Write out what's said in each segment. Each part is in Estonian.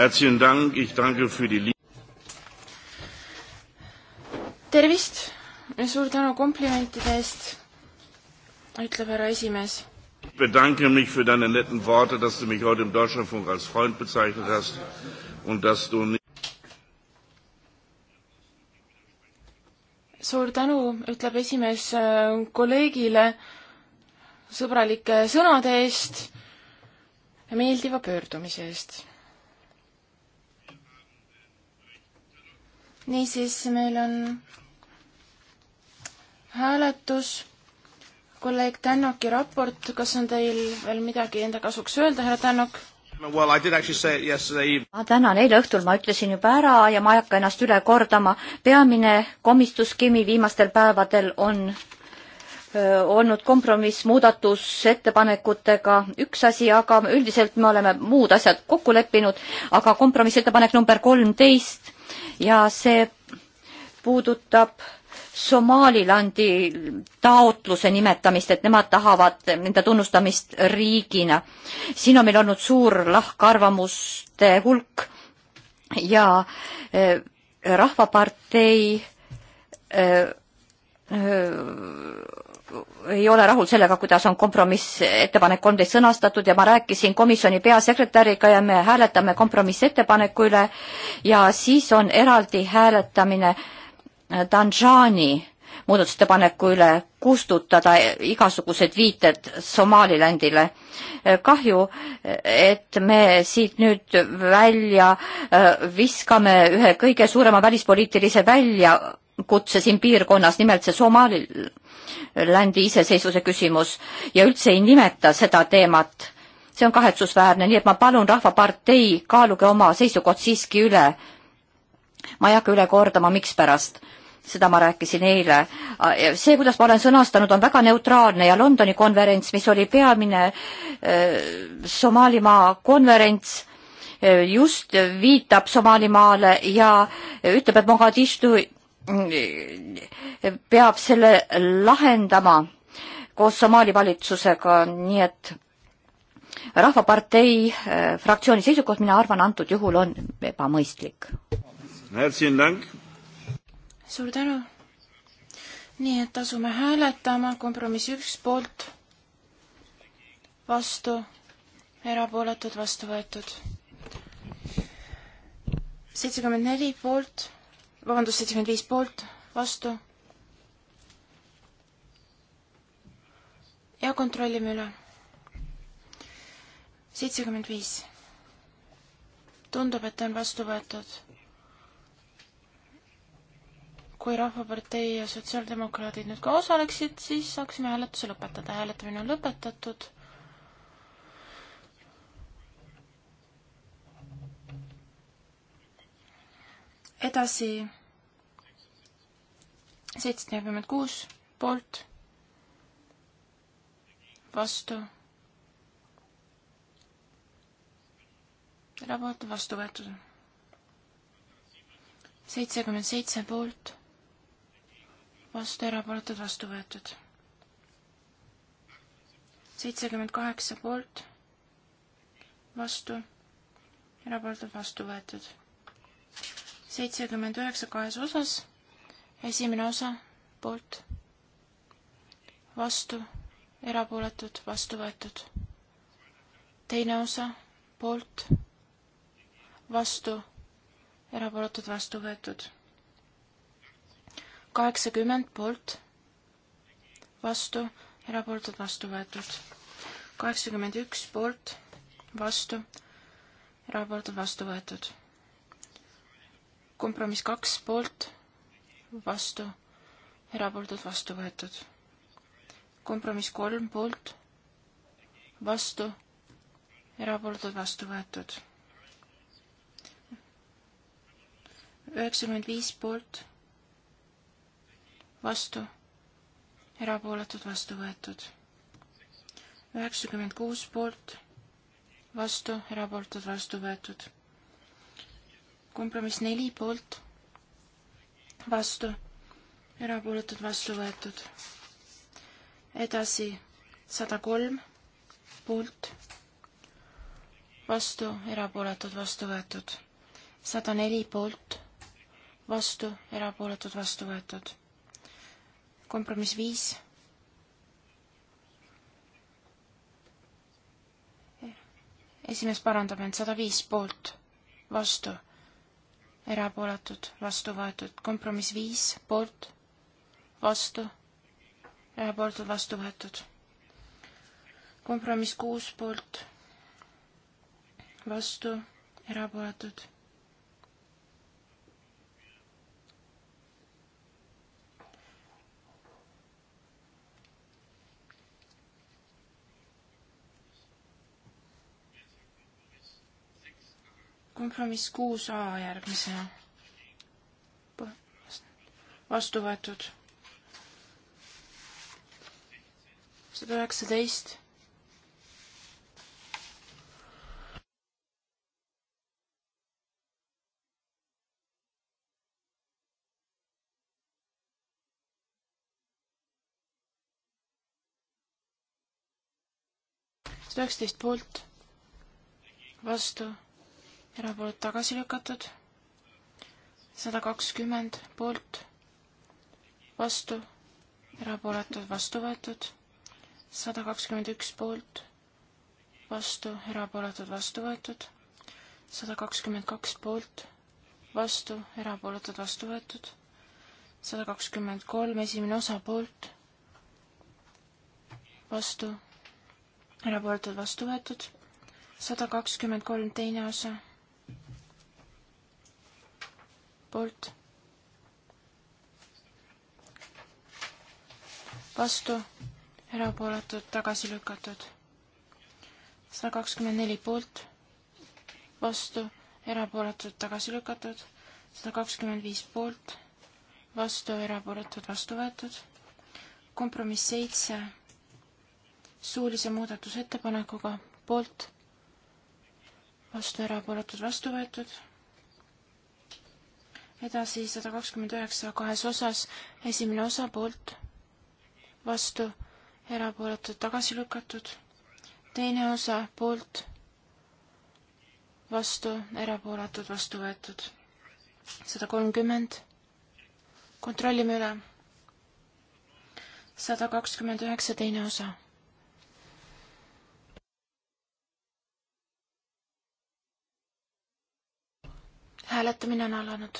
Herzlichen Dank, ich danke für die tervist ja suur tänu komplimentide eest, ütleb härra esimees. Ich bedanke mich für deine netten Worte, dass du mich heute im Deutschlandfunk als Freund bezeichnet hast und dass du nicht suur tänu, ütleb esimees äh, kolleegile sõbralike sõnade eest ja meeldiva pöördumise eest niisiis, meil on hääletus, kolleeg Tännoki raport, kas on teil veel midagi enda kasuks öelda, härra Tännok? Well, ma tänan, eile õhtul ma ütlesin juba ära ja ma ei hakka ennast üle kordama. peamine komistuskivi viimastel päevadel on öö, olnud kompromiss muudatusettepanekutega, üks asi, aga üldiselt me oleme muud asjad kokku leppinud, aga kompromissettepanek number kolmteist ja see puudutab Somaalilandi taotluse nimetamist, et nemad tahavad nende tunnustamist riigina. siin on meil olnud suur lahkarvamuste hulk ja eh, Rahvapartei eh, eh, ei ole rahul sellega, kuidas on kompromissettepanek kolmteist sõnastatud ja ma rääkisin komisjoni peasekretäriga ja me hääletame kompromissettepaneku üle ja siis on eraldi hääletamine Danjani muudatusettepaneku üle kustutada igasugused viited Somaalilandile. kahju, et me siit nüüd välja äh, viskame ühe kõige suurema välispoliitilise välja väljakutse siin piirkonnas, nimelt see Somaalilandi iseseisvuse küsimus ja üldse ei nimeta seda teemat. see on kahetsusväärne, nii et ma palun Rahvapartei, kaaluge oma seisukoht siiski üle. ma ei hakka üle kordama, mikspärast seda ma rääkisin eile. see, kuidas ma olen sõnastanud, on väga neutraalne ja Londoni konverents, mis oli peamine äh, Somaalimaa konverents, äh, just viitab Somaalimaale ja ütleb, et Mogadishu peab selle lahendama koos Somaali valitsusega, nii et Rahvapartei eh, fraktsiooni seisukoht, mina arvan, antud juhul on ebamõistlik. suur tänu. nii et asume hääletama, kompromiss üks poolt, vastu, erapooletud, vastu võetud. seitsekümmend neli poolt vabandust, seitsekümmend viis poolt, vastu. ja kontrollime üle. seitsekümmend viis. tundub, et on vastu võetud. kui Rahvapartei ja Sotsiaaldemokraadid nüüd ka osaleksid, siis saaksime hääletuse lõpetada. hääletamine on lõpetatud edasi seitsekümmend kuus poolt, vastu. erapooletu vastu võetud. seitsekümmend seitse poolt, vastu erapooletud vastu võetud. seitsekümmend kaheksa poolt, vastu erapooletud vastu võetud seitsekümmend üheksa kahes osas, esimene osa poolt, vastu, erapooletud, vastu võetud. teine osa poolt, vastu, erapooletud, vastu võetud. kaheksakümmend poolt, vastu, erapooletud, vastu võetud. kaheksakümmend üks poolt, vastu, erapooletud, vastu võetud kompromiss kaks poolt, vastu, erapooletud, vastu võetud. kompromiss kolm poolt, vastu, erapooletud, vastu võetud. üheksakümmend viis poolt, vastu, erapooletud, vastu võetud. üheksakümmend kuus poolt, vastu, erapooletud, vastu võetud kompromiss neli poolt, vastu, erapooletud, vastu võetud. edasi sada kolm poolt, vastu, erapooletud, vastu võetud. sada neli poolt, vastu, erapooletud, vastu võetud. kompromiss viis esimees parandab end sada viis poolt, vastu, erapooletud, vastu võetud, kompromiss viis, poolt, vastu, erapooletud, vastu võetud. kompromiss kuus, poolt, vastu, erapooletud kompromiss kuus A järgmisena. vastu võetud. sada üheksateist. sada üksteist poolt, vastu erapooled tagasi lükatud, sada kakskümmend poolt, vastu, erapooletud, vastu võetud, sada kakskümmend üks poolt, vastu, erapooletud, vastu võetud, sada kakskümmend kaks poolt, vastu, erapooletud, vastu võetud, sada kakskümmend kolm, esimene osa poolt, vastu, erapooletud, vastu võetud, sada kakskümmend kolm, teine osa poolt, vastu, erapooletud, tagasi lükatud. sada kakskümmend neli poolt, vastu, erapooletud, tagasi lükatud. sada kakskümmend viis poolt, vastu, erapooletud, vastu võetud. kompromiss seitse, suulise muudatusettepanekuga, poolt, vastu, erapooletud, vastu võetud edasi sada kakskümmend üheksa kahes osas, esimene osa poolt, vastu, erapooletud, tagasi lükatud, teine osa poolt, vastu, erapooletud, vastu võetud, sada kolmkümmend, kontrollime üle, sada kakskümmend üheksa teine osa. hääletamine on alanud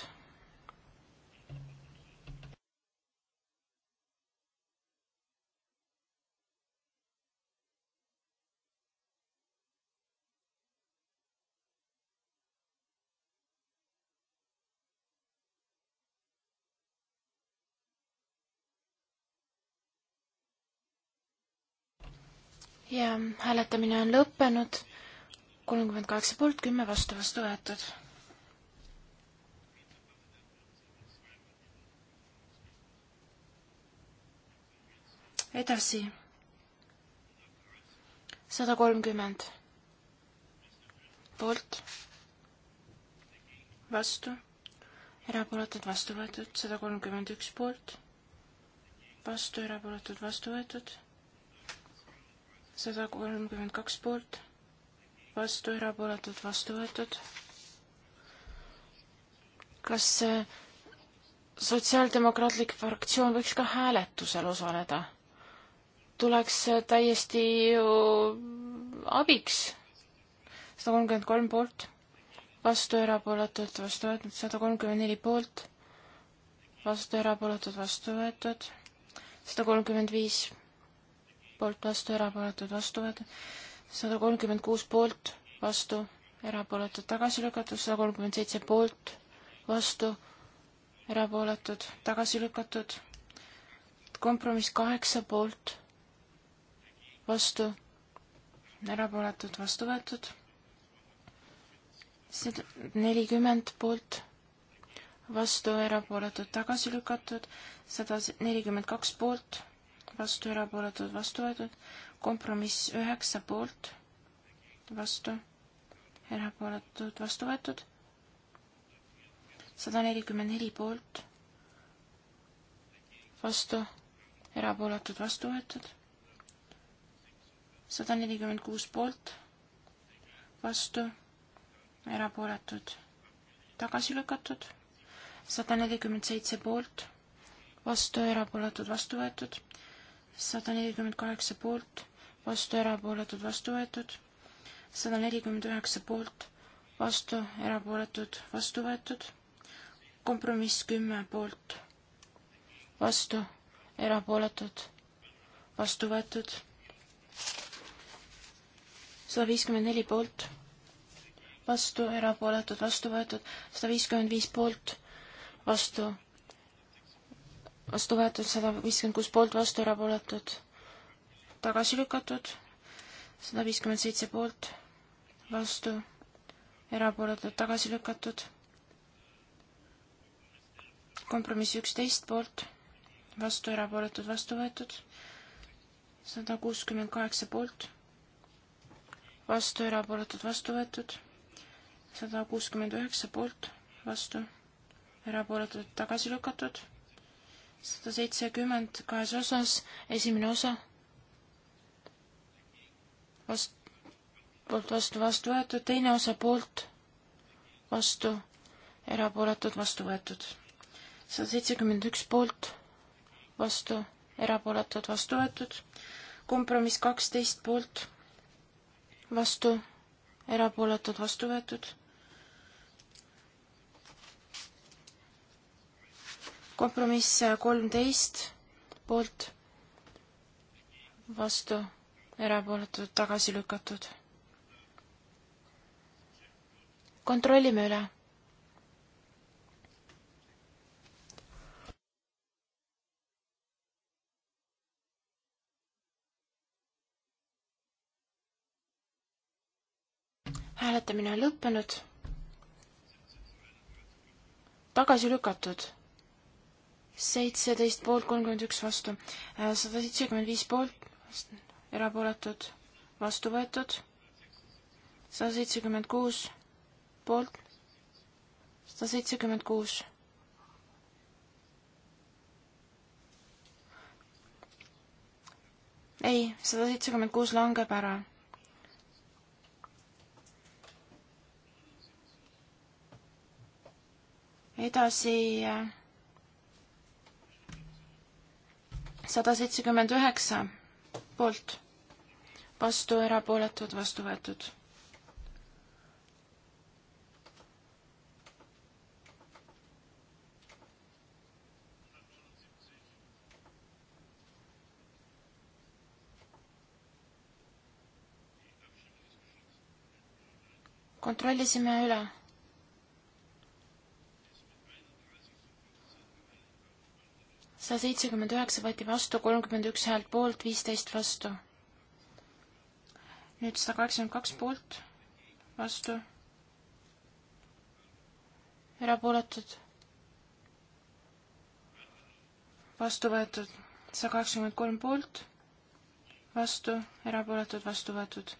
ja hääletamine on lõppenud. kolmkümmend kaheksa poolt, kümme vastu, vastu võetud. edasi. sada kolmkümmend poolt, vastu, erapooletud, vastu võetud, sada kolmkümmend üks poolt, vastu, erapooletud, vastu võetud sada kolmkümmend kaks poolt, vastu erapooletud, vastu võetud. kas Sotsiaaldemokraatlik fraktsioon võiks ka hääletusel osaleda? tuleks täiesti ju abiks. sada kolmkümmend kolm poolt, vastu erapooletud, vastu võetud, sada kolmkümmend neli poolt, vastu erapooletud, vastu võetud, sada kolmkümmend viis poolt, vastu, erapooletud, vastu võetud, sada kolmkümmend kuus poolt, vastu, erapooletud, tagasi lükatud, sada kolmkümmend seitse poolt, vastu, erapooletud, tagasi lükatud, kompromiss kaheksa poolt, vastu, erapooletud, vastu võetud, sada nelikümmend poolt vastu, erapooletud tagasi lükatud, sada nelikümmend kaks poolt, vastu, erapooletud, vastu võetud, kompromiss üheksa poolt, vastu, erapooletud, vastu võetud, sada nelikümmend neli poolt, vastu, erapooletud, vastu võetud, sada nelikümmend kuus poolt, vastu, erapooletud, tagasi lükatud, sada nelikümmend seitse poolt, vastu, erapooletud, vastu võetud sada nelikümmend kaheksa poolt, vastu erapooletud, vastu võetud, sada nelikümmend üheksa poolt, vastu erapooletud, vastu võetud, kompromiss kümme poolt, vastu erapooletud, vastu võetud, sada viiskümmend neli poolt, vastu erapooletud, vastu võetud, sada viiskümmend viis poolt, vastu vastu võetud sada viiskümmend kuus poolt, vastu erapooletud, tagasi lükatud, sada viiskümmend seitse poolt, vastu erapooletud, tagasi lükatud, kompromiss üksteist poolt, vastu erapooletud, vastu võetud, sada kuuskümmend kaheksa poolt, vastu erapooletud, vastu võetud, sada kuuskümmend üheksa poolt, vastu erapooletud, tagasi lükatud sada seitsekümmend kahes osas, esimene osa. Vast-, poolt vastu, vastu võetud, teine osa poolt vastu, erapooletud, vastu võetud. sada seitsekümmend üks poolt vastu, erapooletud, vastu võetud. kompromiss kaksteist poolt vastu, erapooletud, vastu võetud kompromiss kolmteist poolt, vastu, erapooletud, tagasi lükatud. kontrollime üle hääletamine on lõppenud. tagasi lükatud seitseteist poolt, kolmkümmend üks vastu, sada seitsekümmend viis poolt, erapooletud, vastu võetud, sada seitsekümmend kuus poolt, sada seitsekümmend kuus. ei, sada seitsekümmend kuus langeb ära edasi äh, sada seitsekümmend üheksa poolt, vastu, erapooletud, vastu võetud. kontrollisime üle sada seitsekümmend üheksa võeti vastu, kolmkümmend üks häält poolt, viisteist vastu. nüüd sada kaheksakümmend kaks poolt, vastu, erapooletud, vastu võetud, sada kaheksakümmend kolm poolt, vastu, erapooletud, vastu võetud,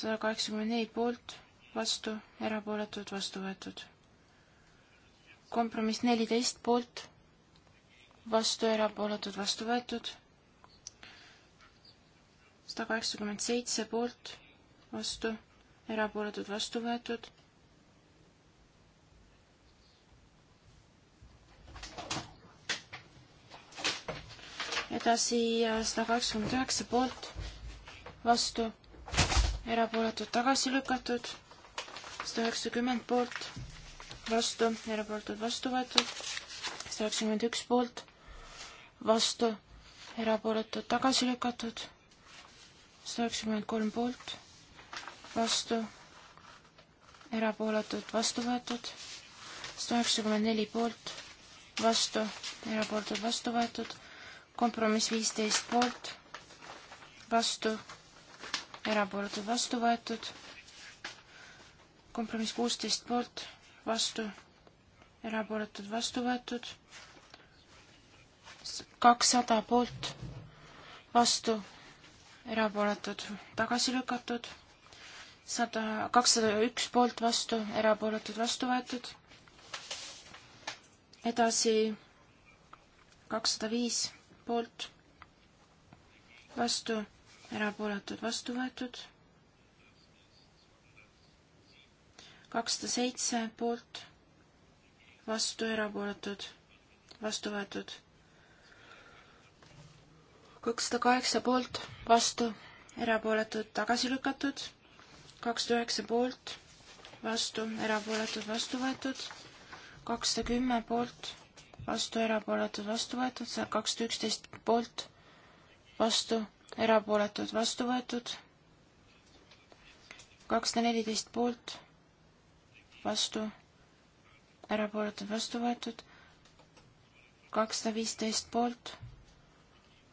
sada kaheksakümmend neli poolt, vastu, erapooletud, vastu võetud. kompromiss neliteist poolt vastu, erapooletud, vastu võetud. sada kaheksakümmend seitse poolt, vastu, erapooletud, vastu võetud. edasi äh, sada kaheksakümmend üheksa poolt, vastu, erapooletud, tagasi lükatud. sada üheksakümmend poolt, vastu, erapooletud, vastu võetud. sada üheksakümmend üks poolt vastu, erapooletud tagasi lükatud, sada üheksakümmend kolm poolt, vastu, erapooletud vastu võetud, sada üheksakümmend neli poolt, vastu, erapooletud vastu võetud, kompromiss viisteist poolt, vastu, erapooletud vastu võetud, kompromiss kuusteist poolt, vastu, erapooletud vastu võetud, kakssada poolt, vastu, erapooletud, tagasi lükatud, sada, kakssada üks poolt, vastu, erapooletud, vastu võetud. edasi kakssada viis poolt, vastu, erapooletud, vastu võetud kakssada seitse poolt, vastu erapooletud, vastu võetud kakssada kaheksa poolt, vastu, erapooletud, tagasi lükatud, kakssada üheksa poolt, vastu, erapooletud, vastu võetud, kakssada kümme poolt, vastu, erapooletud, vastu võetud, kakssada üksteist poolt, vastu, erapooletud, vastu võetud, kakssada neliteist poolt, vastu, erapooletud, vastu võetud, kakssada viisteist poolt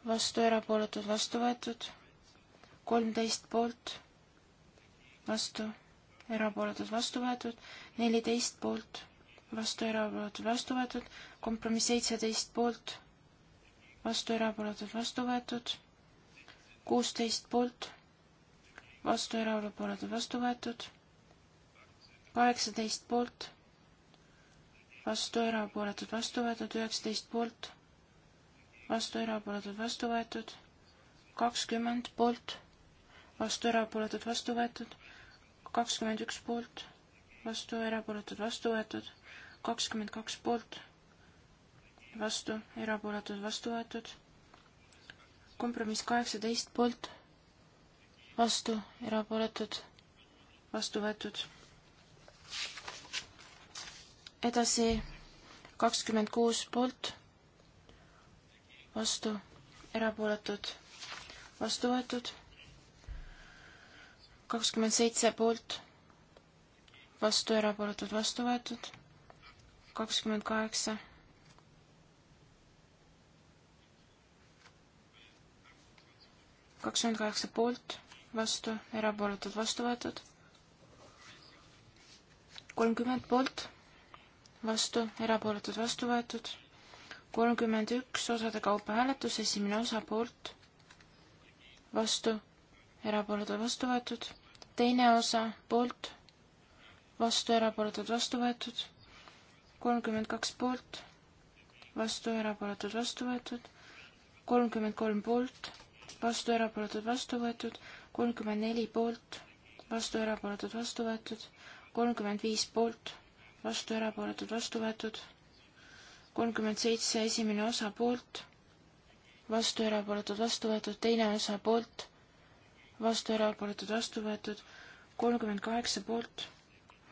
vastu, erapooletud, vastu võetud, kolmteist poolt, vastu, erapooletud, vastu võetud, neliteist poolt, vastu, erapooletud, vastu võetud, kompromiss seitseteist poolt, vastu, erapooletud, vastu võetud, kuusteist poolt, vastu, erapooletud, vastu võetud, kaheksateist poolt, vastu, erapooletud, vastu võetud, üheksateist poolt vastu erapooletud, vastu võetud, kakskümmend poolt, vastu erapooletud, vastu võetud, kakskümmend üks poolt, vastu erapooletud, vastu võetud, kakskümmend kaks poolt, vastu erapooletud, vastu võetud, kompromiss kaheksateist poolt, vastu erapooletud, vastu võetud. edasi kakskümmend kuus poolt vastu, erapooletud, vastu võetud. kakskümmend seitse poolt, vastu, erapooletud, vastu võetud. kakskümmend kaheksa kakskümmend kaheksa poolt, vastu, erapooletud, vastu võetud. kolmkümmend poolt, vastu, erapooletud, vastu võetud kolmkümmend üks osade kaupa hääletus, esimene osa poolt, vastu, erapooletud, vastu võetud, teine osa poolt, vastu, erapooletud, vastu võetud, kolmkümmend kaks poolt, vastu, erapooletud, vastu võetud, kolmkümmend kolm poolt, vastu, erapooletud, vastu võetud, kolmkümmend neli poolt, vastu, erapooletud, vastu võetud, kolmkümmend viis poolt, vastu, erapooletud, vastu võetud kolmkümmend seitse esimene osa poolt, vastu erapooletud, vastu võetud, teine osa poolt, vastu erapooletud, vastu võetud, kolmkümmend kaheksa poolt,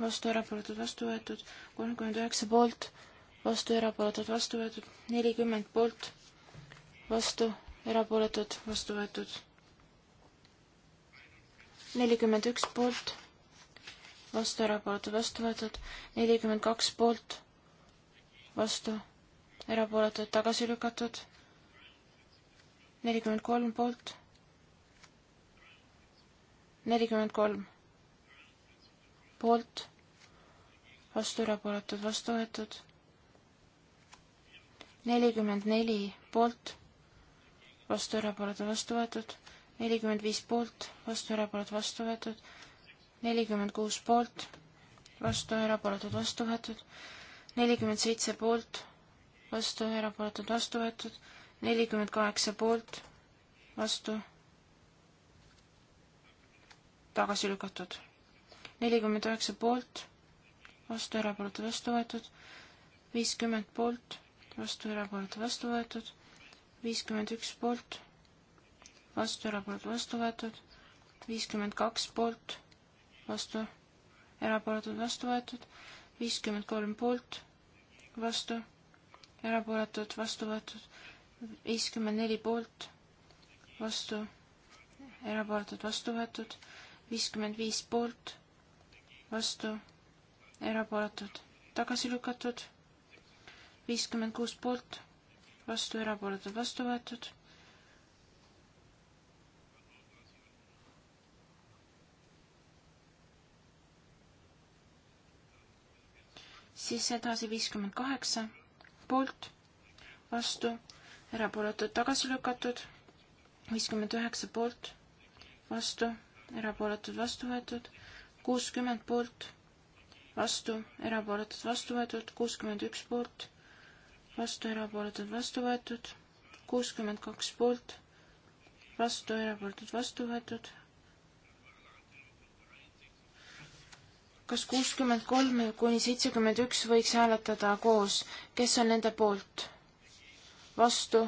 vastu erapooletud, vastu võetud, kolmkümmend üheksa poolt, vastu erapooletud, vastu võetud, nelikümmend poolt, vastu erapooletud, vastu võetud, nelikümmend üks poolt, vastu erapooletud, vastu võetud, nelikümmend kaks poolt vastu, erapooletud tagasi lükatud, nelikümmend kolm poolt, nelikümmend kolm poolt, vastu erapooletud, vastu võetud, nelikümmend neli poolt, vastu erapooletud, vastu võetud, nelikümmend viis poolt, vastu erapooletud, vastu võetud, nelikümmend kuus poolt, vastu erapooletud, vastu võetud, nelikümmend seitse poolt, vastu, erapooletud, vastu võetud, nelikümmend kaheksa poolt, vastu, tagasi lükatud, nelikümmend üheksa poolt, vastu, erapooletud, vastu võetud, viiskümmend poolt, vastu, erapooletud, vastu võetud, viiskümmend üks poolt, vastu, erapooletud, vastu võetud, viiskümmend kaks poolt, vastu, erapooletud, vastu võetud, viiskümmend kolm poolt, vastu erapooletud, vastu võetud viiskümmend neli poolt, vastu, erapooletud, vastu võetud viiskümmend viis poolt, vastu, erapooletud, tagasi lükatud viiskümmend kuus poolt, vastu, erapooletud, vastu võetud siis edasi viiskümmend kaheksa poolt, vastu, erapooletud, tagasi lükatud, viiskümmend üheksa poolt, vastu, erapooletud, vastu võetud, kuuskümmend poolt, vastu, erapooletud, vastu võetud, kuuskümmend üks poolt, vastu, erapooletud, vastu võetud, kuuskümmend kaks poolt, vastu, erapooletud, vastu võetud, kas kuuskümmend kolm kuni seitsekümmend üks võiks hääletada koos, kes on nende poolt? vastu?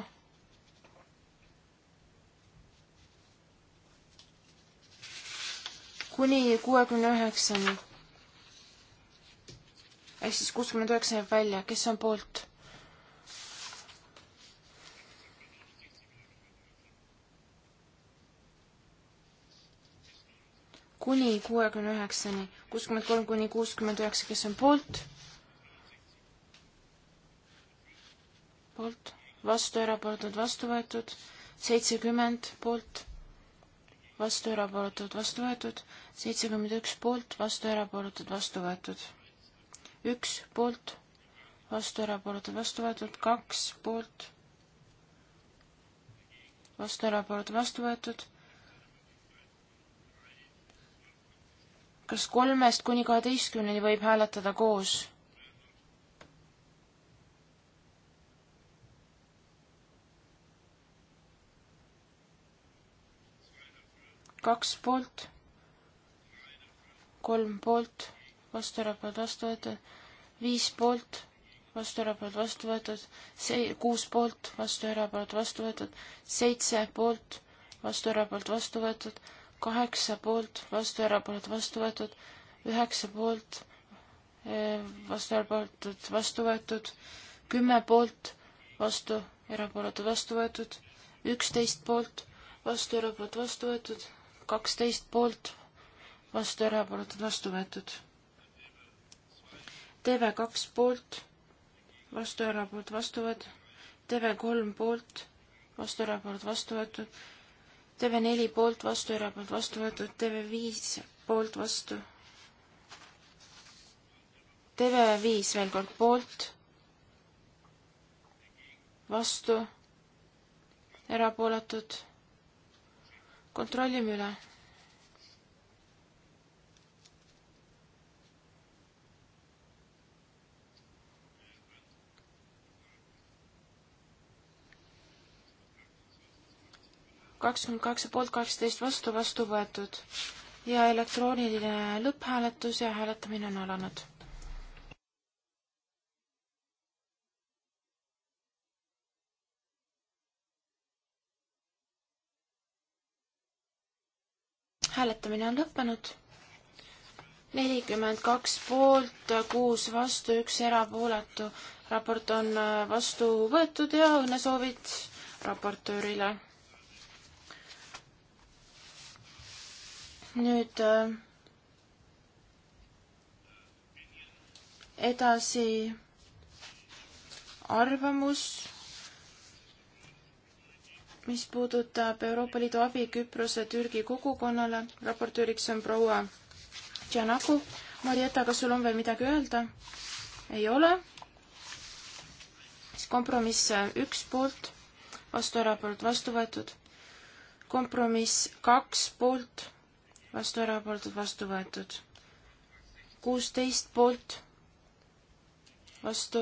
kuni kuuekümne üheksani. ehk siis kuuskümmend üheksa jääb välja, kes on poolt? kuni kuuekümne üheksani, kuuskümmend kolm kuni kuuskümmend üheksa, kes on poolt? poolt, vastu, erapooletud, vastu võetud, seitsekümmend poolt, vastu, erapooletud, vastu võetud, seitsekümmend üks poolt, vastu, erapooletud, vastu võetud, üks poolt, vastu, erapooletud, vastu võetud, kaks poolt, vastu, erapooletud, vastu võetud kas kolmest kuni kaheteistkümneni võib hääletada koos? kaks poolt, kolm poolt, vastuerapoolt vastu võetud, viis poolt, vastuerapoolt vastu võetud, see, kuus poolt, vastuerapoolt vastu võetud, seitse poolt, vastuerapoolt vastu võetud vastu kaheksa poolt, vastu erapooletud, vastu võetud, üheksa poolt, eh, vastu erapooletud, vastu võetud, kümme poolt, vastu erapooletud, vastu võetud, üksteist poolt, vastu erapooletud, vastu võetud, kaksteist poolt, vastu erapooletud, vastu võetud. TV2 poolt, vastu erapooletud, vastu võetud, TV3 poolt, vastu erapooletud, vastu võetud TV4 poolt vastu, erapoolt vastu võetud, TV5 poolt vastu. TV5 veel kord poolt, vastu, erapooletud. kontrollime üle kakskümmend kaheksa poolt, kaheksateist vastu, vastu võetud. ja elektrooniline lõpphääletus ja hääletamine on alanud. hääletamine on lõppenud. nelikümmend kaks poolt, kuus vastu, üks erapooletu. raport on vastu võetud ja õnnesoovid raportöörile nüüd äh, edasi arvamus, mis puudutab Euroopa Liidu abi Küprose Türgi kogukonnale. raportööriks on proua Tjanaku. Marietta, kas sul on veel midagi öelda? ei ole. siis kompromiss äh, üks poolt, vastuerapoolt vastu võetud. kompromiss kaks poolt vastu erapooletud, vastu võetud. kuusteist poolt, vastu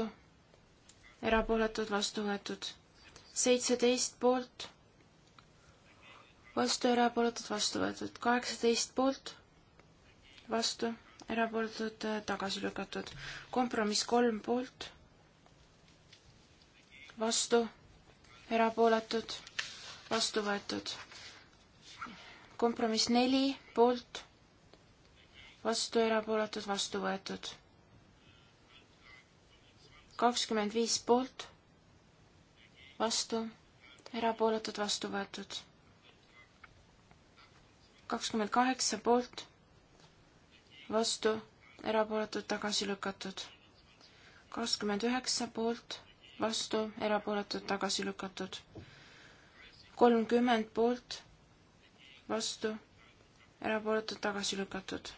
erapooletud, vastu võetud. seitseteist poolt, vastu erapooletud, vastu võetud. kaheksateist poolt, vastu erapooletud, tagasi lükatud. kompromiss kolm poolt, vastu erapooletud, vastu võetud kompromiss neli poolt, vastu erapooletud, vastu võetud. kakskümmend viis poolt, vastu erapooletud, vastu võetud. kakskümmend kaheksa poolt, vastu erapooletud, tagasi lükatud. kakskümmend üheksa poolt, vastu erapooletud, tagasi lükatud. kolmkümmend poolt vastu, erapooletud, tagasi lükatud.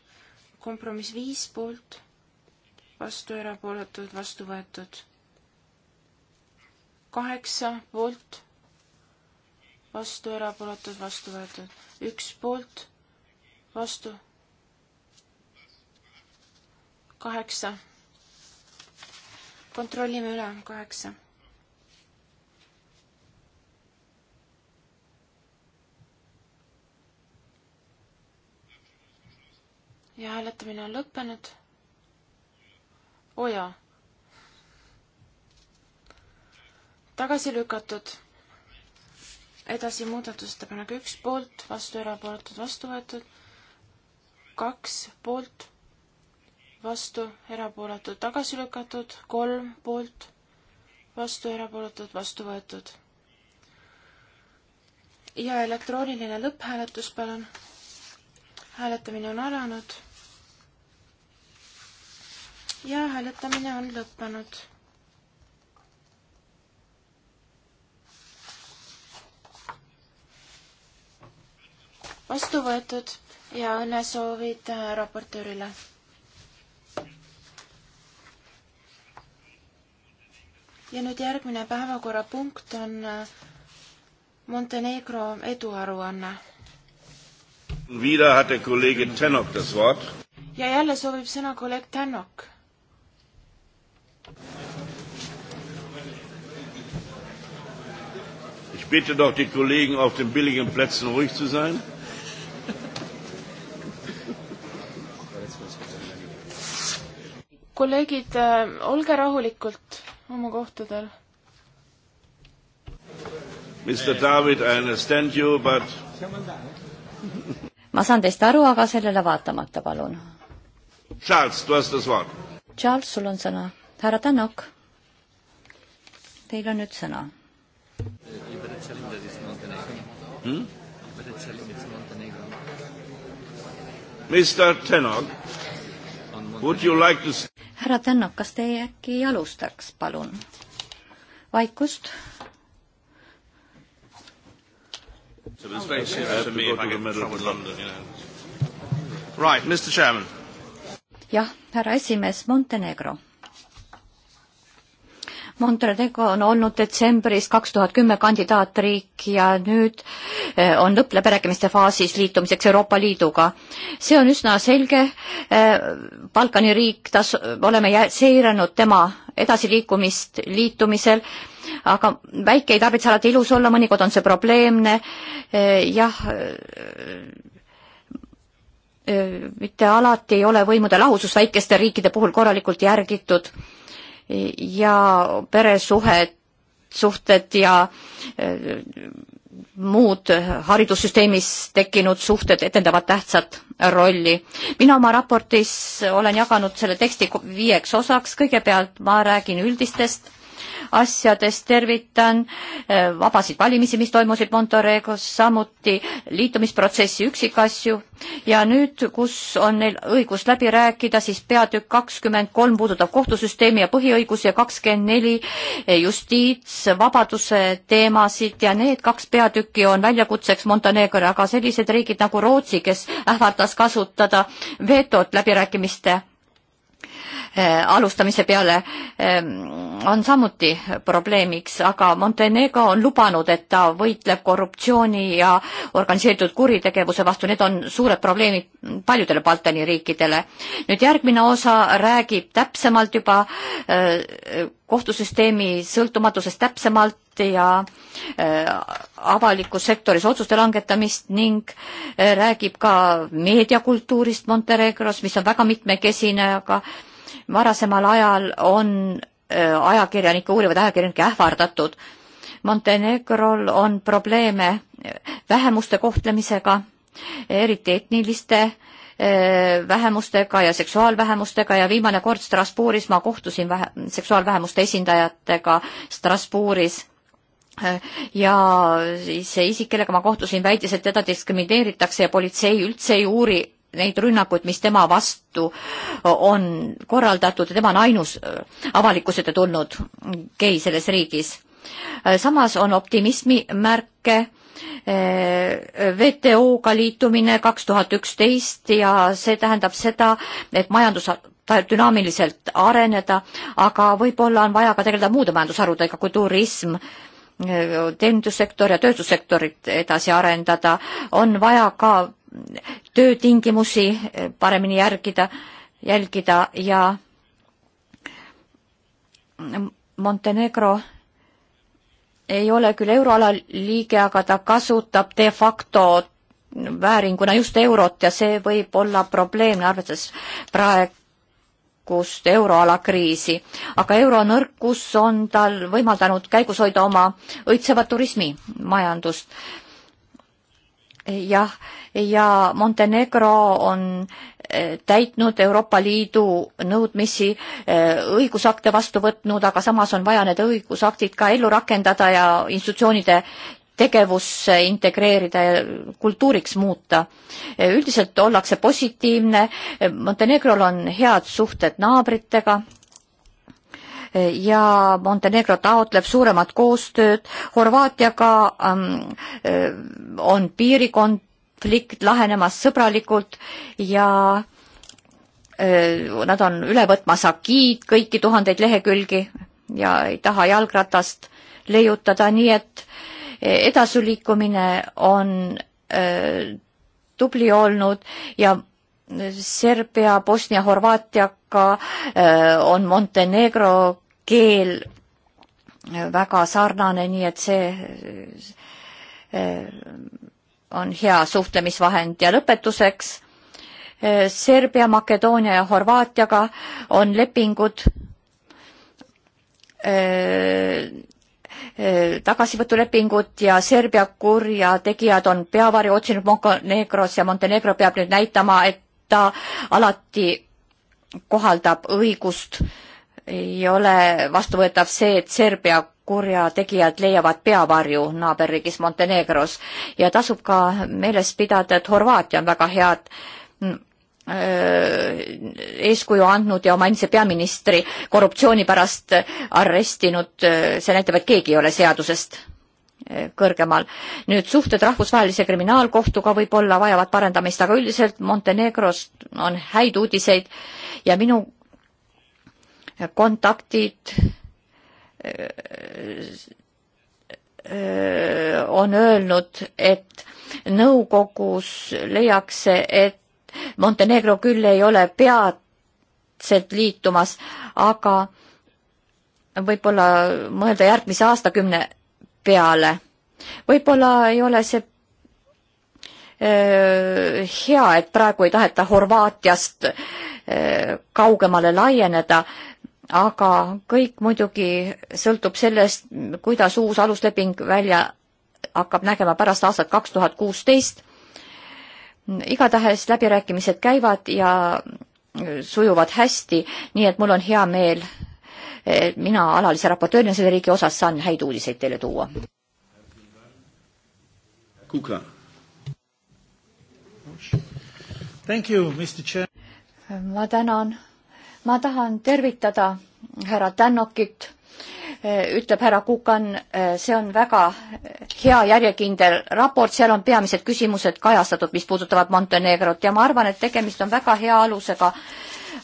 kompromiss viis poolt, vastu, erapooletud, vastu võetud. kaheksa poolt, vastu, erapooletud, vastu võetud. üks poolt, vastu, kaheksa. kontrollime üle, kaheksa ja hääletamine on lõppenud. oo jaa. tagasi lükatud. edasi muudatusettepanek üks poolt, vastu erapooletud, vastu võetud. kaks poolt, vastu erapooletud, tagasi lükatud. kolm poolt, vastu erapooletud, vastu võetud. ja elektrooniline lõpphääletus, palun hääletamine on alanud. ja hääletamine on lõppenud. vastu võetud ja õnnesoovid äh, raportöörile. ja nüüd järgmine päevakorrapunkt on äh, Montenegro eduaruanne ja jälle soovib sõna kolleeg Tänok. Ich bitte doch die Kollegen auf den billigen Plätzen ruhig zu sein. kolleegid, äh, olge rahulikult oma kohtadel. Mr David, I understand you, but ma saan teist aru, aga sellele vaatamata, palun. Charles, Charles, sul on sõna. härra Tänok, teil on nüüd sõna hmm?. Mr Tänok, would you like to härra Tänok, kas te äkki alustaks, palun? vaikust So it's very serious for me if I get trouble in London, you know. Right, Mr Chairman. jah, härra esimees, Montenegro. Montenegro on olnud detsembris kaks tuhat kümme kandidaatriik ja nüüd Eh, on lõppläbirääkimiste faasis liitumiseks Euroopa Liiduga. see on üsna selge, eh, Balkani riik, tas-, oleme jää-, seiranud tema edasiliikumist liitumisel, aga väike ei tarvitse alati ilus olla, mõnikord on see probleemne, eh, jah, mitte alati ei ole võimude lahusus väikeste riikide puhul korralikult järgitud ja peresuhed, suhted ja muud haridussüsteemis tekkinud suhted etendavad tähtsat rolli. mina oma raportis olen jaganud selle teksti viieks osaks, kõigepealt ma räägin üldistest asjadest tervitan, eh, vabasid valimisi, mis toimusid Monterregos, samuti liitumisprotsessi üksikasju ja nüüd, kus on neil õigus läbi rääkida, siis peatükk kakskümmend kolm puudutab kohtusüsteemi ja põhiõigusi ja kakskümmend neli eh, justiitsvabaduse teemasid ja need kaks peatükki on väljakutseks Montenegrole, aga sellised riigid nagu Rootsi, kes ähvardas kasutada vetot läbirääkimiste Eh, alustamise peale eh, on samuti probleemiks, aga Montenegro on lubanud, et ta võitleb korruptsiooni ja organiseeritud kuritegevuse vastu, need on suured probleemid paljudele Balkani riikidele. nüüd järgmine osa räägib täpsemalt juba eh, kohtusüsteemi sõltumatusest täpsemalt ja avalikus sektoris otsuste langetamist ning räägib ka meediakultuurist Montenegros, mis on väga mitmekesine, aga varasemal ajal on äh, ajakirjanikke, uurivaid ajakirjanikke ähvardatud. Montenegrol on probleeme äh, vähemuste kohtlemisega, eriti etniliste äh, vähemustega ja seksuaalvähemustega ja viimane kord Strasbourgis ma kohtusin vähe, seksuaalvähemuste esindajatega Strasbourgis ja see isik, kellega ma kohtusin, väitis, et teda diskrimineeritakse ja politsei üldse ei uuri neid rünnakuid, mis tema vastu on korraldatud ja tema on ainus äh, avalikkuse ette tulnud gei selles riigis. Äh, samas on optimismi märke WTO-ga äh, liitumine kaks tuhat üksteist ja see tähendab seda, et majandus dünaamiliselt areneda, aga võib-olla on vaja ka tegeleda muude majandusharudega kui turism, teenindussektor ja tööstussektorit edasi arendada, on vaja ka töötingimusi paremini järgida, jälgida ja Montenegro ei ole küll euroala liige, aga ta kasutab de facto vääringuna just eurot ja see võib olla probleemne, arvestades praegust euroala kriisi. aga euro nõrkus on tal võimaldanud käigus hoida oma õitseva turismimajandust jah, ja Montenegro on eh, täitnud Euroopa Liidu nõudmisi, eh, õigusakte vastu võtnud, aga samas on vaja need õigusaktid ka ellu rakendada ja institutsioonide tegevusse integreerida ja kultuuriks muuta. Eh, üldiselt ollakse positiivne, Montenegrol on head suhted naabritega ja Montenegro taotleb suuremat koostööd. Horvaatiaga ähm, äh, on piirikonflikt lahenemas sõbralikult ja äh, nad on üle võtmas agiid kõiki tuhandeid lehekülgi ja ei taha jalgratast leiutada, nii et äh, edasiliikumine on tubli olnud ja Serbia, Bosnia, Horvaatiaga on Montenegro keel väga sarnane, nii et see eh, on hea suhtlemisvahend ja lõpetuseks eh, Serbia, Makedoonia ja Horvaatiaga on lepingud eh, tagasivõtulepingud ja Serbia kurjategijad on peavari otsinud Montenegros ja Montenegro peab nüüd näitama, et ta alati kohaldab õigust äh, ei ole vastuvõetav see, et Serbia kurjategijad leiavad peavarju naaberriigis Montenegros ja tasub ka meeles pidada, et Horvaatia on väga head mm, äh, eeskuju andnud ja oma endise peaministri korruptsiooni pärast arestinud, see näitab, et keegi ei ole seadusest äh, kõrgemal. nüüd suhted Rahvusvahelise Kriminaalkohtuga võib-olla vajavad parendamist, aga üldiselt Montenegrost on häid uudiseid ja minu kontaktid äh, on öelnud, et nõukogus leiakse, et Montenegro küll ei ole peatselt liitumas, aga võib-olla mõelda järgmise aastakümne peale. võib-olla ei ole see öö, äh, hea, et praegu ei taheta Horvaatiast öö, äh, kaugemale laieneda aga kõik muidugi sõltub sellest, kuidas uus alusleping välja hakkab nägema pärast aastat kaks tuhat kuusteist. igatahes läbirääkimised käivad ja sujuvad hästi, nii et mul on hea meel, et mina alalise raportöörina selle riigi osas saan häid uudiseid teile tuua. Kuka. Thank you, Mr Chair. ma tänan ma tahan tervitada härra Tännokit, eh, ütleb härra Kukan, eh, see on väga hea järjekindel raport, seal on peamised küsimused kajastatud, mis puudutavad Montenegrot ja ma arvan, et tegemist on väga hea alusega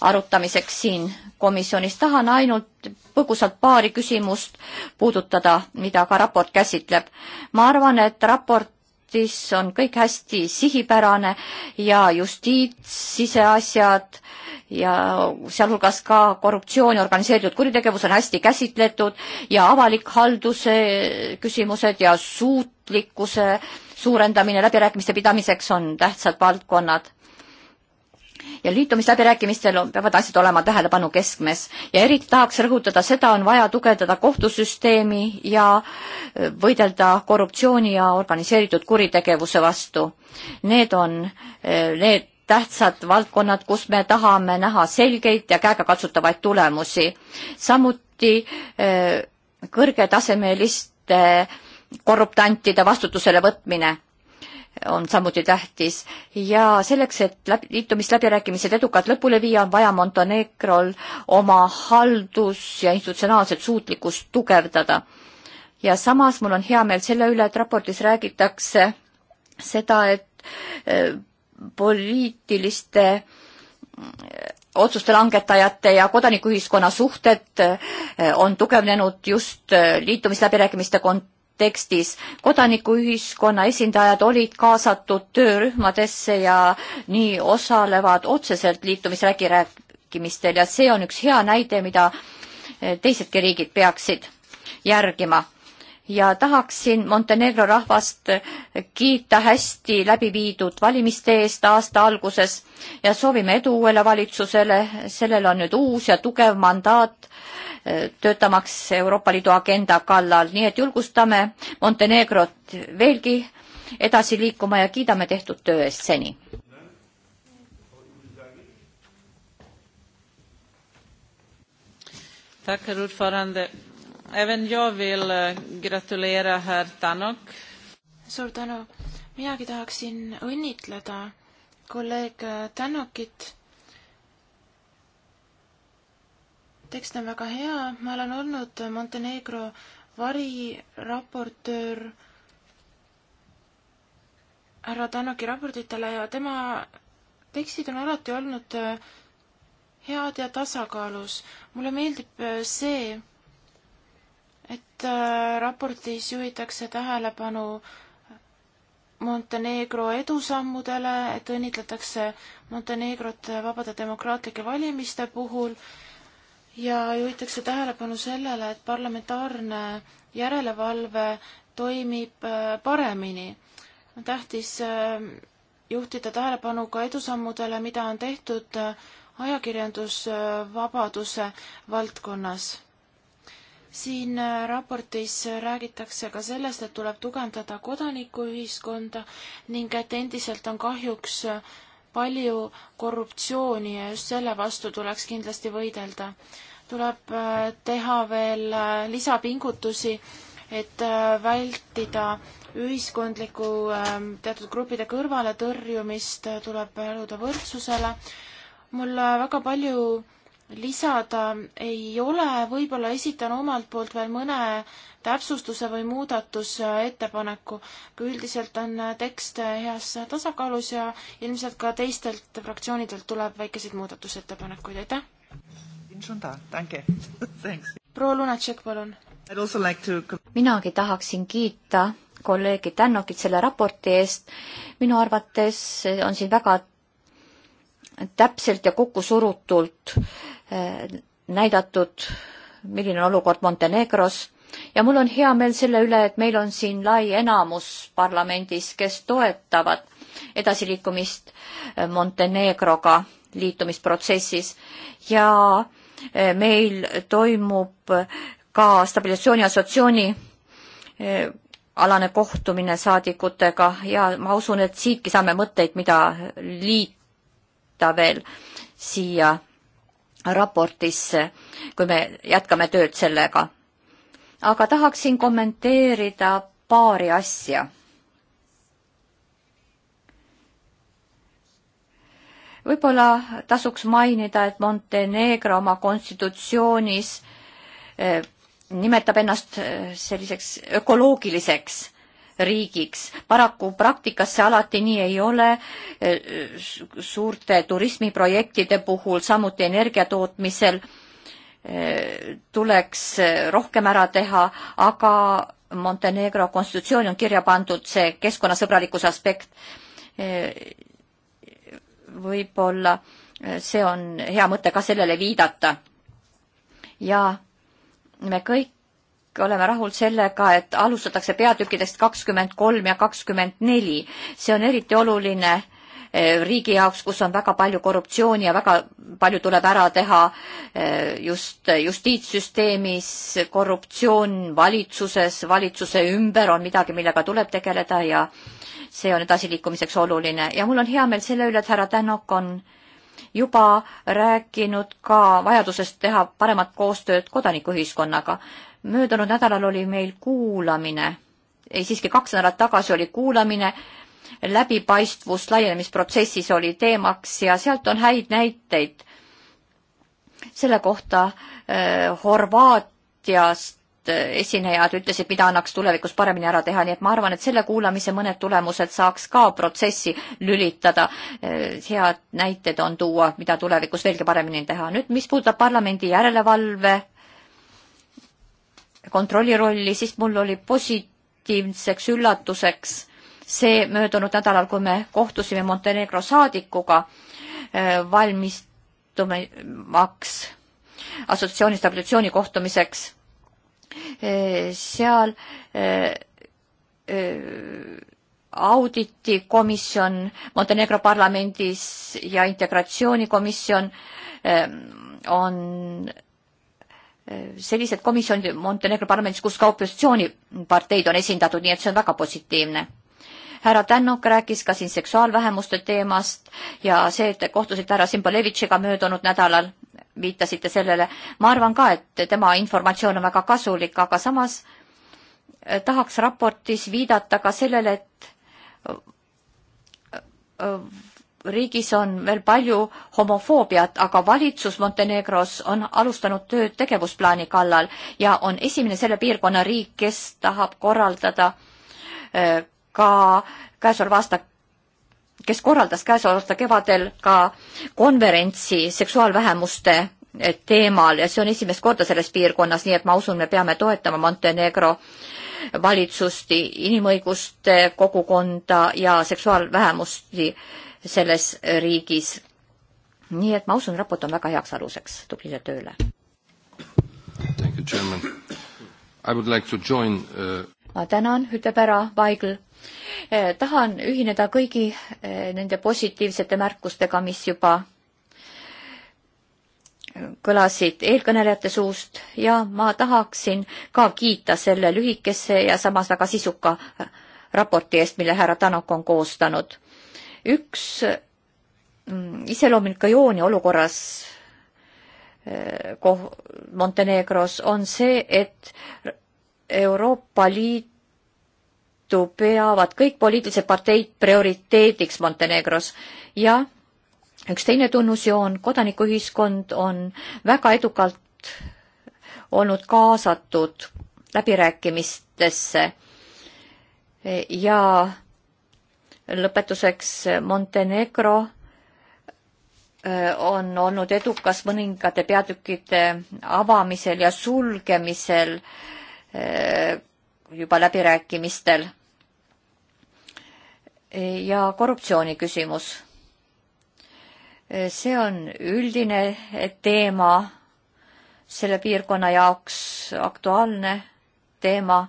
arutamiseks siin komisjonis. tahan ainult põgusalt paari küsimust puudutada, mida ka raport käsitleb. ma arvan, et raport tähtis, on kõik hästi sihipärane ja justiits, siseasjad ja sealhulgas ka korruptsioon ja organiseeritud kuritegevus on hästi käsitletud ja avalik halduse küsimused ja suutlikkuse suurendamine läbirääkimiste pidamiseks on tähtsad valdkonnad ja liitumisläbirääkimistel peavad asjad olema tähelepanu keskmes ja eriti tahaks rõhutada seda, on vaja tugevdada kohtusüsteemi ja äh, võidelda korruptsiooni ja organiseeritud kuritegevuse vastu. Need on äh, need tähtsad valdkonnad, kus me tahame näha selgeid ja käegakatsutavaid tulemusi. samuti äh, kõrgetasemeliste korruptantide vastutusele võtmine on samuti tähtis ja selleks, et läbi, liitumisläbirääkimised edukalt lõpule viia, on vaja Montenegrol oma haldus- ja institutsionaalset suutlikkust tugevdada. ja samas mul on hea meel selle üle, et raportis räägitakse seda, et e, poliitiliste e, otsuste langetajate ja kodanikuühiskonna suhted e, on tugevnenud just liitumisläbirääkimiste kont-, kontekstis. kodanikuühiskonna esindajad olid kaasatud töörühmadesse ja nii osalevad otseselt liitumisläbirääkimistel ja see on üks hea näide, mida teisedki riigid peaksid järgima ja tahaksin Montenegro rahvast kiita hästi läbi viidud valimiste eest aasta alguses ja soovime edu uuele valitsusele. sellel on nüüd uus ja tugev mandaat eh, töötamaks Euroopa Liidu agenda kallal, nii et julgustame Montenegrot veelgi edasi liikuma ja kiidame tehtud töö eest seni. Tack, herr ordförande. Även jag vill eh, gratulera herr Tanok. suur tänu. minagi tahaksin õnnitleda kolleeg Tanokit. tekst on väga hea, ma olen olnud Montenegro variraportöör härra Tanoki raportitele ja tema tekstid on alati olnud eh, head ja tasakaalus. mulle meeldib eh, see, et äh, raportis juhitakse tähelepanu Montenegro edusammudele, et õnnitletakse Montenegrot vabade demokraatlike valimiste puhul ja juhitakse tähelepanu sellele, et parlamentaarne järelevalve toimib äh, paremini. on tähtis äh, juhtida tähelepanu ka edusammudele, mida on tehtud ajakirjandusvabaduse valdkonnas siin äh, raportis räägitakse ka sellest, et tuleb tugevdada kodanikuühiskonda ning et endiselt on kahjuks äh, palju korruptsiooni ja just selle vastu tuleks kindlasti võidelda. tuleb äh, teha veel lisapingutusi, et vältida ühiskondliku ähm, teatud gruppide kõrvaletõrjumist, tuleb jõuda võrdsusele. mul väga palju lisada ei ole, võib-olla esitan omalt poolt veel mõne täpsustuse või muudatusettepaneku, aga üldiselt on tekst heas tasakaalus ja ilmselt ka teistelt fraktsioonidelt tuleb väikeseid muudatusettepanekuid, aitäh! proua Lunatšek, palun! minagi tahaksin kiita kolleegi Tännokit selle raporti eest, minu arvates on siin väga täpselt ja kokkusurutult eh, näidatud, milline on olukord Montenegros ja mul on hea meel selle üle, et meil on siin lai enamus parlamendis, kes toetavad edasiliikumist eh, Montenegroga liitumisprotsessis ja eh, meil toimub ka stabilisatsiooni assotsiooni alane kohtumine saadikutega ja ma usun, et siitki saame mõtteid, mida liit võtta veel siia raportisse, kui me jätkame tööd sellega. aga tahaksin kommenteerida paari asja. võib-olla tasuks mainida, et Montenegro oma konstitutsioonis eh, nimetab ennast eh, selliseks ökoloogiliseks riigiks. paraku praktikas see alati nii ei ole, e, suurte turismiprojektide puhul, samuti energia tootmisel e, tuleks rohkem ära teha, aga Montenegro konstitutsiooni on kirja pandud see keskkonnasõbralikkuse aspekt. E, võib-olla see on hea mõte ka sellele viidata. ja me kõik oleme rahul sellega, et alustatakse peatükkidest kakskümmend kolm ja kakskümmend neli. see on eriti oluline eh, riigi jaoks, kus on väga palju korruptsiooni ja väga palju tuleb ära teha eh, just justiitssüsteemis, korruptsioon valitsuses, valitsuse ümber on midagi, millega tuleb tegeleda ja see on edasiliikumiseks oluline ja mul on hea meel selle üle, et härra Tänok on juba rääkinud ka vajadusest teha paremat koostööd kodanikuühiskonnaga möödunud nädalal oli meil kuulamine, ei siiski kaks nädalat tagasi oli kuulamine, läbipaistvus laienemisprotsessis oli teemaks ja sealt on häid näiteid selle kohta eh, Horvaatiast äh, esinejad ütlesid, mida annaks tulevikus paremini ära teha, nii et ma arvan, et selle kuulamise mõned tulemused saaks ka protsessi lülitada eh,. head näited on tuua, mida tulevikus veelgi paremini teha. nüüd, mis puudutab parlamendi järelevalve kontrolli rolli, siis mul oli positiivseks üllatuseks see möödunud nädalal, kui me kohtusime Montenegro saadikuga äh, valmistumaks assotsiooni stabilisatsiooni kohtumiseks. Äh, seal äh, auditikomisjon Montenegro parlamendis ja integratsioonikomisjon on sellised komisjonid Montenegro parlamendis, kus ka opositsiooniparteid on esindatud, nii et see on väga positiivne. härra Tännok rääkis ka siin seksuaalvähemuste teemast ja see, et te kohtusite härra Simbolevitšiga möödunud nädalal, viitasite sellele. ma arvan ka, et tema informatsioon on väga kasulik, aga samas eh, tahaks raportis viidata ka sellele, et eh, eh, riigis on veel palju homofoobiat, aga valitsus Montenegros on alustanud tööd tegevusplaani kallal ja on esimene selle piirkonna riik, kes tahab korraldada äh, ka käesoleva aasta, kes korraldas käesoleva aasta kevadel ka konverentsi seksuaalvähemuste äh, teemal ja see on esimest korda selles piirkonnas, nii et ma usun, me peame toetama Montenegro valitsust, inimõiguste kogukonda ja seksuaalvähemusti äh, selles riigis. nii et ma usun, raport on väga heaks aluseks tublile tööle. Like join, uh... ma tänan, ütleb ära Vaigl eh,. tahan ühineda kõigi eh, nende positiivsete märkustega, mis juba eh, kõlasid eelkõnelejate suust ja ma tahaksin ka kiita selle lühikese ja samas väga sisuka eh, raporti eest, mille härra Tanok on koostanud üks mm, iseloomulik jooni olukorras eh, Montenegros on see, et Euroopa Liitu peavad kõik poliitilised parteid prioriteediks Montenegros ja üks teine tunnusjoon, kodanikuühiskond on väga edukalt olnud kaasatud läbirääkimistesse ja lõpetuseks Montenegro äh, on olnud edukas mõningate peatükkide avamisel ja sulgemisel äh, juba läbirääkimistel. ja korruptsiooni küsimus. Äh, see on üldine teema selle piirkonna jaoks, aktuaalne teema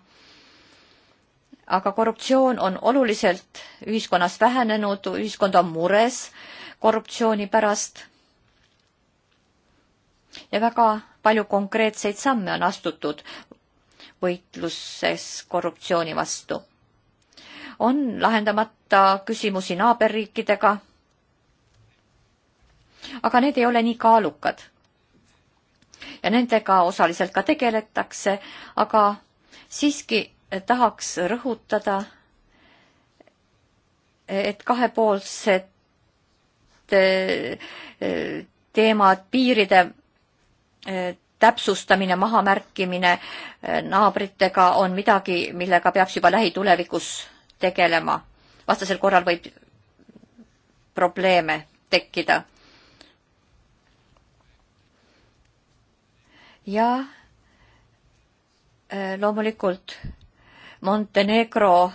aga korruptsioon on oluliselt ühiskonnas vähenenud, ühiskond on mures korruptsiooni pärast. ja väga palju konkreetseid samme on astutud võitluses korruptsiooni vastu. on lahendamata küsimusi naaberriikidega, aga need ei ole nii kaalukad. ja nendega osaliselt ka tegeletakse, aga siiski tahaks rõhutada, et kahepoolsed eh, teemad, piiride eh, täpsustamine, mahamärkimine eh, naabritega on midagi, millega peaks juba lähitulevikus tegelema. vastasel korral võib probleeme tekkida. ja loomulikult Montenegro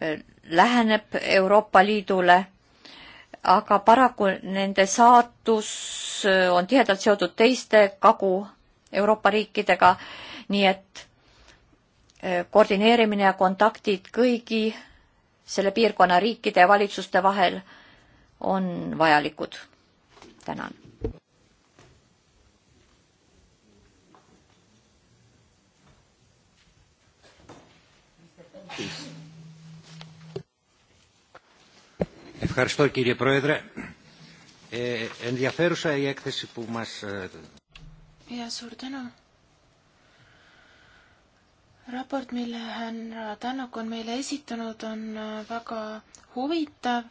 eh, läheneb Euroopa Liidule, aga paraku nende saatus eh, on tihedalt seotud teiste Kagu-Euroopa riikidega, nii et eh, koordineerimine ja kontaktid kõigi selle piirkonna riikide ja valitsuste vahel on vajalikud. tänan. Ευχαριστώ κύριε Πρόεδρε. Ε, ενδιαφέρουσα η έκθεση που μας... Ja suur tänu. raport, mille härra Tänak on meile esitanud, on äh, väga huvitav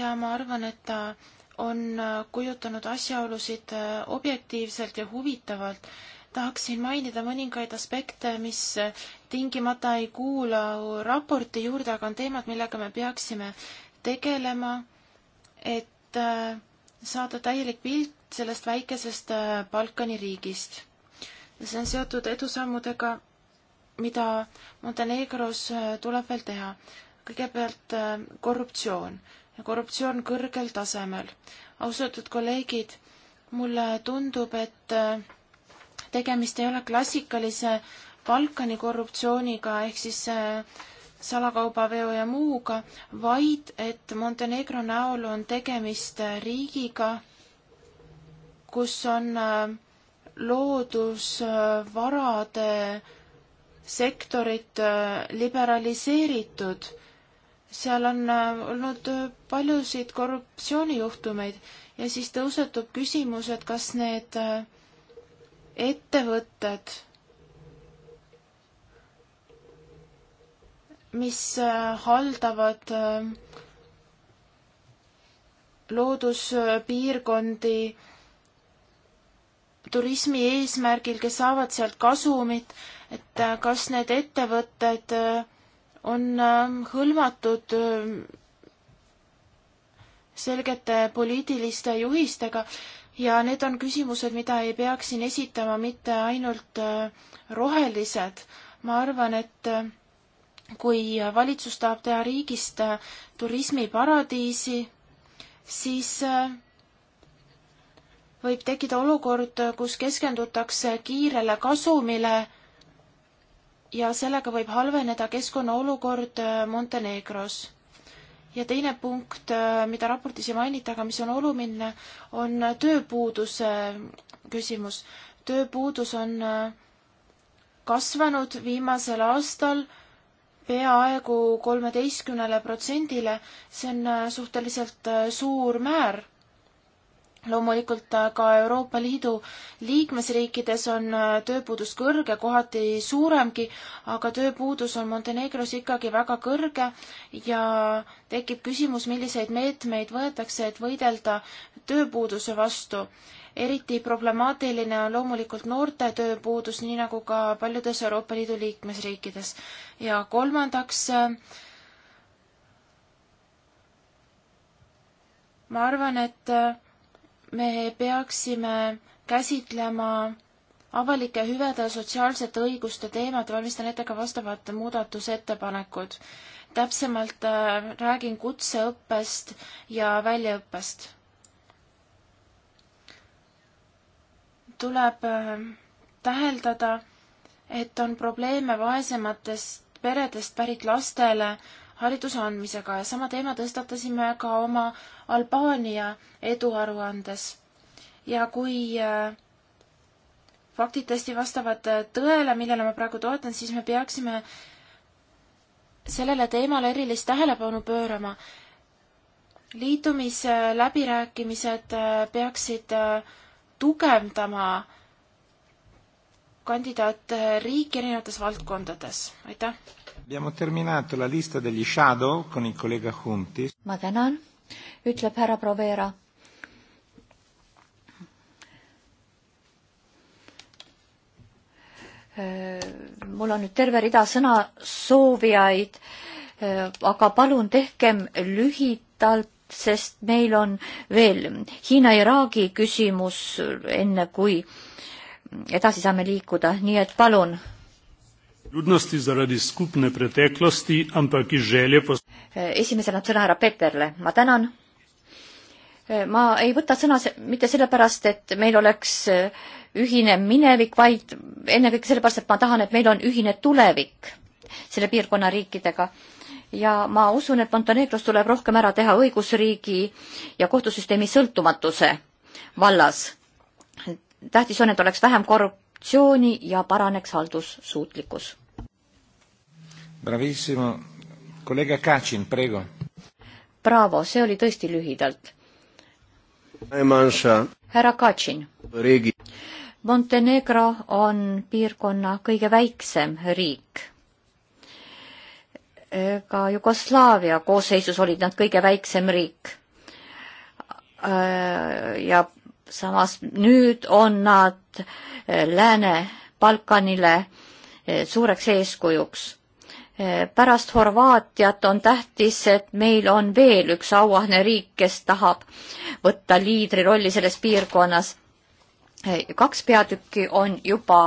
ja ma arvan, et ta on äh, kujutanud asjaolusid äh, objektiivselt ja huvitavalt tahaksin mainida mõningaid aspekte, mis tingimata ei kuula raporti juurde, aga on teemad, millega me peaksime tegelema, et äh, saada täielik pilt sellest väikesest äh, Balkani riigist. see on seotud edusammudega, mida Montenegros äh, tuleb veel teha. kõigepealt korruptsioon ja korruptsioon kõrgel tasemel. austatud kolleegid, mulle tundub, et tegemist ei ole klassikalise Balkani korruptsiooniga ehk siis äh, salakaubaveo ja muuga, vaid et Montenegro näol on tegemist äh, riigiga, kus on äh, loodusvarade sektorit liberaliseeritud. seal on olnud paljusid korruptsioonijuhtumeid ja siis tõusetub küsimus, et kas need äh, ettevõtted, mis äh, haldavad äh, looduspiirkondi turismi eesmärgil, kes saavad sealt kasumit, et äh, kas need ettevõtted on hõlmatud selgete poliitiliste juhistega ja need on küsimused, mida ei peaks siin esitama mitte ainult äh, rohelised. ma arvan, et äh, kui valitsus tahab teha riigist äh, turismiparadiisi, siis võib tekkida olukord, kus keskendutakse kiirele kasumile ja sellega võib halveneda keskkonnaolukord Montenegros ja teine punkt, äh, mida raportis ei mainita, aga mis on oluline, on tööpuuduse äh, küsimus. tööpuudus on äh, kasvanud viimasel aastal peaaegu kolmeteistkümnele protsendile, see on suhteliselt suur määr loomulikult ka Euroopa Liidu liikmesriikides on äh, tööpuudus kõrge, kohati suuremgi, aga tööpuudus on Montenegros ikkagi väga kõrge ja tekib küsimus, milliseid meetmeid võetakse, et võidelda tööpuuduse vastu. eriti problemaatiline on loomulikult noorte tööpuudus, nii nagu ka paljudes Euroopa Liidu liikmesriikides. ja kolmandaks äh, ma arvan, et äh, me peaksime käsitlema avalike hüvede sotsiaalsete õiguste teemat, valmistan ette ka vastavad muudatusettepanekud. täpsemalt äh, räägin kutseõppest ja väljaõppest. tuleb äh, täheldada, et on probleeme vaesematest peredest pärit lastele hariduse andmisega ja sama teema tõstatasime ka oma Albaania eduaruandes. ja kui äh, faktid tõesti vastavad äh, tõele, millele ma praegu toetan, siis me peaksime sellele teemale erilist tähelepanu pöörama. liitumisläbirääkimised äh, peaksid tugevdama kandidaatriiki erinevates valdkondades, aitäh! Abbiamo terminato la lista degli shadow con il kolleega Huntis. ma tänan, ütleb härra Provera. Äh, mul on nüüd terve rida sõnasoovijaid, äh, aga palun tehkem lühidalt, sest meil on veel Hiina-Iraagi küsimus, enne kui edasi saame liikuda, nii et palun Ljudnosti zaradi skupne preteklosti, ampak iz želje pos... Eh, esimesena sõna härra Peterle, ma tänan. Eh, ma ei võta sõna se mitte sellepärast, et meil oleks eh, ühine minevik, vaid ennekõike sellepärast, et ma tahan, et meil on ühine tulevik selle piirkonna riikidega ja ma usun, et Montenegros tuleb rohkem ära teha õigusriigi ja kohtusüsteemi sõltumatuse vallas. tähtis on, et oleks vähem korruptsiooni ja paraneks haldussuutlikkus. Bravissimo. kolleeg Kacin, prego. Bravo, see oli tõesti lühidalt. härra Kacin. Montenegro on piirkonna kõige väiksem riik ka Jugoslaavia koosseisus olid nad kõige väiksem riik. ja samas nüüd on nad Lääne-Balkanile suureks eeskujuks pärast Horvaatiat on tähtis, et meil on veel üks auahne riik, kes tahab võtta liidrirolli selles piirkonnas. kaks peatükki on juba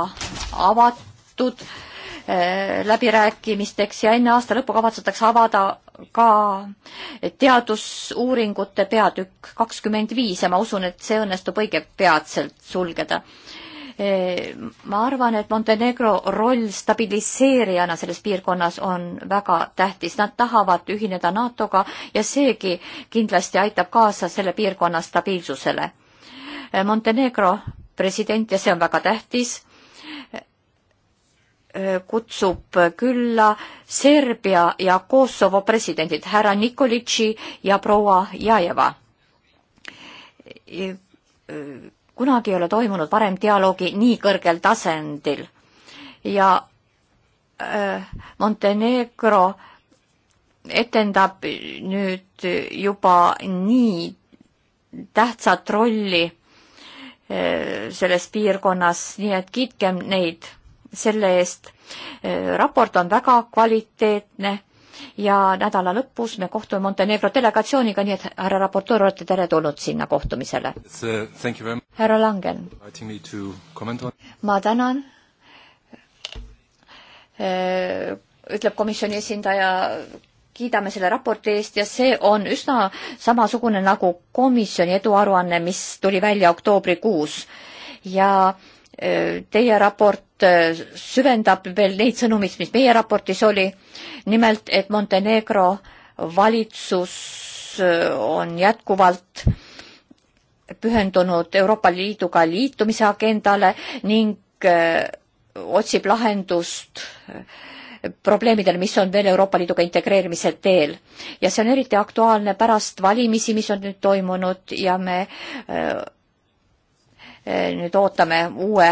avatud eh, läbirääkimisteks ja enne aasta lõppu kavatsetakse avada ka teadusuuringute peatükk kakskümmend viis ja ma usun, et see õnnestub õige peatselt sulgeda Eh, ma arvan, et Montenegro roll stabiliseerijana selles piirkonnas on väga tähtis, nad tahavad ühineda NATO-ga ja seegi kindlasti aitab kaasa selle piirkonna stabiilsusele. Eh, Montenegro president ja see on väga tähtis eh, kutsub külla Serbia ja Kosovo presidendid härra Nikolitši ja proua Jajeva kunagi ei ole toimunud varem dialoogi nii kõrgel tasandil ja äh, Montenegro etendab nüüd juba nii tähtsat rolli äh, selles piirkonnas, nii et kiitkem neid selle eest. Äh, raport on väga kvaliteetne ja nädala lõpus me kohtume Montenegro delegatsiooniga, nii et härra raportöör, olete teretulnud sinna kohtumisele. Uh, härra Langen. ma tänan. Äh, ütleb komisjoni esindaja, kiidame selle raporti eest ja see on üsna samasugune nagu komisjoni eduaruanne, mis tuli välja oktoobrikuus ja äh, teie raport äh, süvendab veel neid sõnumeid, mis meie raportis oli. nimelt, et Montenegro valitsus äh, on jätkuvalt pühendunud Euroopa Liiduga liitumise agendale ning äh, otsib lahendust probleemidele, mis on veel Euroopa Liiduga integreerimise teel. ja see on eriti aktuaalne pärast valimisi, mis on nüüd toimunud ja me Eh, nüüd ootame uue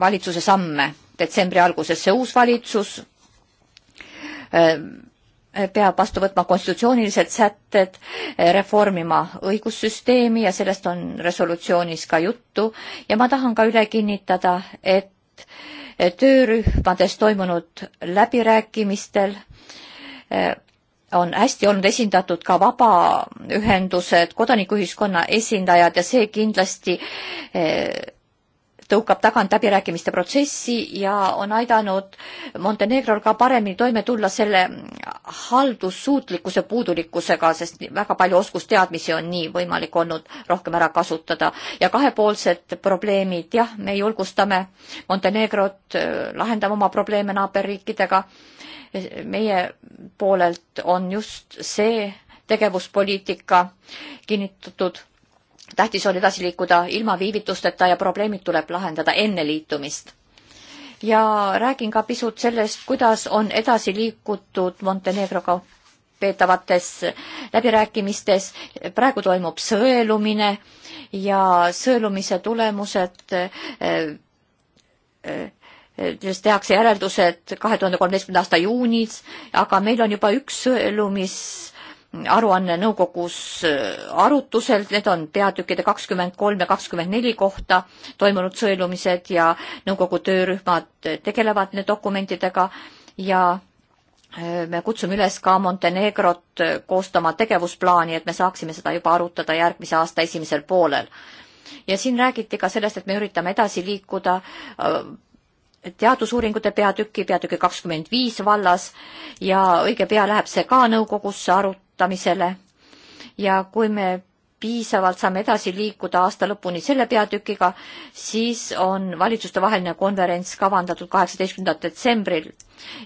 valitsuse samme. detsembri alguses see uus valitsus eh, peab vastu võtma konstitutsioonilised sätted, eh, reformima õigussüsteemi ja sellest on resolutsioonis ka juttu ja ma tahan ka üle kinnitada, et töörühmades toimunud läbirääkimistel on hästi olnud esindatud ka vabaühendused, kodanikuühiskonna esindajad ja see kindlasti eh, tõukab tagant läbirääkimiste protsessi ja on aidanud Montenegrol ka paremini toime tulla selle haldussuutlikkuse puudulikkusega, sest väga palju oskusteadmisi on nii võimalik olnud rohkem ära kasutada. ja kahepoolsed probleemid, jah, me julgustame Montenegrot eh, lahendama oma probleeme naaberriikidega meie poolelt on just see tegevuspoliitika kinnitatud. tähtis on edasi liikuda ilma viivitusteta ja probleemid tuleb lahendada enne liitumist ja räägin ka pisut sellest, kuidas on edasi liikutud Montenegroga peetavates läbirääkimistes. praegu toimub sõelumine ja sõelumise tulemused äh, äh, millest tehakse järeldused kahe tuhande kolmeteistkümnenda aasta juunis, aga meil on juba üks sõelumisaruanne nõukogus äh, arutusel, need on peatükkide kakskümmend kolm ja kakskümmend neli kohta toimunud sõelumised ja nõukogu töörühmad tegelevad nende dokumentidega ja äh, me kutsume üles ka Montenegrot äh, koostama tegevusplaani, et me saaksime seda juba arutada järgmise aasta esimesel poolel ja siin räägiti ka sellest, et me üritame edasi liikuda teadusuuringute peatüki, peatüki kakskümmend viis vallas ja õige pea läheb see ka nõukogusse arutamisele. ja kui me piisavalt saame edasi liikuda aasta lõpuni selle peatükiga, siis on valitsustevaheline konverents kavandatud kaheksateistkümnendal detsembril,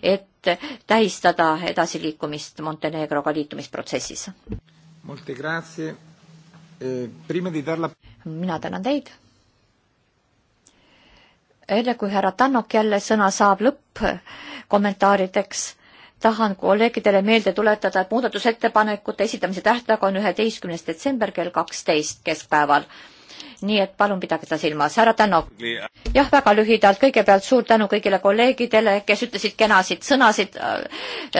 et tähistada edasiliikumist Montenegroga liitumisprotsessis. Eh, mina tänan teid enne kui härra Tannok jälle sõna saab lõppkommentaarideks, tahan kolleegidele meelde tuletada, et muudatusettepanekute esitamise tähtaeg on üheteistkümnes detsember kell kaksteist keskpäeval nii et palun pidage seda silmas, härra Tänov. jah, väga lühidalt, kõigepealt suur tänu kõigile kolleegidele, kes ütlesid kenasid sõnasid äh,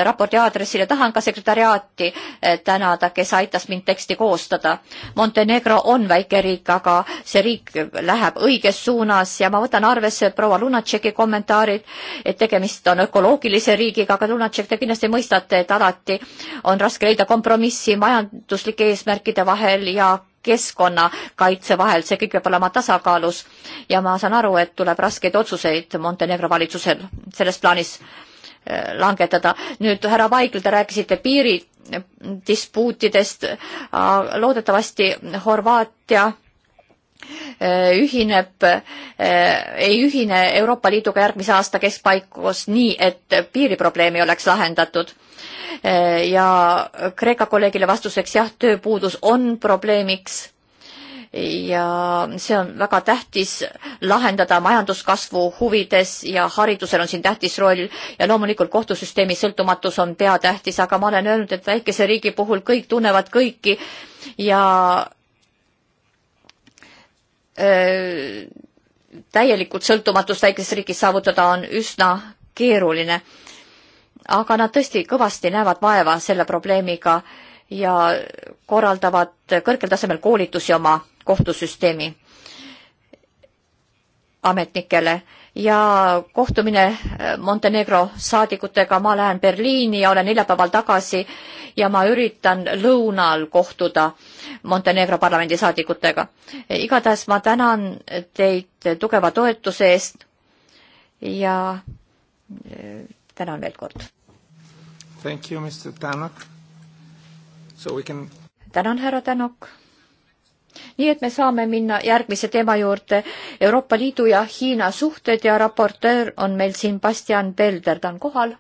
raporti aadressil ja tahan ka sekretäriaati äh, tänada, kes aitas mind teksti koostada. Montenegro on väike riik, aga see riik läheb õiges suunas ja ma võtan arvesse proua Lunatšeki kommentaarid, et tegemist on ökoloogilise riigiga, aga Lunatšek, te kindlasti mõistate, et alati on raske leida kompromissi majanduslike eesmärkide vahel ja keskkonnakaitse vahel, see kõik peab olema tasakaalus ja ma saan aru, et tuleb raskeid otsuseid Montenegro valitsusel selles plaanis äh, langetada. nüüd härra Vaigel, te rääkisite piiridispuutidest, loodetavasti Horvaatia Eh, ühineb, eh, ei ühine Euroopa Liiduga järgmise aasta keskpaikus nii, et piiriprobleem ei oleks lahendatud. Eh, ja Kreeka kolleegile vastuseks jah, tööpuudus on probleemiks ja see on väga tähtis lahendada majanduskasvu huvides ja haridusel on siin tähtis roll ja loomulikult kohtusüsteemi sõltumatus on peatähtis, aga ma olen öelnud, et väikese riigi puhul kõik tunnevad kõiki ja Äh, täielikult sõltumatust väikeses riigis saavutada on üsna keeruline. aga nad tõesti kõvasti näevad vaeva selle probleemiga ja korraldavad kõrgel tasemel koolitusi oma kohtusüsteemi ametnikele ja kohtumine äh, Montenegro saadikutega, ma lähen Berliini ja olen neljapäeval tagasi ja ma üritan lõunal kohtuda Montenegro parlamendi saadikutega. igatahes ma tänan teid tugeva toetuse eest ja äh, tänan veel kord. Can... tänan, härra Tänok nii et me saame minna järgmise teema juurde, Euroopa Liidu ja Hiina suhted ja raportöör on meil siin Bastian Pelder, ta on kohal.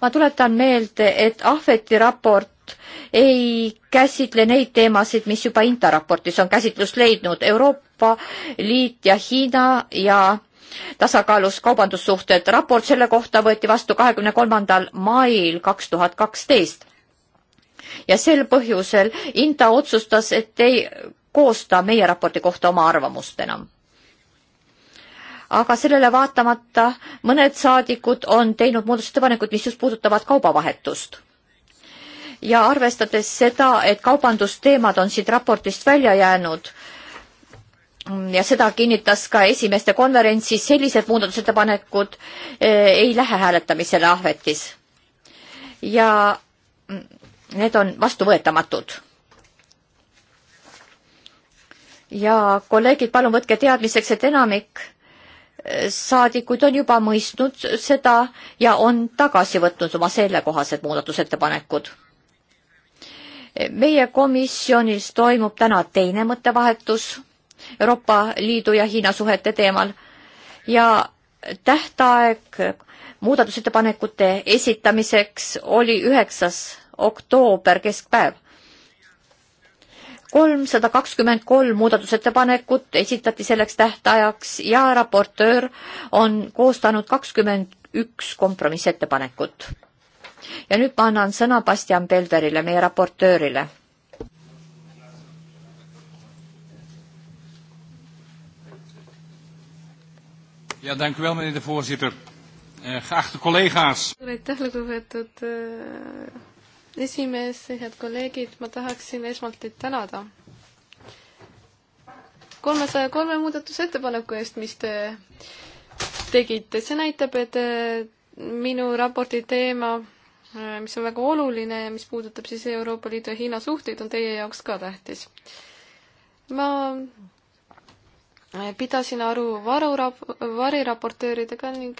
ma tuletan meelde, et Ahveti raport ei käsitle neid teemasid, mis juba INTA raportis on käsitlust leidnud, Euroopa Liit ja Hiina ja tasakaalus kaubandussuhted. raport selle kohta võeti vastu kahekümne kolmandal mail kaks tuhat kaksteist ja sel põhjusel INTA otsustas, et ei koosta meie raporti kohta oma arvamust enam. aga sellele vaatamata mõned saadikud on teinud muudatusettepanekud, mis just puudutavad kaubavahetust ja arvestades seda, et kaubandusteemad on siit raportist välja jäänud ja seda kinnitas ka esimeste konverentsis, sellised muudatusettepanekud eh, ei lähe hääletamisele ahvetis. ja mm, need on vastuvõetamatud. ja kolleegid, palun võtke teadmiseks, et enamik eh, saadikud on juba mõistnud seda ja on tagasi võtnud oma sellekohased muudatusettepanekud. meie komisjonis toimub täna teine mõttevahetus Euroopa Liidu ja Hiina suhete teemal ja tähtaeg muudatusettepanekute esitamiseks oli üheksas oktoober, keskpäev. kolmsada kakskümmend kolm muudatusettepanekut esitati selleks tähtajaks ja raportöör on koostanud kakskümmend üks kompromissettepanekut. ja nüüd ma annan sõna Bastian Pelderile, meie raportöörile Ja, dank u wel, meneer de voorzitter. Uh, geachte collega's. Aitäh, lugupeetud uh, esimees, head kolleegid, ma tahaksin esmalt teid tänada kolmesaja kolme muudatusettepaneku eest, mis te tegite. see näitab, et äh, minu raporti teema, äh, mis on väga oluline ja mis puudutab siis Euroopa Liidu ja Hiina suhteid, on teie jaoks ka tähtis. ma äh, pidasin aru varurap-, variraportööridega ning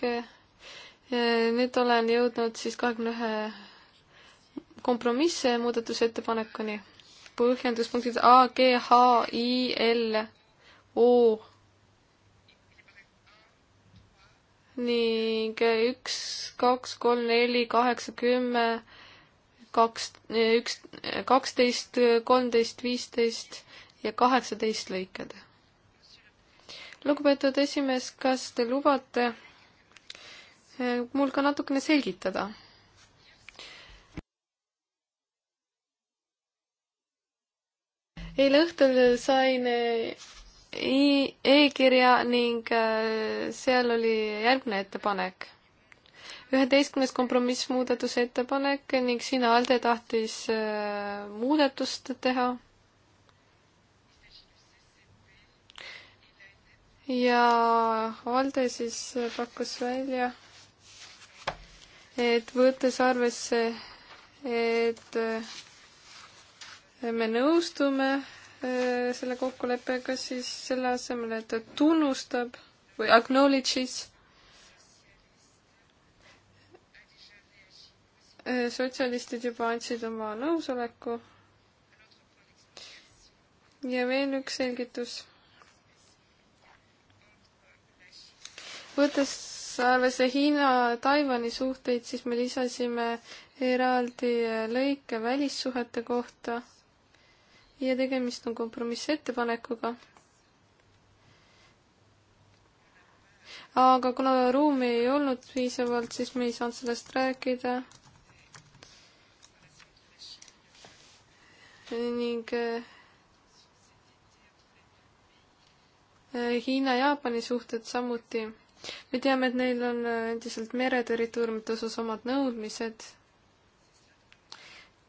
nüüd olen jõudnud siis kahekümne ühe kompromisse muudatusettepanekuni. põhjenduspunktid A, G, H, I, L, O. ning üks, kaks, kolm, neli, kaheksa, kümme, kaks, üks, kaksteist, kolmteist, viisteist ja kaheksateist lõiked. lugupeetud esimees, kas te lubate eh, mul ka natukene selgitada? eile õhtul sain e-kirja ning äh, seal oli järgmine ettepanek üheteistkümnes kompromissmuudatuse ettepanek ning siin Alde tahtis äh, muudatust teha. ja Alde siis pakkus välja, et võttes arvesse, et äh, me nõustume äh, selle kokkuleppega, siis selle asemel, et ta tunnustab või acknowledges äh, sotsialistid juba andsid oma nõusoleku. ja veel üks selgitus. võttes arvesse Hiina-Taiwan'i suhteid, siis me lisasime eraldi lõike välissuhete kohta ja tegemist on kompromissettepanekuga. aga kuna ruumi ei olnud piisavalt, siis me ei saanud sellest rääkida. ning eh, Hiina-Jaapani suhted samuti. me teame, et neil on eh, endiselt mereterritooriumite osas omad nõudmised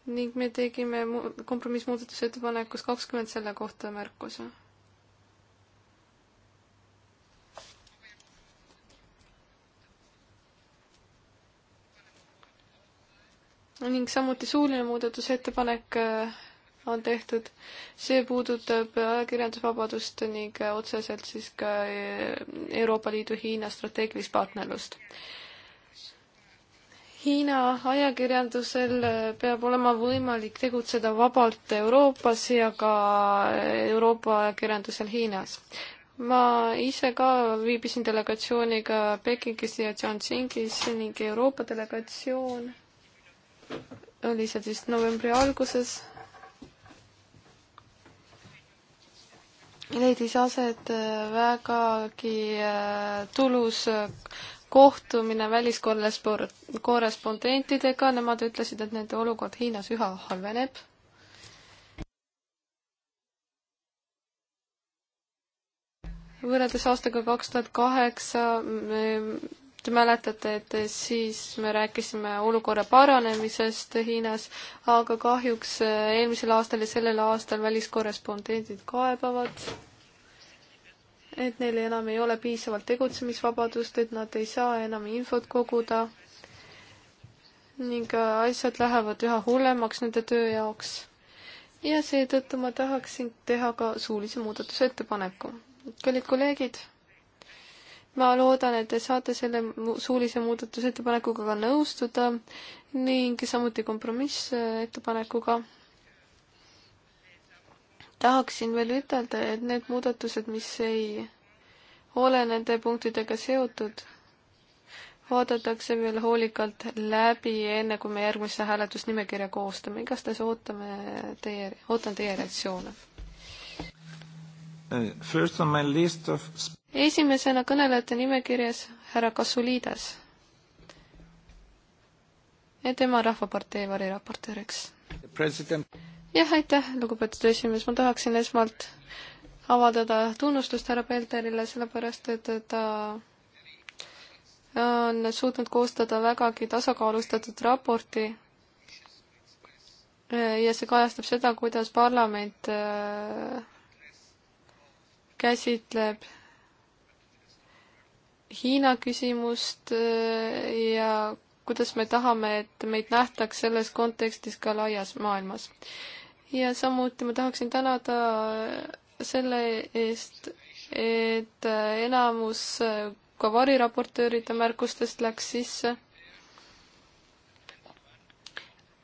ning me tegime kompromissmuudatusettepanekus kakskümmend selle kohta märkuse. ning samuti suuline muudatusettepanek äh, on tehtud, see puudutab ajakirjandusvabadust ning otseselt siis ka äh, Euroopa Liidu Hiina strateegilist partnerlust. Hiina ajakirjandusel äh, peab olema võimalik tegutseda vabalt Euroopas ja ka äh, Euroopa ajakirjandusel Hiinas. ma ise ka viibisin delegatsiooniga Pekingis ja Tianjingis ning Euroopa delegatsioon oli see siis novembri alguses, leidis aset äh, vägagi tulus kohtumine väliskorrespondentidega, nemad ütlesid, et nende olukord Hiinas üha halveneb. võrreldes aastaga kaks tuhat kaheksa Te mäletate, et siis me rääkisime olukorra paranemisest Hiinas, aga kahjuks eelmisel aastal ja sellel aastal väliskorrespondendid kaebavad et neil enam ei ole piisavalt tegutsemisvabadust, et nad ei saa enam infot koguda ning äh, asjad lähevad üha hullemaks nende töö jaoks. ja seetõttu ma tahaksin teha ka suulise muudatusettepaneku. kallid kolleegid, ma loodan, et te saate selle suulise muudatusettepanekuga ka nõustuda ning samuti kompromissettepanekuga tahaksin veel ütelda, et need muudatused, mis ei ole nende punktidega seotud, vaadatakse veel hoolikalt läbi, enne kui me järgmise hääletusnimekirja koostame. igastahes ootame teie, ootan teie reaktsioone. Uh, of... esimesena kõnelejate nimekirjas härra Kasuliides. tema Rahvapartei variraportööriks jah, aitäh, lugupeetud esimees, ma tahaksin esmalt avaldada tunnustust härra Pelderile, sellepärast et ta on suutnud koostada vägagi tasakaalustatud raporti ja see kajastab seda, kuidas parlament äh, käsitleb Hiina küsimust äh, ja kuidas me tahame, et meid nähtaks selles kontekstis ka laias maailmas ja samuti ma tahaksin tänada selle eest, et enamus ka variraportööride märkustest läks sisse.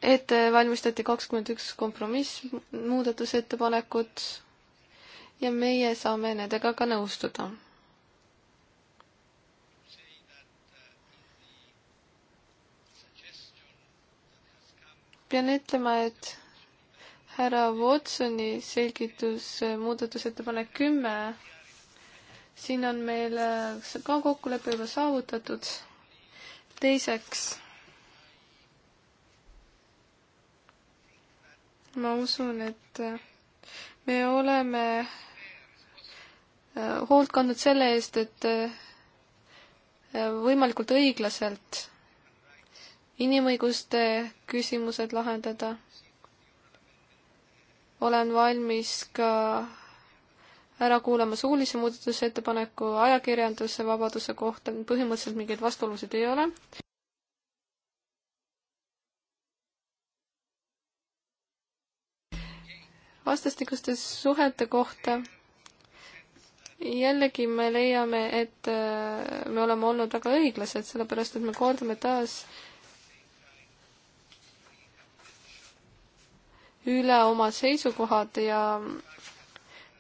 ette valmistati kakskümmend üks kompromiss muudatusettepanekut ja meie saame nendega ka nõustuda pean ütlema, et härra Watsoni selgitus, eh, muudatusettepanek kümme. siin on meil eh, ka kokkulepe juba saavutatud. teiseks, ma usun, et eh, me oleme hoolt kandnud selle eest, et võimalikult õiglaselt inimõiguste küsimused lahendada olen valmis ka ära kuulama suulise muudatusettepaneku ajakirjanduse vabaduse kohta, põhimõtteliselt mingeid vastuolusid ei ole. vastastikuste suhete kohta jällegi me leiame, et äh, me oleme olnud väga õiglased, sellepärast et me kordame taas äh, üle oma seisukohad ja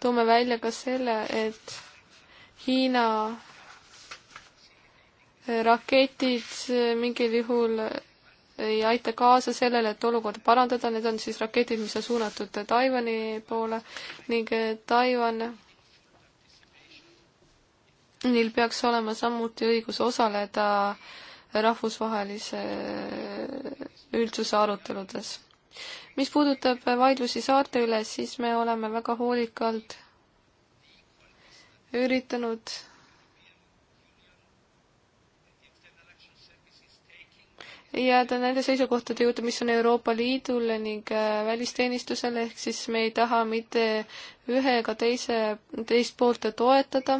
toome välja ka selle, et Hiina äh, raketid äh, mingil juhul ei aita kaasa sellele, et olukorda parandada, need on siis raketid, mis on suunatud Taiwan'i poole ning äh, Taiwan, neil peaks olema samuti õigus osaleda rahvusvahelise üldsuse aruteludes mis puudutab vaidlusi saarte üle, siis me oleme väga hoolikalt üritanud jääda nende seisukohtade juurde, mis on Euroopa Liidule ning äh, välisteenistusele, ehk siis me ei taha mitte ühe ega teise, teist poolt toetada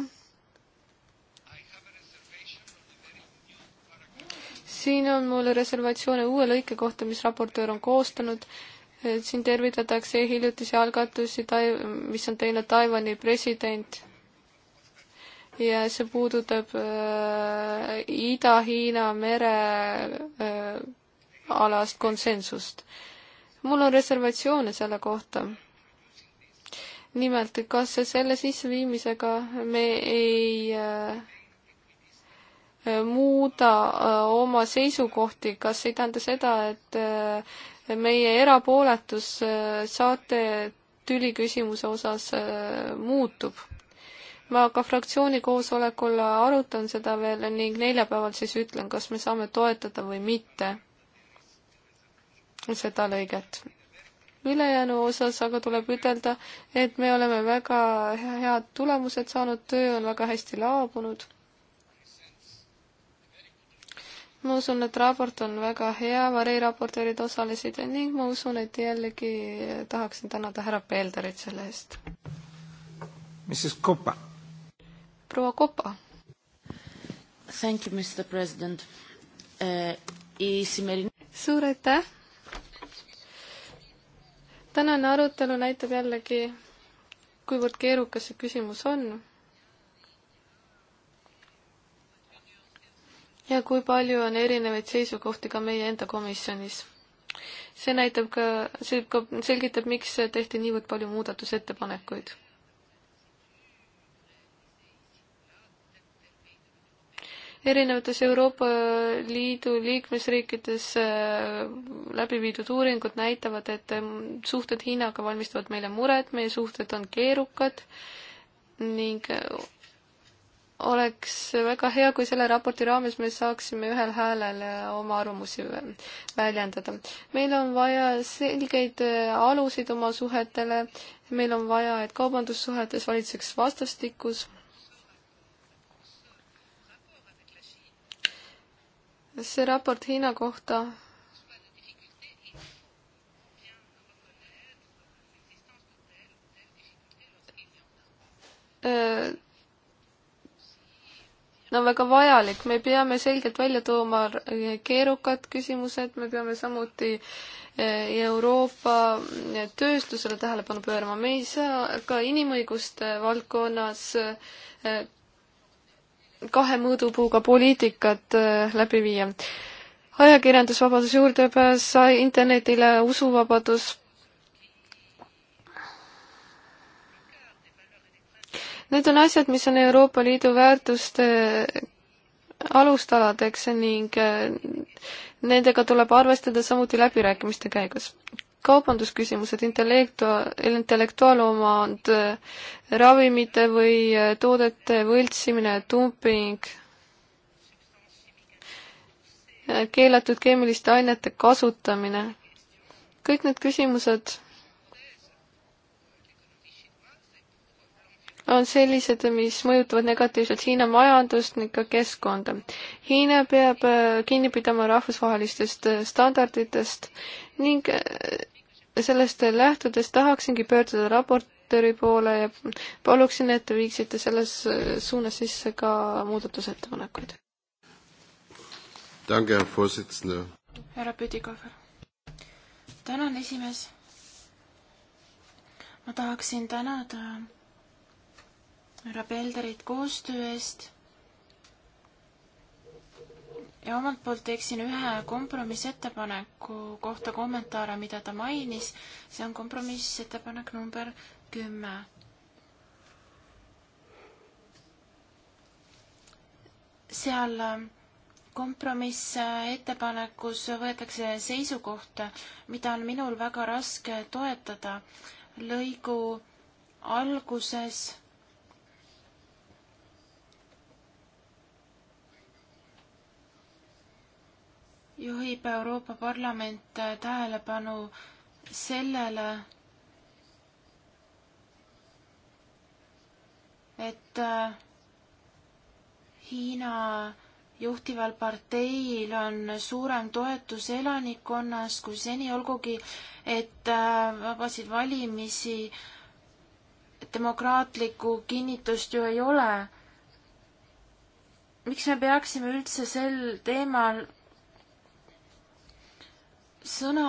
siin on mul reservatsioone uue lõike kohta, mis raportöör on koostanud. siin tervitatakse hiljutisi algatusi, mis on teinud Taiwan'i president. ja see puudutab äh, Ida-Hiina mere äh, alast konsensust. mul on reservatsioone selle kohta nimelt, kas selle sisseviimisega me ei äh, muuda äh, oma seisukohti, kas ei tähenda seda, et äh, meie erapooletus äh, saate tüli küsimuse osas muutub? ma ka fraktsiooni koosolekul arutan seda veel ning neljapäeval siis ütlen, kas me saame toetada või mitte seda lõiget ülejäänu osas aga tuleb ütelda, et me oleme väga head tulemused saanud, töö on väga hästi laabunud ma usun, et raport on väga hea, variraportöörid osalesid ning ma usun, et jällegi tahaksin tänada härra Pelderit selle eest. mis siis Kopa? proua Kopa. Thank you, Mr President uh,. suur aitäh! tänane arutelu näitab jällegi, kuivõrd keerukas see küsimus on ja kui palju on erinevaid seisukohti ka meie enda komisjonis. see näitab ka, see ka selgitab, miks tehti niivõrd palju muudatusettepanekuid. erinevates Euroopa Liidu liikmesriikides äh, läbi viidud uuringud näitavad, et ähm, suhted Hiinaga valmistavad meile muret, meie suhted on keerukad ning oleks väga hea, kui selle raporti raames me saaksime ühel häälel oma arvamusi väljendada. meil on vaja selgeid aluseid oma suhetele, meil on vaja, et kaubandussuhetes valitseks vastastikus. see raport Hiina kohta öö, on väga vajalik, me peame selgelt välja tooma keerukad küsimused, me peame samuti eh, Euroopa tööstusele tähelepanu pöörama, me ei saa ka inimõiguste valdkonnas eh, kahe mõõdupuuga poliitikat eh, läbi viia. ajakirjandusvabadus, juurdepääs internetile, usuvabadus Need on asjad, mis on Euroopa Liidu väärtuste alustaladeks ning eh, nendega tuleb arvestada samuti läbirääkimiste käigus. kaubandusküsimused, intellektua-, intellektuaalomand, eh, ravimite või eh, toodete võltsimine, dumping, keelatud keemiliste ainete kasutamine, kõik need küsimused on sellised, mis mõjutavad negatiivselt Hiina majandust ning ka keskkonda. Hiina peab äh, kinni pidama rahvusvahelistest äh, standarditest ning äh, sellest lähtudes tahaksingi pöörduda raportööri poole ja paluksin, et te viiksite selles suunas sisse ka muudatusettepanekuid. härra Püdikohver. tänan, esimees. ma tahaksin tänada ta härra Pelderit koostöö eest. ja omalt poolt teeksin ühe kompromissettepaneku kohta kommentaare, mida ta mainis. see on kompromissettepanek number kümme. seal ähm, kompromissettepanekus võetakse seisukoht, mida on minul väga raske toetada. lõigu alguses juhib Euroopa Parlament äh, tähelepanu sellele, et äh, Hiina juhtival parteil on suurem toetus elanikkonnas kui seni, olgugi et äh, vabasid valimisi demokraatlikku kinnitust ju ei ole. miks me peaksime üldse sel teemal sõna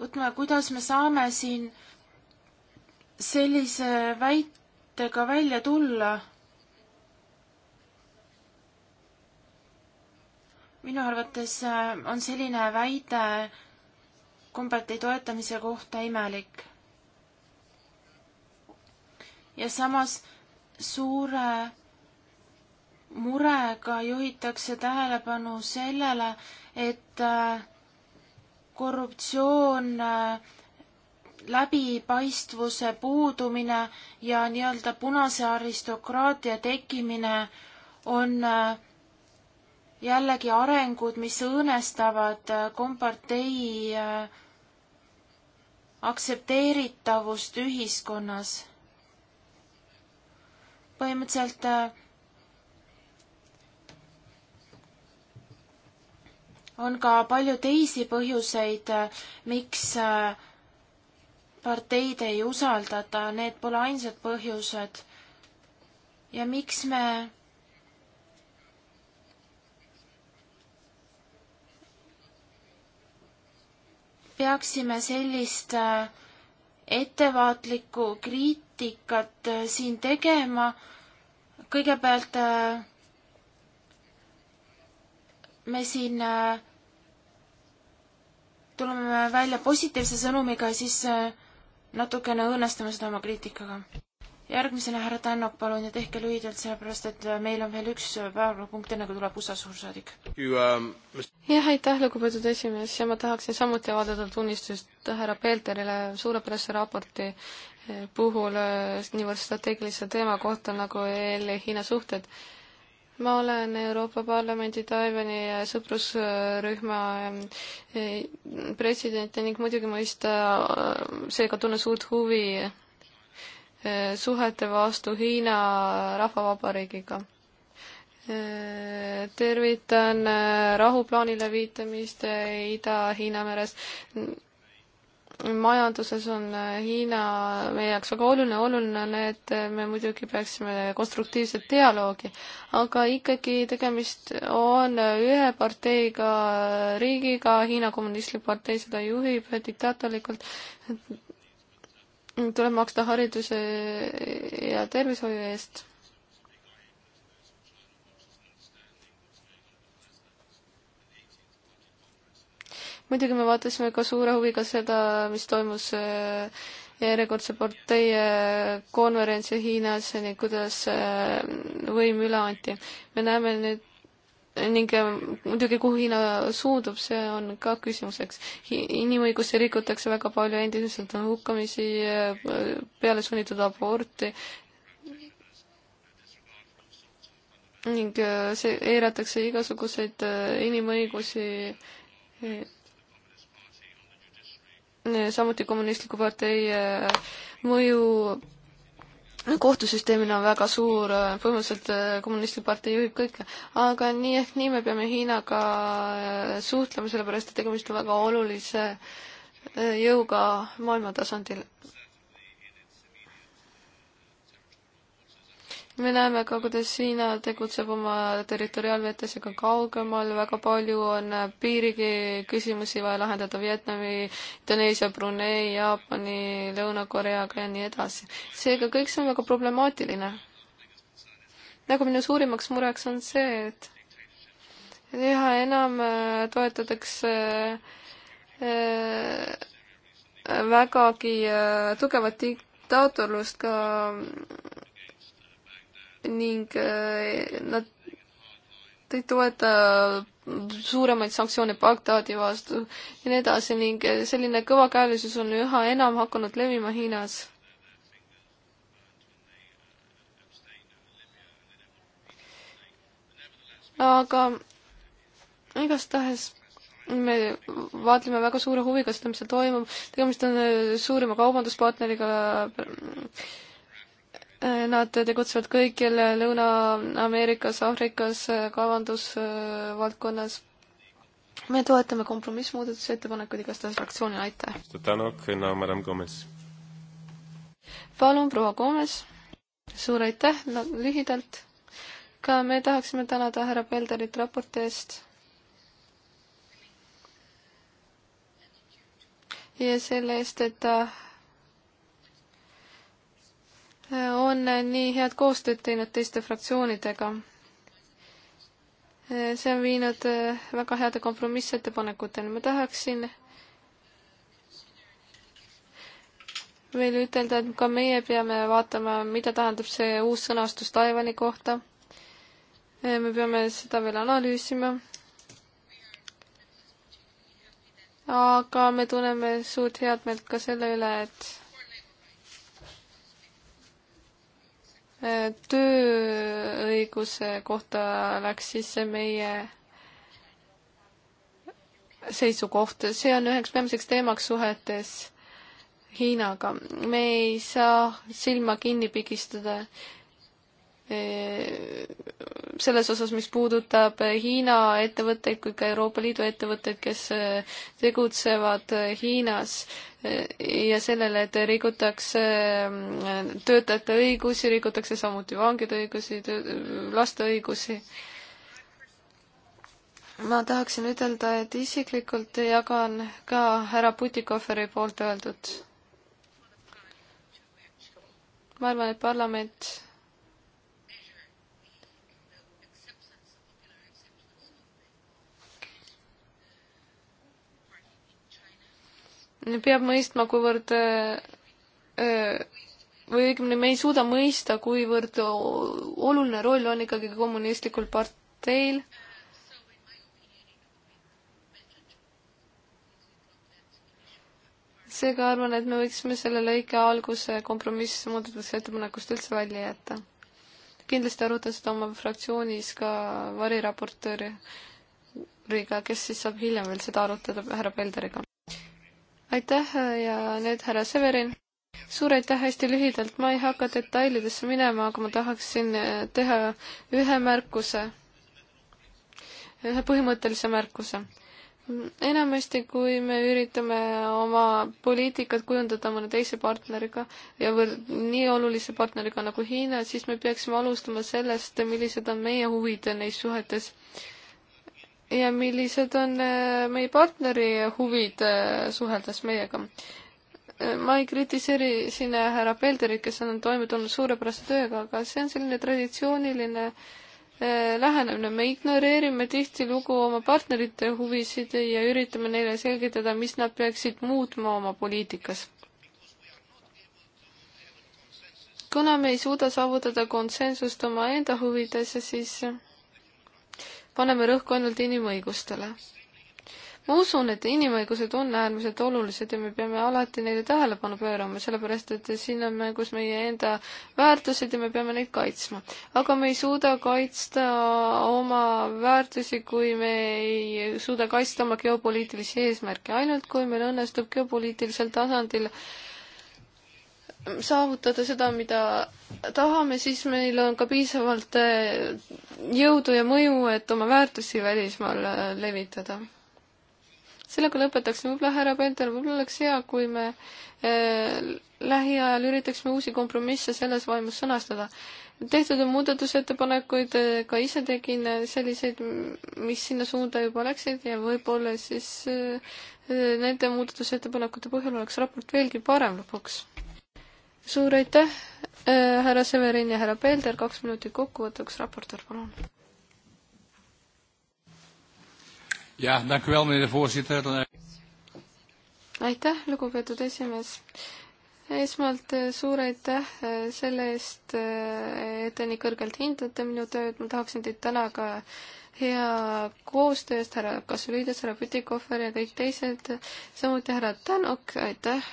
võtma, kuidas me saame siin sellise väitega välja tulla? minu arvates äh, on selline väide kombeti toetamise kohta imelik. ja samas suure murega juhitakse tähelepanu sellele, et äh, korruptsioon, läbipaistvuse puudumine ja nii-öelda punase aristokraatia tekkimine on äh, jällegi arengud, mis õõnestavad äh, kompartei äh, aktsepteeritavust ühiskonnas. põhimõtteliselt on ka palju teisi põhjuseid, miks äh, parteid ei usaldata, need pole ainsad põhjused. ja miks me peaksime sellist äh, ettevaatlikku kriitikat äh, siin tegema, kõigepealt äh, me siin äh, tuleme välja positiivse sõnumiga, siis äh, natukene õõnestame seda oma kriitikaga. järgmisena härra Tännok, palun, ja tehke lühidalt, sellepärast et äh, meil on veel üks päevakorrapunkt, enne kui tuleb USA suursaadik. Um, jah, aitäh, lugupeetud esimees, ja ma tahaksin samuti avaldada tunnistust härra Peeterile suurepärase raporti puhul niivõrd strateegilise teema kohta nagu EL-i e Hiina suhted ma olen Euroopa Parlamendi Taiwan'i äh, sõprusrühma äh, president ning muidugi mõista, äh, seega tunnen suurt huvi suhete vastu Hiina Rahvavabariigiga. tervitan rahuplaanile viitamist Ida-Hiina meres majanduses on äh, Hiina meie jaoks väga oluline, oluline on, et äh, me muidugi peaksime konstruktiivset dialoogi, aga ikkagi tegemist on äh, ühe parteiga riigiga, Hiina Kommunistlik Partei seda juhib diktaatorlikult, tuleb maksta hariduse ja tervishoiu eest. muidugi me vaatasime ka suure huviga seda, mis toimus eh, järjekordse partei eh, konverentsi Hiinas ning kuidas eh, võim üle anti. me näeme nüüd ning muidugi, kuhu Hiina suundub, see on ka küsimuseks. inimõigusi rikutakse väga palju, endiselt on hukkamisi, peale sunnitud aborti ning see, eiratakse igasuguseid inimõigusi samuti Kommunistliku partei äh, mõju kohtusüsteemina on väga suur, äh, põhimõtteliselt äh, Kommunistlik partei juhib kõike, aga nii ehk nii me peame Hiinaga suhtlema, sellepärast et tegemist on väga olulise jõuga maailma tasandil. me näeme ka, kuidas Hiina tegutseb oma territoriaalvetesega kaugemal, väga palju on piirigi küsimusi vaja lahendada Vietnami, Indoneesia, Brunei, Jaapani, Lõuna-Koreaga ja nii edasi. seega kõik see on väga problemaatiline. nagu minu suurimaks mureks on see, et üha enam äh, toetatakse äh, vägagi äh, tugevat diktaatorlust ka ning äh, nad ei toeta suuremaid sanktsioone Bagdadi vastu ja nii edasi ning äh, selline kõvakäelisus on üha enam hakanud levima Hiinas. aga igastahes me vaatleme väga suure huviga seda, mis seal toimub, tegemist on äh, suurima kaubanduspartneriga Nad tegutsevad kõikjal Lõuna-Ameerikas, Aafrikas, kaevandusvaldkonnas. me toetame kompromissmuudatusettepanekuid igastahes fraktsioonile, aitäh! palun, proua Gomes! suur aitäh, no lühidalt. ka me tahaksime tänada härra Pelderit raporti eest. ja selle eest, et ta on nii head koostööd teinud teiste fraktsioonidega. see on viinud eh, väga heade kompromissettepanekuteni. ma tahaksin veel ütelda, et ka meie peame vaatama, mida tähendab see uus sõnastus Taiwan'i kohta. Eh, me peame seda veel analüüsima. aga me tunneme suurt headmeelt ka selle üle, et tööõiguse kohta läks sisse meie seisukoht, see on üheks peamiseks teemaks suhetes Hiinaga. me ei saa silma kinni pigistada e, selles osas, mis puudutab Hiina ettevõtteid kui ka Euroopa Liidu ettevõtteid, kes tegutsevad Hiinas ja sellele, et rikutakse mm, töötajate õigusi, rikutakse samuti vangide õigusi, laste õigusi. ma tahaksin ütelda, et isiklikult jagan ka härra Putikoferi poolt öeldut. ma arvan, et parlament peab mõistma, kuivõrd äh, äh, või õigemini me ei suuda mõista, kuivõrd oluline roll on ikkagi kommunistlikul parteil. seega arvan, et me võiksime selle lõike alguse kompromiss muudatusettepanekust üldse välja jätta. kindlasti arutan seda oma fraktsioonis ka variraportööriga, kes siis saab hiljem veel seda arutada härra Pelderiga aitäh äh, ja nüüd härra Severin. suur aitäh, hästi lühidalt, ma ei hakka detailidesse minema, aga ma tahaksin äh, teha ühe märkuse, ühe põhimõttelise märkuse. enamasti, kui me üritame oma poliitikat kujundada mõne teise partneriga ja nii olulise partneriga nagu Hiina, siis me peaksime alustama sellest, millised on meie huvid neis suhetes ja millised on äh, meie partneri huvid äh, suheldes meiega. Äh, ma ei kritiseeri siin härra Pelderit, kes on toime tulnud suurepärase tööga, aga see on selline traditsiooniline lähenemine, me ignoreerime tihtilugu oma partnerite huvisid ja üritame neile selgitada, mis nad peaksid muutma oma poliitikas. kuna me ei suuda saavutada konsensust omaenda huvides, siis paneme rõhku ainult inimõigustele. ma usun, et inimõigused on äärmiselt olulised ja me peame alati neile tähelepanu pöörama, sellepärast et siin on mängus meie enda väärtused ja me peame neid kaitsma. aga me ei suuda kaitsta oma väärtusi, kui me ei suuda kaitsta oma geopoliitilisi eesmärke, ainult kui meil õnnestub geopoliitilisel tasandil äh, saavutada seda, mida tahame, siis meil on ka piisavalt eh, jõudu ja mõju, et oma väärtusi välismaal eh, levitada. sellega lõpetaks võib-olla härra Pelder, võib-olla oleks hea, kui me eh, lähiajal üritaksime uusi kompromisse selles vaimus sõnastada. tehtud on muudatusettepanekuid, ka ise tegin selliseid, mis sinna suunda juba läksid ja võib-olla siis nende muudatusettepanekute põhjal oleks raport veelgi parem lõpuks suur aitäh, äh, härra Severin ja härra Pelder, kaks minutit kokkuvõtteks, raportöör, palun. jah, tänan, meile voorzitter. aitäh, lugupeetud esimees esmalt äh, suur aitäh äh, selle eest, et te nii kõrgelt hindate minu tööd, ma tahaksin teid täna ka hea koostöö eest, härra Kasuliides, härra Putikohver ja kõik teised, samuti härra Tänok, aitäh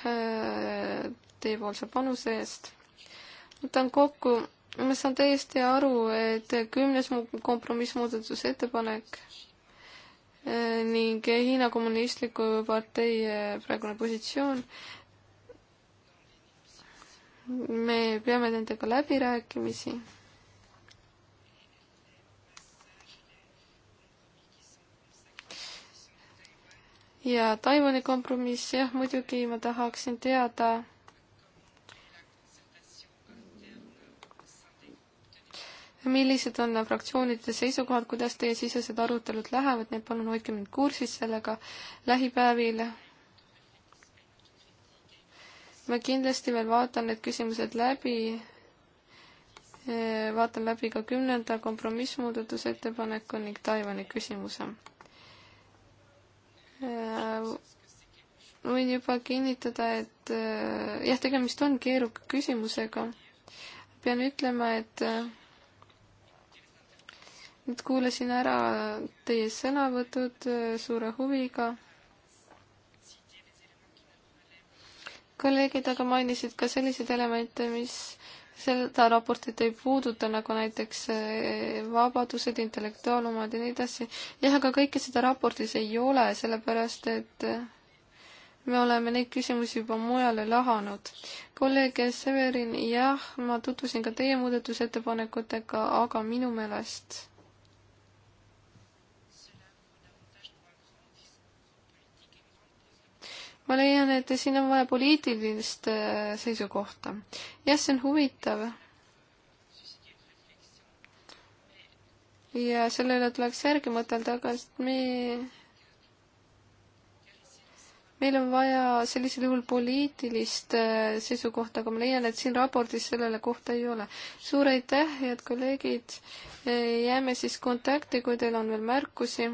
teiepoolse panuse eest. võtan kokku, ma saan täiesti aru, et kümnes kompromissmuudatusettepanek eh, ning Hiina Kommunistliku Partei eh, praegune positsioon me peame nendega läbirääkimisi. ja Taiwan'i kompromiss, jah, muidugi ma tahaksin teada, millised on fraktsioonide seisukohad, kuidas teie sisesed arutelud lähevad, nii et palun hoidke mind kursis sellega lähipäevil. ma kindlasti veel vaatan need küsimused läbi. Eh, vaatan läbi ka kümnenda kompromissmuudatusettepaneku ning Taiwan'i küsimuse. Eh, võin juba kinnitada, et eh, jah, tegemist on keeruka küsimusega. pean ütlema, et nüüd kuulasin ära teie sõnavõtud äh, suure huviga. kolleegid aga mainisid ka selliseid elemente, mis seda raportit ei puuduta, nagu näiteks äh, vabadused, intellektuaalomad ja nii edasi. jah, aga kõike seda raportis ei ole, sellepärast et äh, me oleme neid küsimusi juba mujale lahanud. kolleeg Severin, jah, ma tutvusin ka teie muudatusettepanekutega, aga minu meelest ma leian, et siin on vaja poliitilist äh, seisukohta. jah, see on huvitav. ja selle üle tuleks järgi mõtelda, aga me, meil on vaja sellisel juhul poliitilist äh, seisukohta, aga ma leian, et siin raportis sellele kohta ei ole. suur aitäh, head kolleegid, äh, jääme siis kontakti, kui teil on veel märkusi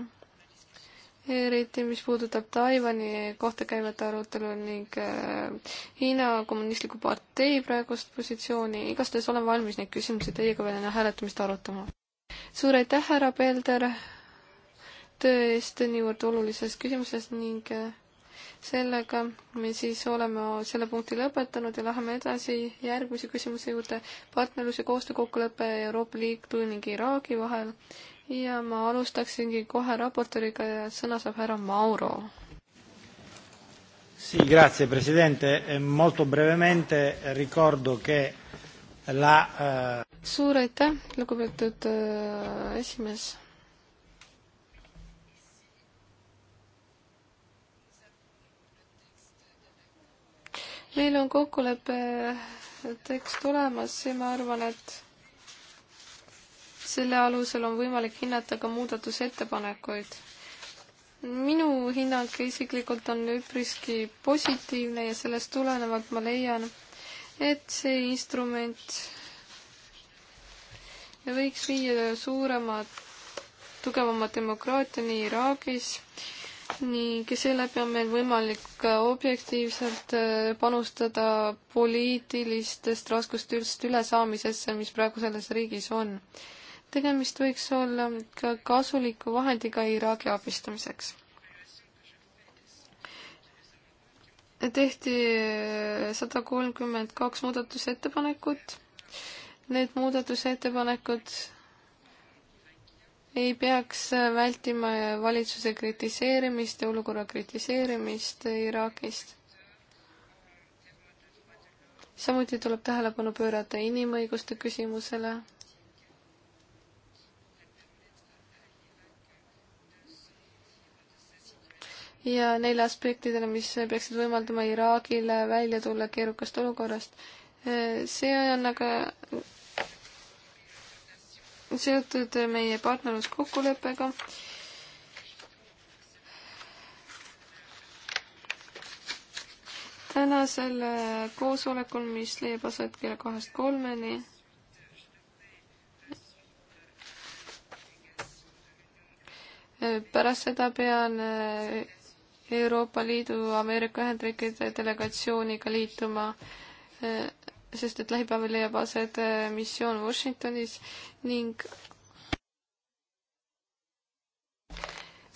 eriti mis puudutab Taiwan'i kohta käivat arutelu ning äh, Hiina Kommunistliku Partei praegust positsiooni, igastahes olen valmis neid küsimusi teiega veel enne hääletamist arutama. suur aitäh, härra Pelder, töö eest niivõrd olulises küsimuses ning äh, sellega me siis oleme selle punkti lõpetanud ja läheme edasi järgmise küsimuse juurde, partnerluse koostöökokkulepe Euroopa Liidu ning Iraagi vahel ja ma alustaksingi kohe raportööriga ja sõna saab härra Mauro. Sì, grazie Presidente. E molto brevemente ricordo che la... Uh... Suur aitäh, lugupeetud uh, esimees. meil on kokkuleppe tekst olemas ja ma arvan, et selle alusel on võimalik hinnata ka muudatusettepanekuid. minu hinnang isiklikult on üpriski positiivne ja sellest tulenevalt ma leian, et see instrument võiks viia suurema, tugevama demokraatiani Iraagis ning seeläbi on meil võimalik objektiivselt äh, panustada poliitilistest raskustest ülesaamisesse, mis praegu selles riigis on tegemist võiks olla ka kasuliku vahendiga Iraagi abistamiseks. tehti sada kolmkümmend kaks muudatusettepanekut. Need muudatusettepanekud ei peaks vältima valitsuse kritiseerimist ja olukorra kritiseerimist Iraagist. samuti tuleb tähelepanu pöörata inimõiguste küsimusele ja neile aspektidele, mis peaksid võimaldama Iraagile välja tulla keerukast olukorrast. see on aga seotud meie partnerluskokkuleppega. tänasel koosolekul, mis leiab aset kella kahest kolmeni pärast seda pean Euroopa Liidu Ameerika Ühendriikide delegatsiooniga liituma, eh, sest et lähipäeval leiab aset eh, missioon Washingtonis ning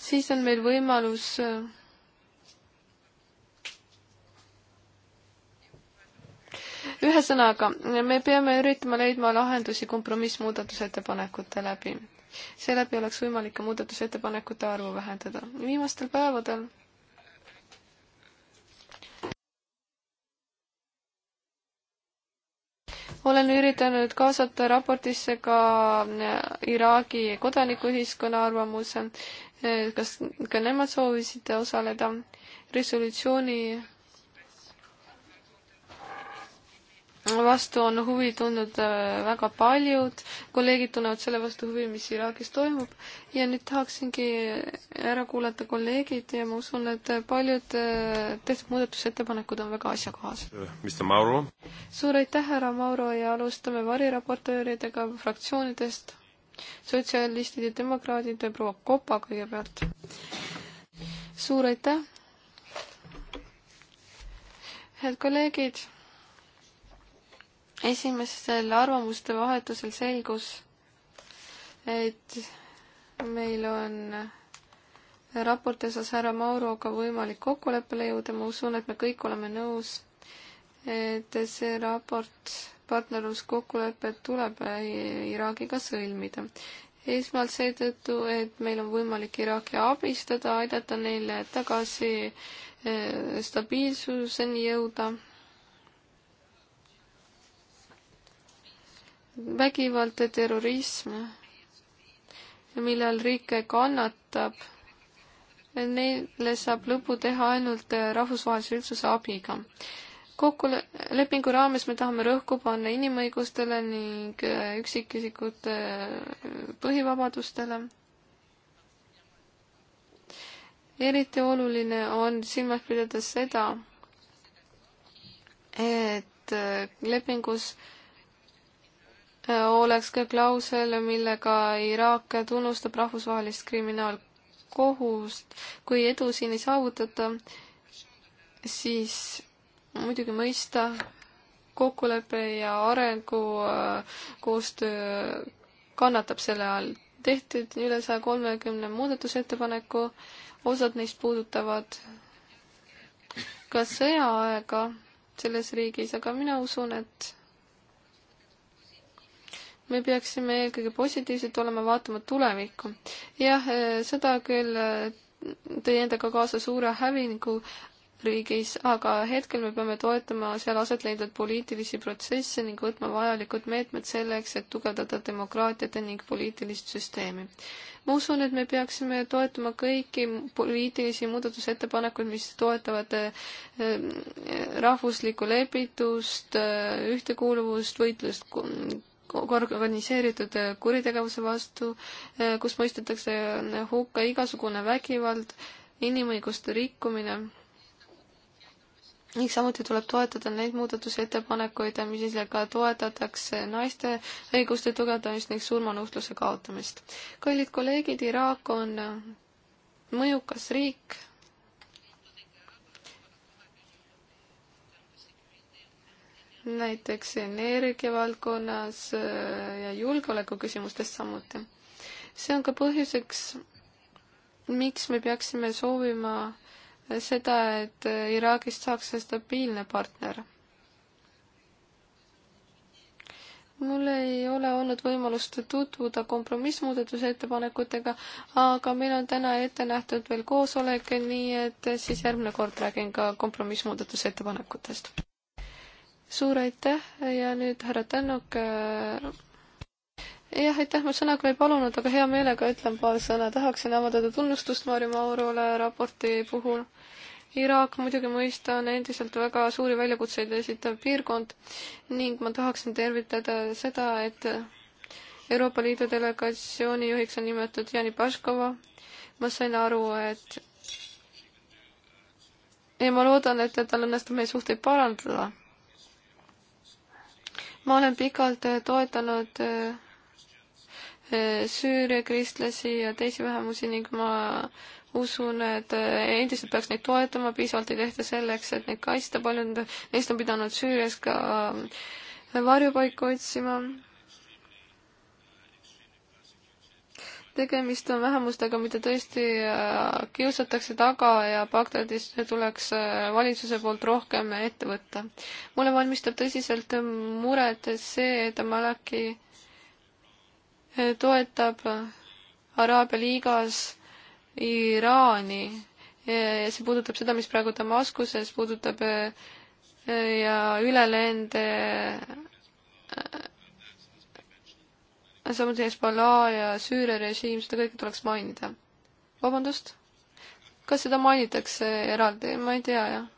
siis on meil võimalus eh, ühesõnaga, me peame üritama leidma lahendusi kompromissmuudatusettepanekute läbi. seeläbi oleks võimalik ka muudatusettepanekute arvu vähendada. viimastel päevadel olen üritanud kaasata raportisse ka äh, Iraagi kodanikuühiskonna arvamuse, äh, kas ka nemad soovisid osaleda resolutsiooni vastu on huvi tundnud äh, väga paljud, kolleegid tunnevad selle vastu huvi, mis Iraagis toimub ja nüüd tahaksingi ära kuulata kolleegid ja ma usun, et paljud äh, tehtud muudatusettepanekud on väga asjakohased. Äh, Mr Mauro. suur aitäh, härra Mauro ja alustame variraportööridega fraktsioonidest. sotsialistid ja demokraadid ja proua Kopa kõigepealt. suur aitäh. head kolleegid esimesel arvamuste vahetusel selgus, et meil on raporti osas härra Mauroga võimalik kokkuleppele jõuda, ma usun, et me kõik oleme nõus, et see raport, partnerluskokkulepe tuleb Iraagiga sõlmida esmalt seetõttu, et meil on võimalik Iraaki abistada, aidata neile tagasi eh, stabiilsuseni jõuda vägivald ja terrorism, millal riike kannatab, neile saab lõpu teha ainult rahvusvahelise üldsuse abiga. kokku lepingu raames me tahame rõhku panna inimõigustele ning üksikisikute põhivabadustele. eriti oluline on silmas pidada seda, et lepingus äh, oleks ka klausel, millega Iraak tunnustab rahvusvahelist kriminaalkohust. kui edu siin ei saavutata, siis muidugi mõista kokkulepe ja arengukoostöö äh, kannatab selle all. tehtud üle saja kolmekümne muudatusettepaneku, osad neist puudutavad ka sõjaaega selles riigis, aga mina usun, et me peaksime eelkõige positiivsed olema, vaatama tulevikku. jah, eh, sõda küll eh, tõi endaga kaasa suure hävingu riigis, aga hetkel me peame toetama seal aset leidnud poliitilisi protsesse ning võtma vajalikud meetmed selleks, et tugevdada demokraatiat ning poliitilist süsteemi. ma usun, et me peaksime toetama kõiki poliitilisi muudatusettepanekuid, mis toetavad eh, rahvuslikku lepitust, ühtekuuluvust, võitlust organiseeritud äh, kuritegevuse vastu, äh, kus mõistetakse äh, hukka igasugune vägivald, inimõiguste rikkumine. ning samuti tuleb toetada neid muudatusettepanekuid, millega toetatakse naiste õiguste tugevdamist ning surmanuhtluse kaotamist. kallid kolleegid, Iraak on mõjukas riik näiteks energiavaldkonnas äh, ja julgeolekuküsimustes samuti. see on ka põhjuseks, miks me peaksime soovima seda, et äh, Iraagist saaks stabiilne partner. mul ei ole olnud võimalust tutvuda kompromissmuudatuse ettepanekutega, aga meil on täna ette nähtud veel koosolek, nii et siis järgmine kord räägin ka kompromissmuudatuse ettepanekutest suur aitäh ja nüüd härra Tännuk. Äh, jah, aitäh, ma sõna küll ei palunud, aga hea meelega ütlen paar sõna, tahaksin avaldada tunnustust Marju Maurule raporti puhul. Iraak muidugi mõista on endiselt väga suuri väljakutseid esitav piirkond ning ma tahaksin tervitada seda, et Euroopa Liidu delegatsiooni juhiks on nimetatud Jani Paškova. ma sain aru, et ja ma loodan, et tal õnnestub meie suhteid parandada ma olen pikalt äh, toetanud äh, äh, Süüria kristlasi ja teisi vähemusi ning ma usun, et endiselt peaks neid toetama, piisavalt ei tehta selleks, et neid kaitsta, paljud neist on pidanud Süürias ka varjupaika otsima tegemist on vähemustega, mida tõesti äh, kiusatakse taga ja Bagdadis tuleks äh, valitsuse poolt rohkem ette võtta. mulle valmistab tõsiselt muret see, et Malaki äh, toetab Araabia liigas Iraani. see puudutab seda, mis praegu Damaskuses puudutab ja ülelende samuti Hezbollah ja Süüria režiim, seda kõike tuleks mainida. vabandust? kas seda mainitakse eraldi, ma ei tea, jah.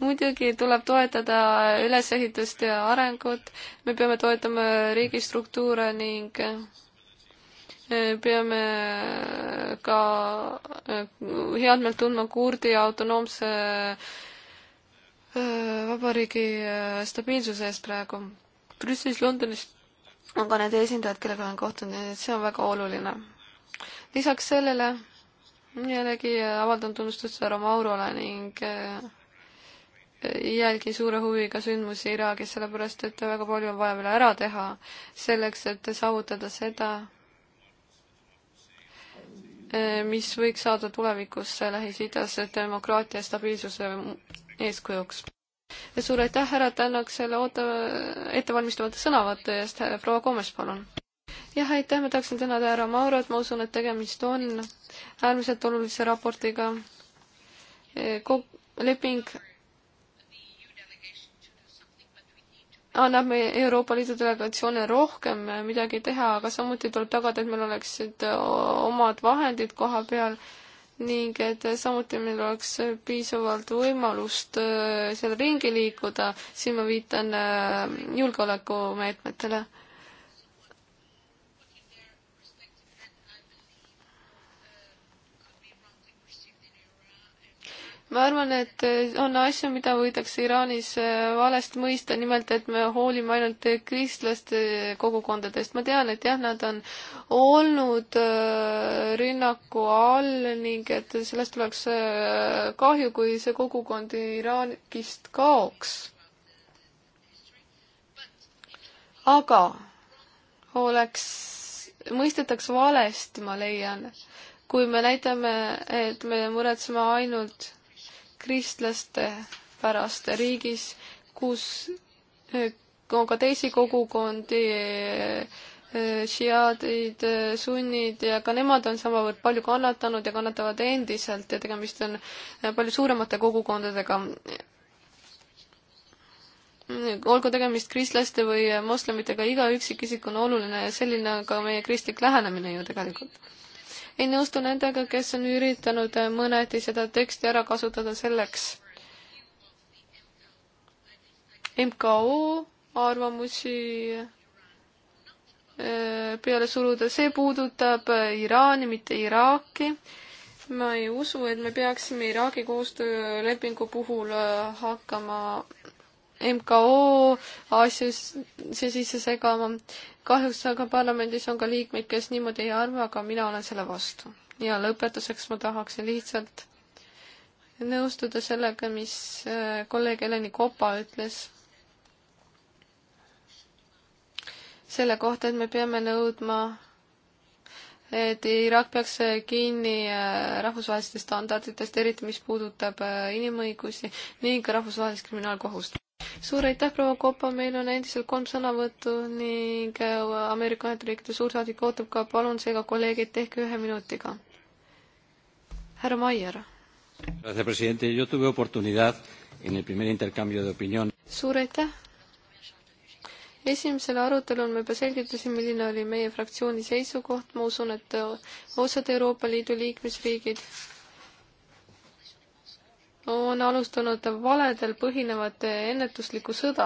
muidugi tuleb toetada ülesehitust ja arengut, me peame toetama riigistruktuure ning e, peame e, ka e, headmelt tundma kurdi autonoomse äh, Äh, vabariigi äh, stabiilsuse eest praegu. Brüsselis, Londonis on ka need esindajad, kellega olen kohtunud, nii et see on väga oluline. lisaks sellele jällegi äh, avaldan tunnustust härra Maurole ning jälgin suure huviga sündmusi Iraagis, sellepärast et väga palju on vaja veel ära teha selleks, et saavutada seda, Eh, mis võiks saada tulevikus Lähis-Idas demokraatia stabiilsuse eeskujuks. ja suur aitäh, härra Tänak, selle oota, ettevalmistamata sõnavõtu eest, proua Koomes, palun. jah, aitäh, ma tahaksin tänada härra Maurot, ma usun, et tegemist on äärmiselt olulise raportiga. Eh, leping annab meie Euroopa Liidu delegatsioone rohkem eh, midagi teha, aga samuti tuleb tagada, et meil oleksid eh, omad vahendid koha peal ning et samuti meil oleks piisavalt võimalust eh, seal ringi liikuda, siin ma viitan julgeolekumeetmetele ma arvan, et eh, on asju, mida võidakse Iraanis eh, valesti mõista, nimelt et me hoolime ainult eh, kristlaste kogukondadest. ma tean, et jah, nad on olnud rünnaku all ning et sellest tuleks kahju, kui see kogukond Iraanist kaoks. aga oleks, mõistetaks valesti, ma leian, kui me näitame, et me muretseme ainult kristlaste pärast riigis, kus eh, on ka teisi kogukondi, eh, eh, šiaadid, sunnid ja ka nemad on samavõrd palju kannatanud ja kannatavad endiselt ja tegemist on palju suuremate kogukondadega. olgu tegemist kristlaste või moslemitega, iga üksikisik on oluline ja selline on ka meie kristlik lähenemine ju tegelikult ei nõustu nendega, kes on üritanud mõneti seda teksti ära kasutada selleks. MKO arvamusi äh, peale suruda, see puudutab Iraani, mitte Iraaki. ma ei usu, et me peaksime Iraagi koostöölepingu puhul äh, hakkama MKO asju sisse segama kahjuks aga parlamendis on ka liikmeid, kes niimoodi ei arva, aga mina olen selle vastu. ja lõpetuseks ma tahaksin lihtsalt nõustuda sellega, mis äh, kolleeg Eleni Kopa ütles selle kohta, et me peame nõudma, et Iraak peaks kinni äh, rahvusvahelistest standarditest, eriti mis puudutab äh, inimõigusi ning rahvusvahelist kriminaalkohust suur aitäh, proua Kopa, meil on endiselt kolm sõnavõttu ning äh, Ameerika Ühendriikide suursaadik ootab ka, palun seega kolleegid, tehke ühe minutiga. härra Maier. suur aitäh esimesel arutelul me juba selgitasime, milline oli meie fraktsiooni seisukoht, ma usun, et osad Euroopa Liidu liikmesriigid on alustanud valedel põhinevat ennetuslikku sõda.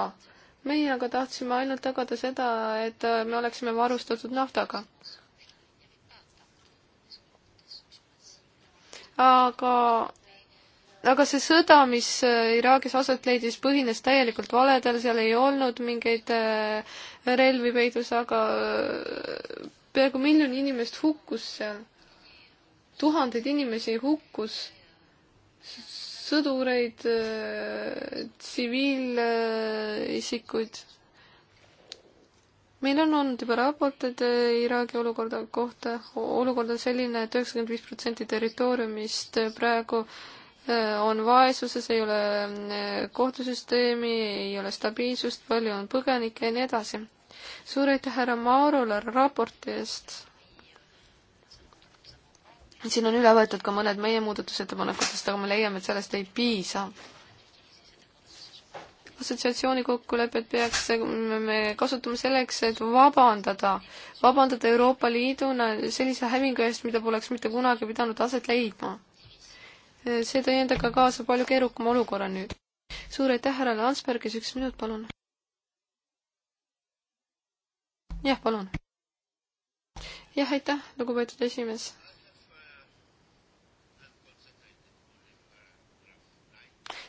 meie aga tahtsime ainult tagada seda, et me oleksime varustatud naftaga. aga, aga see sõda, mis äh, Iraagis aset leidis, põhines täielikult valedel, seal ei olnud mingeid äh, relvi peidus, aga äh, peaaegu miljon inimest hukkus seal. tuhandeid inimesi hukkus sõdureid, äh, tsiviilisikuid. meil on olnud juba raporteid äh, Iraagi olukorda kohta, olukord on selline, et üheksakümmend viis protsenti territooriumist praegu äh, on vaesuses, ei ole kohtusüsteemi, ei ole stabiilsust, palju on põgenikke ja nii edasi. suur aitäh härra Maarule raporti eest siin on üle võetud ka mõned meie muudatusettepanekutest, aga me leiame, et sellest ei piisa. assotsiatsiooni kokkulepet peaks me kasutama selleks, et vabandada, vabandada Euroopa Liiduna sellise hävingu eest, mida poleks mitte kunagi pidanud aset leidma. see tõi endaga kaasa palju keerukama olukorra nüüd. suur aitäh, härra Landsbergis, üks minut, palun. jah, palun. jah, aitäh, lugupeetud esimees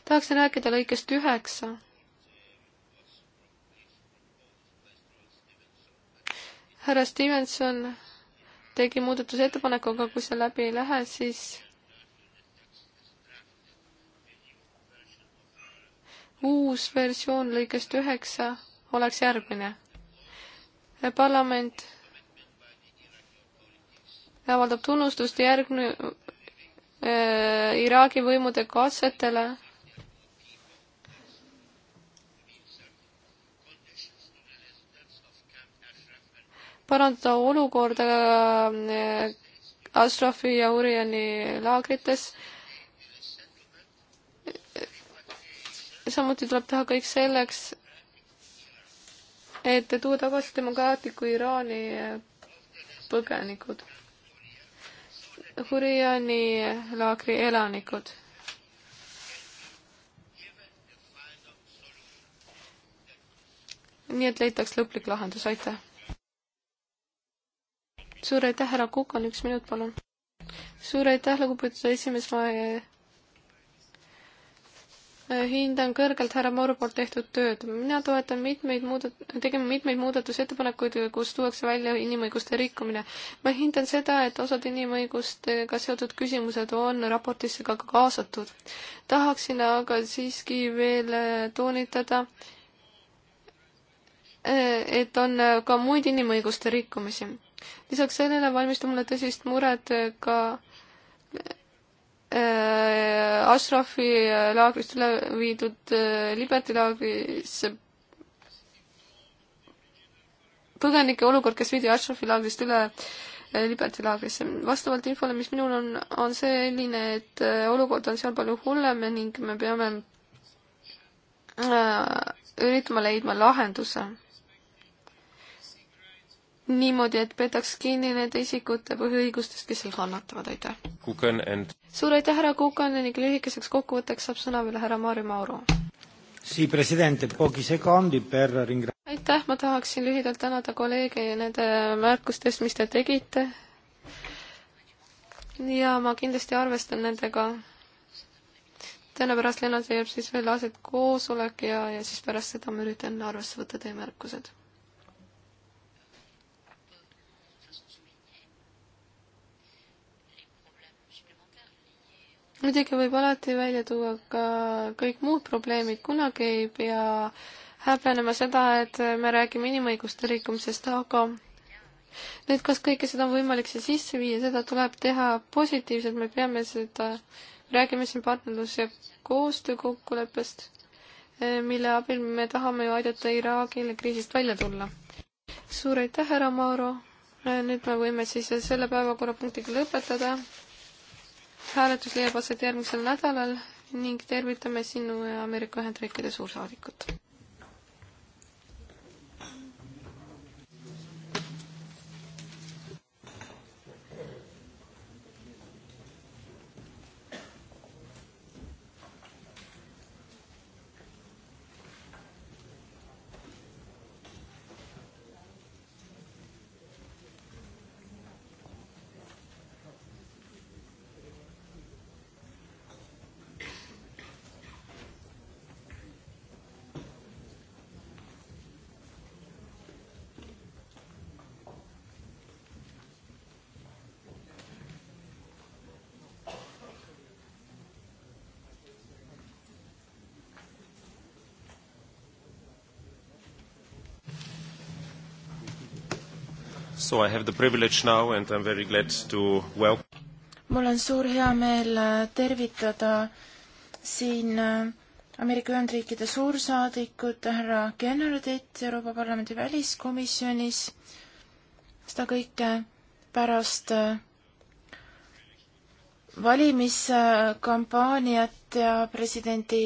tahaksin rääkida lõikest üheksa. härra Stevenson tegi muudatusettepaneku, aga kui see läbi ei lähe, siis uus versioon lõikest üheksa oleks järgmine. parlament avaldab tunnustust järgne äh, Iraagi võimude katsetele parandada olukorda äh, Ashrafi ja Uriani laagrites. samuti tuleb teha kõik selleks, et tuua tagasi demokraatliku Iraani põgenikud, Huriani laagri elanikud. nii et leitaks lõplik lahendus, aitäh! suur aitäh, härra Kukan, üks minut, palun. suur aitäh, lugupeetud esimees, ma eh, hindan kõrgelt härra Mooru poolt tehtud tööd. mina toetan mitmeid muudat-, tegema mitmeid muudatusettepanekuid, kus tuuakse välja inimõiguste rikkumine. ma hindan seda, et osad inimõigustega seotud küsimused on raportisse ka kaasatud. tahaksin aga siiski veel eh, toonitada, eh, et on ka muid inimõiguste rikkumisi lisaks sellele valmistab mulle tõsist muret äh, ka äh, Ashrafi äh, laagrist üle viidud Liberty laagrisse põgenike olukord, kes viidi Ashrafi laagrist üle Liberty laagrisse. vastavalt infole, mis minul on, on selline, et olukord on seal palju hullem ning me peame üritama leidma lahenduse niimoodi, et petaks kinni nende isikute põhiõigustest, kes seal kannatavad, aitäh. And... suur aitäh, härra Kukan ning lühikeseks kokkuvõtteks saab sõna veel härra Maarja Mauro. Sì, Presidente, pochi secondi per ringra-. aitäh, ma tahaksin lühidalt tänada kolleege nende märkustest, mis te tegite. ja ma kindlasti arvestan nendega. täna pärast lennata jääb siis veel aset koosolek ja, ja siis pärast seda ma üritan arvesse võtta teie märkused muidugi võib alati välja tuua ka kõik muud probleemid, kunagi ei pea häbenema seda, et me räägime inimõiguste rikkumisest, aga nüüd, kas kõike seda on võimalik siia sisse viia, seda tuleb teha positiivselt, me peame seda, räägime siin partnerlus- ja koostöökokkuleppest, eh, mille abil me tahame ju aidata Iraagil kriisist välja tulla. suur aitäh, härra Mauro, eh, nüüd me võime siis selle päevakorrapunktiga lõpetada hääletus leiab aset järgmisel nädalal ning tervitame sinu ja Ameerika Ühendriikide suursaadikut. So I have the privilege now and I am very glad to welcome mul on suur heameel äh, tervitada siin äh, Ameerika Ühendriikide suursaadikut härra Kennardit Euroopa Parlamendi väliskomisjonis, seda kõike pärast äh, valimiskampaaniat ja presidendi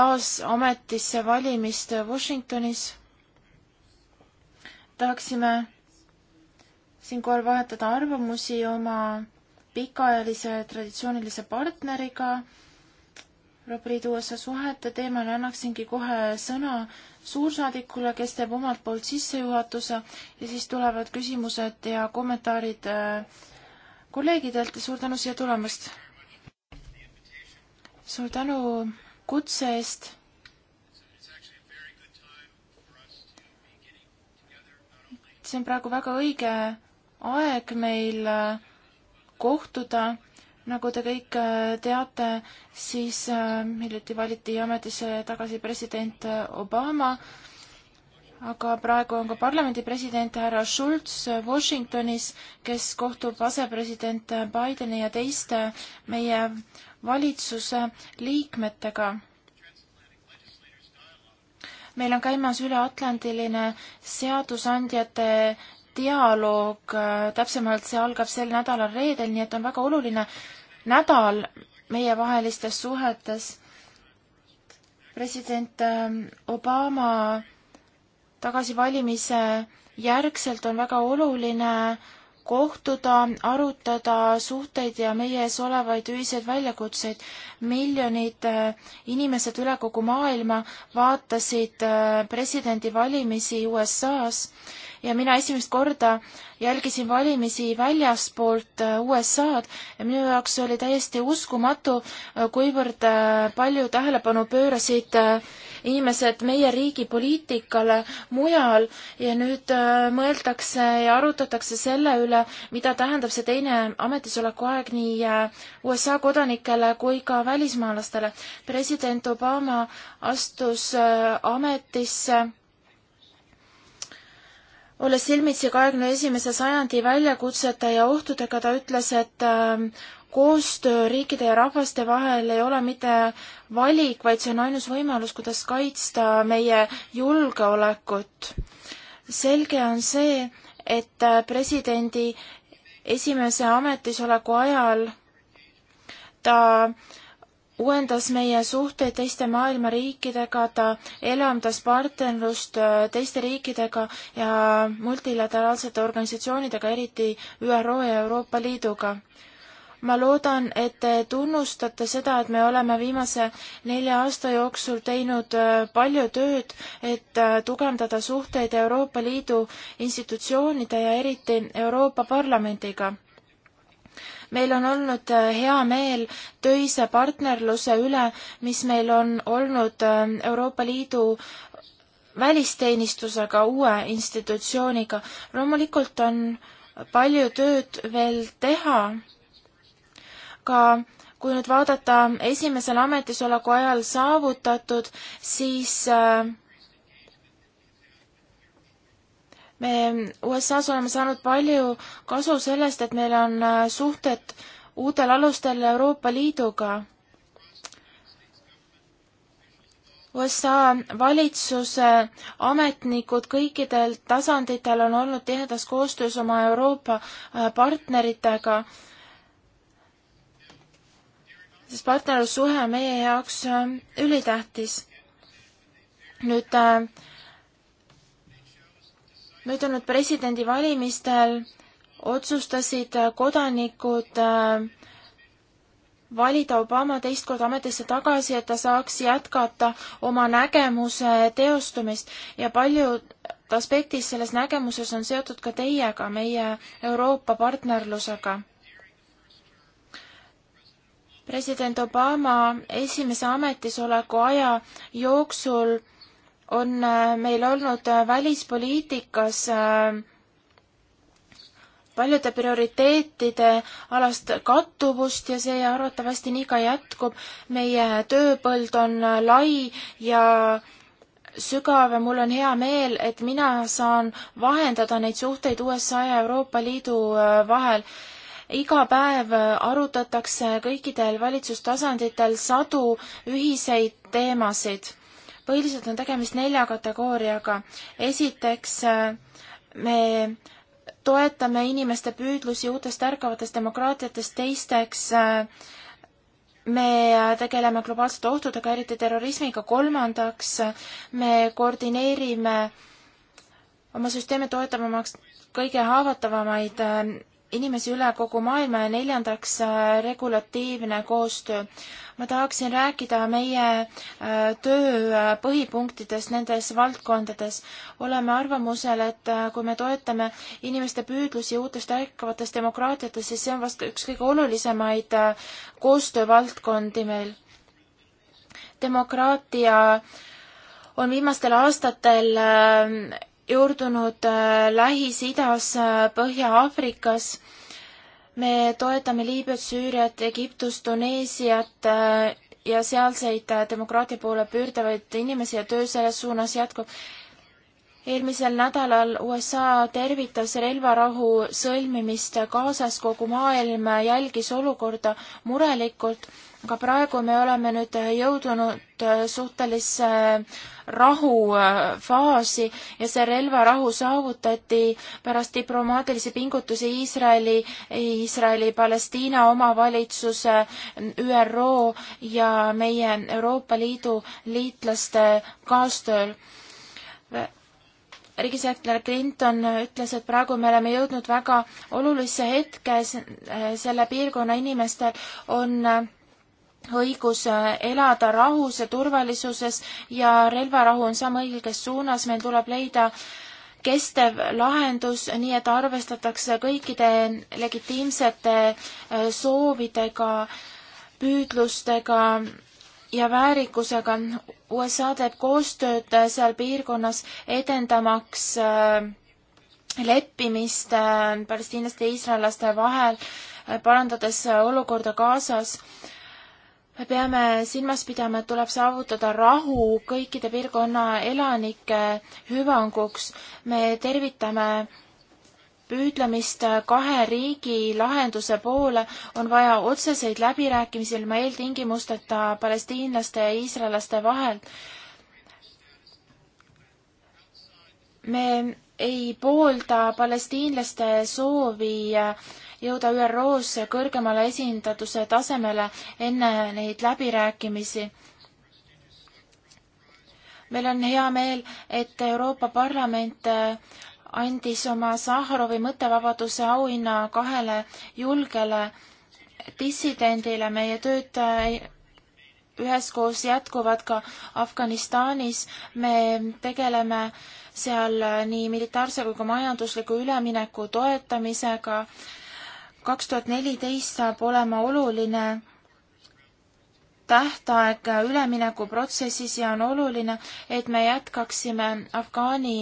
taas ametisse valimist Washingtonis. tahaksime siinkohal vahetada arvamusi oma pikaajalise traditsioonilise partneriga Euroopa Liidu USA suhete teemal ja annaksingi kohe sõna suursaadikule, kes teeb omalt poolt sissejuhatuse ja siis tulevad küsimused ja kommentaarid äh, kolleegidelt ja suur tänu siia tulemast! suur tänu kutse eest! see on praegu väga õige aeg meil äh, kohtuda. nagu te kõik äh, teate, siis äh, hiljuti valiti ametisse tagasi president Obama, aga praegu on ka parlamendi president härra Schulz Washingtonis, kes kohtub asepresident Bideni ja teiste meie valitsuse liikmetega meil on käimas üleatlandiline seadusandjate dialoog, äh, täpsemalt see algab sel nädalal reedel, nii et on väga oluline nädal meievahelistes suhetes. president ähm, Obama tagasivalimise järgselt on väga oluline kohtuda, arutada suhteid ja meie ees olevaid ühiseid väljakutseid. miljonid äh, inimesed üle kogu maailma vaatasid äh, presidendivalimisi USA-s ja mina esimest korda jälgisin valimisi väljaspoolt äh, USA-d ja minu jaoks oli täiesti uskumatu, äh, kuivõrd äh, palju tähelepanu pöörasid inimesed meie riigi poliitikale mujal ja nüüd mõeldakse ja arutatakse selle üle, mida tähendab see teine ametisoleku aeg nii USA kodanikele kui ka välismaalastele. president Obama astus ametisse olles silmitsi kahekümne esimese sajandi väljakutsete ja ohtudega, ta ütles, et ähm, koostöö riikide ja rahvaste vahel ei ole mitte valik, vaid see on ainus võimalus, kuidas kaitsta meie julgeolekut. selge on see, et äh, presidendi esimese ametisoleku ajal ta äh, uuendas meie suhteid teiste maailma riikidega, ta elavdas partnerlust äh, teiste riikidega ja multilateraalsete organisatsioonidega, eriti ÜRO ja Euroopa Liiduga. ma loodan, et te tunnustate seda, et me oleme viimase nelja aasta jooksul teinud äh, palju tööd, et äh, tugevdada suhteid Euroopa Liidu institutsioonide ja eriti Euroopa Parlamendiga meil on olnud äh, hea meel töise partnerluse üle, mis meil on olnud äh, Euroopa Liidu välisteenistusega, uue institutsiooniga. loomulikult on palju tööd veel teha, ka kui nüüd vaadata esimesel ametisoleku ajal saavutatud, siis äh, me USA-s oleme saanud palju kasu sellest, et meil on äh, suhted uutel alustel Euroopa Liiduga. USA valitsuse ametnikud kõikidel tasanditel on olnud tihedas koostöös oma Euroopa äh, partneritega, sest partnerlussuhe on meie jaoks äh, ülitähtis. nüüd äh, möödunud presidendivalimistel otsustasid kodanikud äh, valida Obama teist korda ametisse tagasi, et ta saaks jätkata oma nägemuse teostumist ja paljud aspektis selles nägemuses on seotud ka teiega, meie Euroopa partnerlusega. president Obama esimese ametisoleku aja jooksul on äh, meil olnud äh, välispoliitikas äh, paljude prioriteetide alast kattuvust ja see arvatavasti nii ka jätkub. meie tööpõld on lai ja sügav ja mul on hea meel, et mina saan vahendada neid suhteid USA ja Euroopa Liidu vahel. iga päev arutatakse kõikidel valitsustasanditel sadu ühiseid teemasid põhiliselt on tegemist nelja kategooriaga. esiteks äh, me toetame inimeste püüdlusi uutest ärkavatest demokraatiatest, teisteks äh, me tegeleme globaalsete ohtudega, eriti terrorismiga, kolmandaks me koordineerime oma süsteeme toetamaks kõige haavatavamaid äh, inimesi üle kogu maailma ja neljandaks äh, regulatiivne koostöö. ma tahaksin rääkida meie äh, töö äh, põhipunktidest nendes valdkondades. oleme arvamusel, et kui me toetame inimeste püüdlusi uutes tärkavates demokraatiates, siis see on vast üks kõige olulisemaid koostöövaldkondi meil. demokraatia on viimastel aastatel juurdunud äh, Lähis-Idas, äh, Põhja-Aafrikas. me toetame Liibüat, Süüriat, Egiptust, Tuneesiat äh, ja sealseid demokraatia poole püürdlevaid inimesi ja töö selles suunas jätkub. eelmisel nädalal USA tervitas relvarahu sõlmimist Gazas, kogu maailm jälgis olukorda murelikult aga praegu me oleme nüüd jõudunud äh, suhtelisse äh, rahufaasi äh, ja see relvarahu saavutati pärast diplomaatilisi pingutusi Iisraeli, Iisraeli-Palestiina omavalitsuse, ÜRO ja meie Euroopa Liidu liitlaste kaastööl riigisekretär Clinton ütles, et praegu me oleme jõudnud väga olulisse hetke, selle piirkonna inimestel on õigus äh, elada rahus ja turvalisuses ja relvarahu on samm õiges suunas, meil tuleb leida kestev lahendus, nii et arvestatakse kõikide legitiimsete äh, soovidega, püüdlustega ja väärikusega. USA teeb koostööd äh, seal piirkonnas, edendamaks leppimist palestiinlaste ja iisraellaste vahel, parandades olukorda Gazas me peame silmas pidama, et tuleb saavutada rahu kõikide piirkonna elanike hüvanguks. me tervitame püüdlemist kahe riigi lahenduse poole, on vaja otseseid läbirääkimisi ilma eeltingimusteta palestiinlaste ja iisraellaste vahel. me ei poolda palestiinlaste soovi äh, jõuda ÜRO-s kõrgemale esindatuse tasemele enne neid läbirääkimisi. meil on hea meel, et Euroopa Parlament äh, andis oma Sahharovi mõttevabaduse auhinna kahele julgele dissidendile, meie tööd äh, üheskoos jätkuvad ka Afganistanis. me tegeleme seal äh, nii militaarse kui ka majandusliku ülemineku toetamisega kaks tuhat neliteist saab olema oluline tähtaeg üleminekuprotsessis ja on oluline, et me jätkaksime Afgaani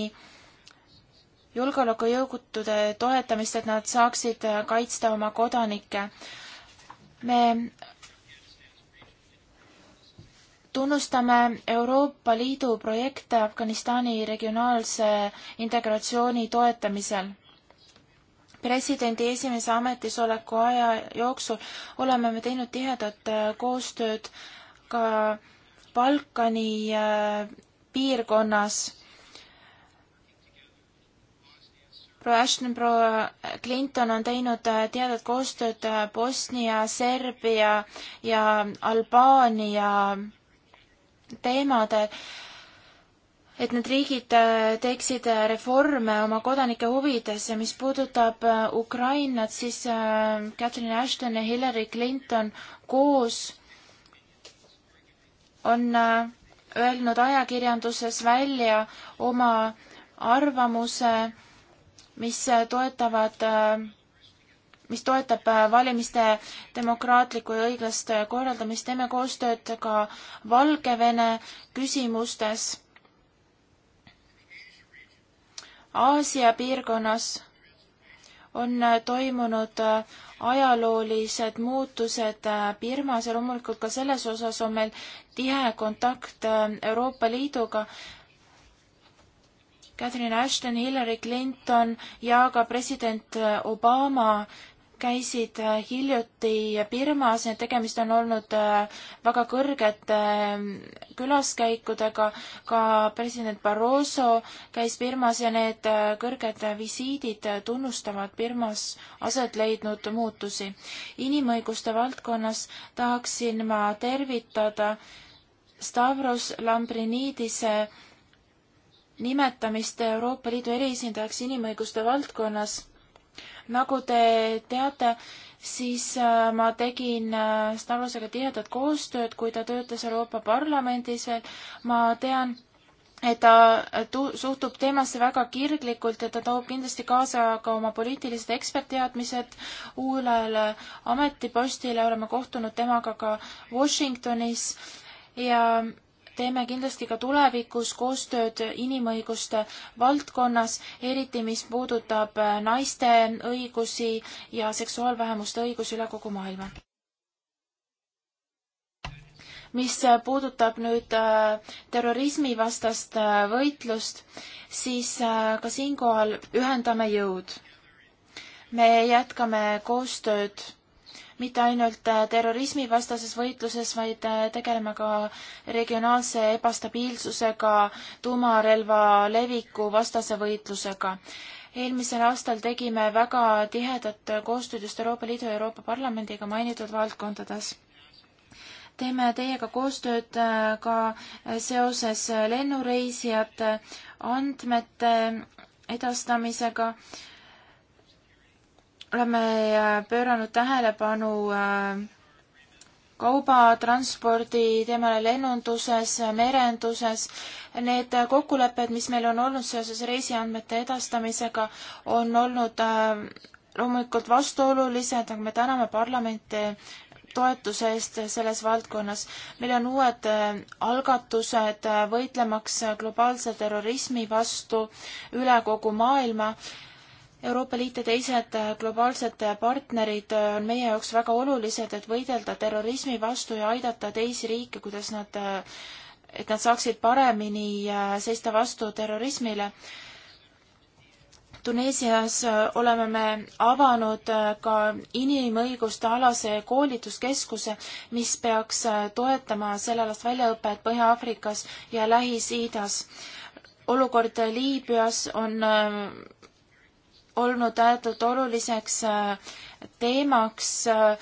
julgeolekujõugutude toetamist, et nad saaksid kaitsta oma kodanikke. me tunnustame Euroopa Liidu projekte Afganistani regionaalse integratsiooni toetamisel presidendi esimese ametisoleku aja jooksul oleme me teinud tihedat äh, koostööd ka Balkani äh, piirkonnas. proua Ashton, proua Clinton on teinud äh, tihedat koostööd Bosnia, Serbia ja Albaania teemadel et need riigid äh, teeksid äh, reforme oma kodanike huvides ja mis puudutab äh, Ukrainat, siis Catherine Ashton ja Hillary Clinton koos on öelnud ajakirjanduses välja oma arvamuse, mis toetavad, mis toetab valimiste demokraatlikku ja õiglast korraldamist. teeme koostööd ka Valgevene küsimustes Aasia piirkonnas on äh, toimunud äh, ajaloolised muutused äh, Birmas ja loomulikult ka selles osas on meil tihe kontakt Euroopa Liiduga. Catherine Ashton, Hillary Clinton ja ka president Obama käisid äh, hiljuti Birmas, nii et tegemist on olnud äh, väga kõrgete äh, külaskäikudega, ka president Barroso käis Birmas ja need kõrged visiidid tunnustavad Birmas aset leidnud muutusi. inimõiguste valdkonnas tahaksin ma tervitada Stavros Lambrinidise nimetamist Euroopa Liidu eriesindajaks inimõiguste valdkonnas nagu te teate, siis äh, ma tegin äh, Stavlosega tihedat koostööd, kui ta töötas Euroopa Parlamendis veel. ma tean, et ta äh, suhtub teemasse väga kirglikult ja ta toob kindlasti kaasa ka oma poliitilised ekspertteadmised uuele ametipostile, oleme kohtunud temaga ka Washingtonis ja teeme kindlasti ka tulevikus koostööd inimõiguste valdkonnas, eriti mis puudutab äh, naiste õigusi ja seksuaalvähemuste õigusi üle kogu maailma. mis äh, puudutab nüüd äh, terrorismivastast võitlust, siis ka siinkohal ühendame jõud. me jätkame koostööd mitte ainult äh, terrorismivastases võitluses, vaid äh, tegeleme ka regionaalse ebastabiilsusega, tuumarelva leviku vastase võitlusega. eelmisel aastal tegime väga tihedat koostööd just Euroopa Liidu ja Euroopa Parlamendiga mainitud valdkondades teeme teiega koostööd äh, ka seoses lennureisijate andmete edastamisega oleme äh, pööranud tähelepanu äh, kaubatranspordi teemale lennunduses, merenduses. Need kokkulepped, mis meil on olnud seoses reisiandmete edastamisega, on olnud äh, loomulikult vastuolulised, aga me täname parlamenti toetuse eest selles valdkonnas. meil on uued algatused võitlemaks globaalse terrorismi vastu üle kogu maailma Euroopa Liit ja teised äh, globaalsed äh, partnerid äh, on meie jaoks väga olulised, et võidelda terrorismi vastu ja aidata teisi riike, kuidas nad, et nad saaksid paremini seista vastu terrorismile. Tuneesias oleme me avanud ka inimõiguste alase koolituskeskuse, mis peaks toetama sellealast väljaõpet Põhja-Aafrikas ja Lähis-Idas olukord Liibüas on olnud ääretult oluliseks äh, teemaks. Äh,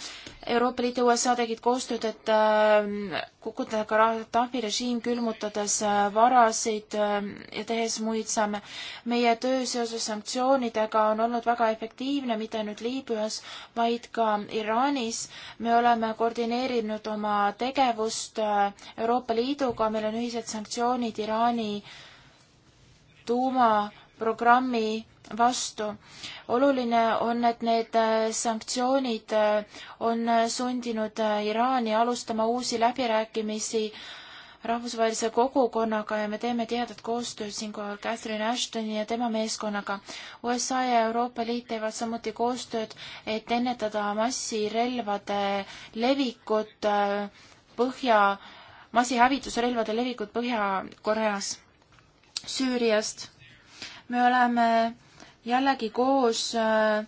Euroopa Liit ja USA tegid koostööd, et äh, kukutada Gaddafi režiim, külmutades varasid ja tehes muid samme. meie töö seoses sanktsioonidega on olnud väga efektiivne, mitte ainult Liibüas, vaid ka Iraanis. me oleme koordineerinud oma tegevust Euroopa Liiduga, meil on ühised sanktsioonid Iraani tuumaprogrammi vastu. oluline on, et need äh, sanktsioonid äh, on äh, sundinud Iraani alustama uusi läbirääkimisi rahvusvahelise kogukonnaga ja me teeme tihedat koostööd siinkohal Catherine Ashtoni ja tema meeskonnaga. USA ja Euroopa Liit teevad samuti koostööd, et ennetada massirelvade levikut Põhja, massihävitusrelvade levikut Põhja-Koreas, Süüriast. me oleme jällegi koos äh,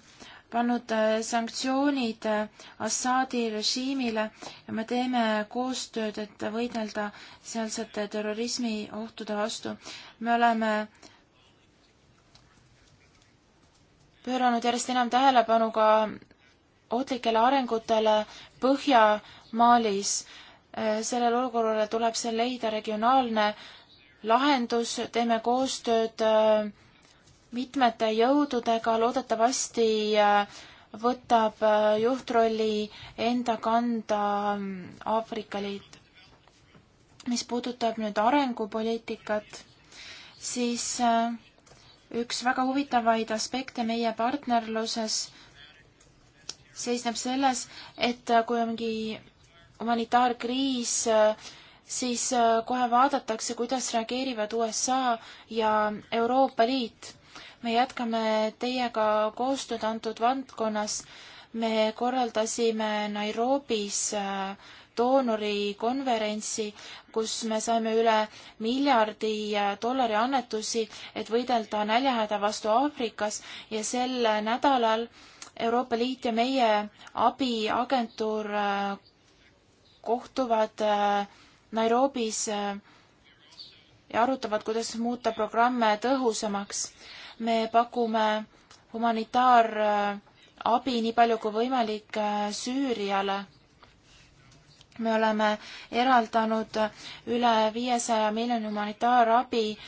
pannud äh, sanktsioonid äh, Assaadi režiimile ja me teeme koostööd, et võidelda sealsete terrorismiohtude vastu. me oleme pööranud järjest enam tähelepanu ka ohtlikele arengutele Põhja-Malis. sellele olukorrale tuleb seal leida regionaalne lahendus, teeme koostööd äh, mitmete jõududega loodetavasti äh, võtab äh, juhtrolli enda kanda ähm, Aafrika Liit. mis puudutab nüüd arengupoliitikat, siis äh, üks väga huvitavaid aspekte meie partnerluses seisneb selles, et kui on mingi humanitaarkriis, siis kohe vaadatakse, kuidas reageerivad USA ja Euroopa Liit me jätkame teiega koostööd antud valdkonnas. me korraldasime Nairobis äh, doonorikonverentsi, kus me saime üle miljardi äh, dollari annetusi, et võidelda näljahäda vastu Aafrikas ja sel nädalal Euroopa Liit ja meie abiagentuur äh, kohtuvad Nairobis ja arutavad, kuidas muuta programme tõhusamaks me pakume humanitaarabi äh, nii palju kui võimalik äh, Süüriale. me oleme eraldanud äh, üle viiesaja miljoni humanitaarabi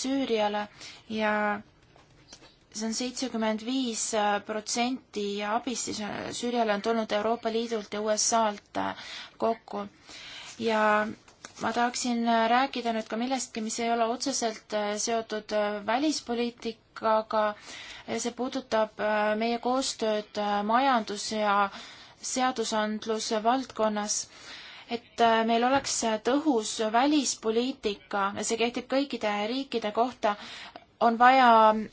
Süüriale ja see on seitsekümmend viis protsenti abist, siis Süüriale on tulnud Euroopa Liidult ja USA-lt kokku ja ma tahaksin rääkida nüüd ka millestki, mis ei ole otseselt äh, seotud äh, välispoliitikaga. see puudutab äh, meie koostööd majandus- ja seadusandluse valdkonnas et meil oleks tõhus välispoliitika ja see kehtib kõikide riikide kohta, on vaja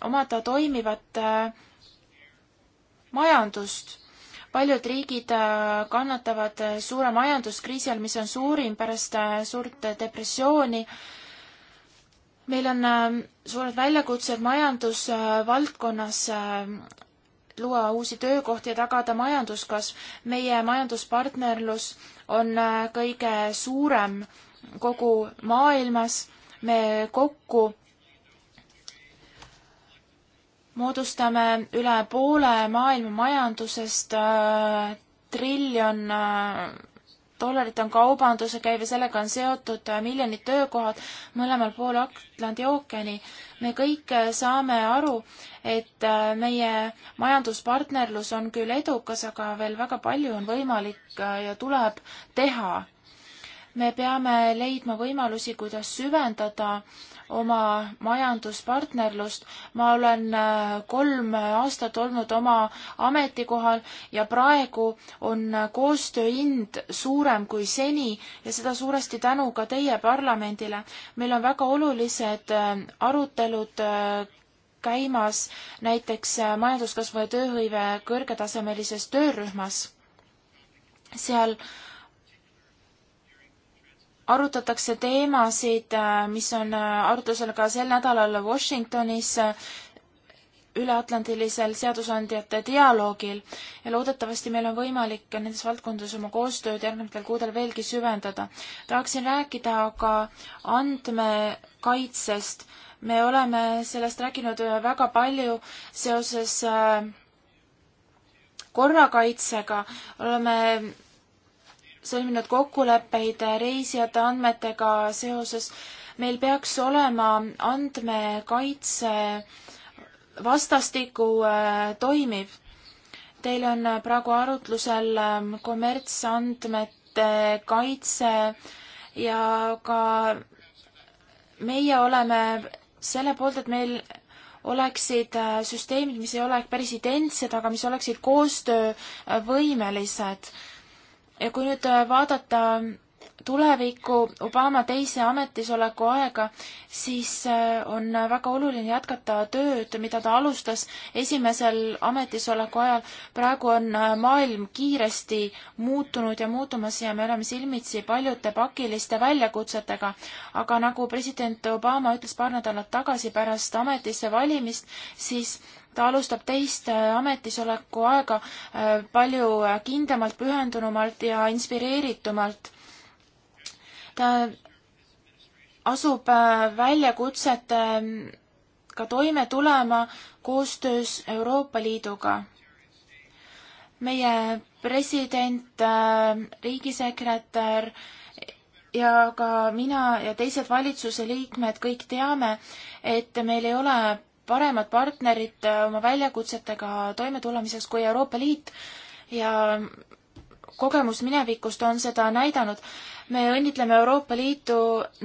omada toimivat majandust paljud riigid äh, kannatavad äh, suure majanduskriisi all, mis on suurim pärast äh, suurt depressiooni. meil on ähm, suured väljakutsed majandusvaldkonnas luua uusi töökohti ja tagada majanduskasv. meie majanduspartnerlus on kõige suurem kogu maailmas. me kokku moodustame üle poole maailma majandusest äh,, triljon äh, dollarit on kaubanduse käive, sellega on seotud äh, miljonid töökohad mõlemal pool Atlandi ookeani. me kõik äh, saame aru, et äh, meie majanduspartnerlus on küll edukas, aga veel väga palju on võimalik äh, ja tuleb teha. me peame leidma võimalusi, kuidas süvendada äh, oma majanduspartnerlust. ma olen äh, kolm aastat olnud oma ametikohal ja praegu on äh, koostöö hind suurem kui seni ja seda suuresti tänu ka teie parlamendile. meil on väga olulised äh, arutelud käimas näiteks majanduskasvu ja tööhõive kõrgetasemelises töörühmas. seal arutatakse teemasid, äh, mis on äh, arutlusel ka sel nädalal Washingtonis äh, üleatlandilisel seadusandjate dialoogil ja loodetavasti meil on võimalik nendes valdkondades oma koostööd järgnevatel kuudel veelgi süvendada. tahaksin rääkida aga andmekaitsest. me oleme sellest rääkinud väga palju seoses korrakaitsega, oleme sõlminud kokkuleppeid reisijate andmetega seoses. meil peaks olema andmekaitse vastastikku äh, toimiv. Teil on praegu arutlusel ähm, kommertsandmete kaitse ja ka meie oleme selle poolt, et meil oleksid äh, süsteemid, mis ei ole päris identsed, aga mis oleksid koostöövõimelised ja kui nüüd äh, vaadata tulevikku, Obama teise ametisoleku aega, siis äh, on väga oluline jätkata tööd, mida ta alustas esimesel ametisoleku ajal. praegu on äh, maailm kiiresti muutunud ja muutumas ja me oleme silmitsi paljude pakiliste väljakutsetega. aga nagu president Obama ütles paar nädalat tagasi pärast ametisse valimist, siis ta alustab teist äh, ametisoleku aega palju kindlamalt, pühendunumalt ja inspireeritumalt ta äh, asub äh, väljakutsetega mm, toime tulema koostöös Euroopa Liiduga. meie president, äh, riigisekretär ja ka mina ja teised valitsuse liikmed kõik teame, et meil ei ole paremat partnerit oma väljakutsetega toimetulemiseks kui Euroopa Liit ja kogemus minevikust on seda näidanud. me õnnitleme Euroopa Liitu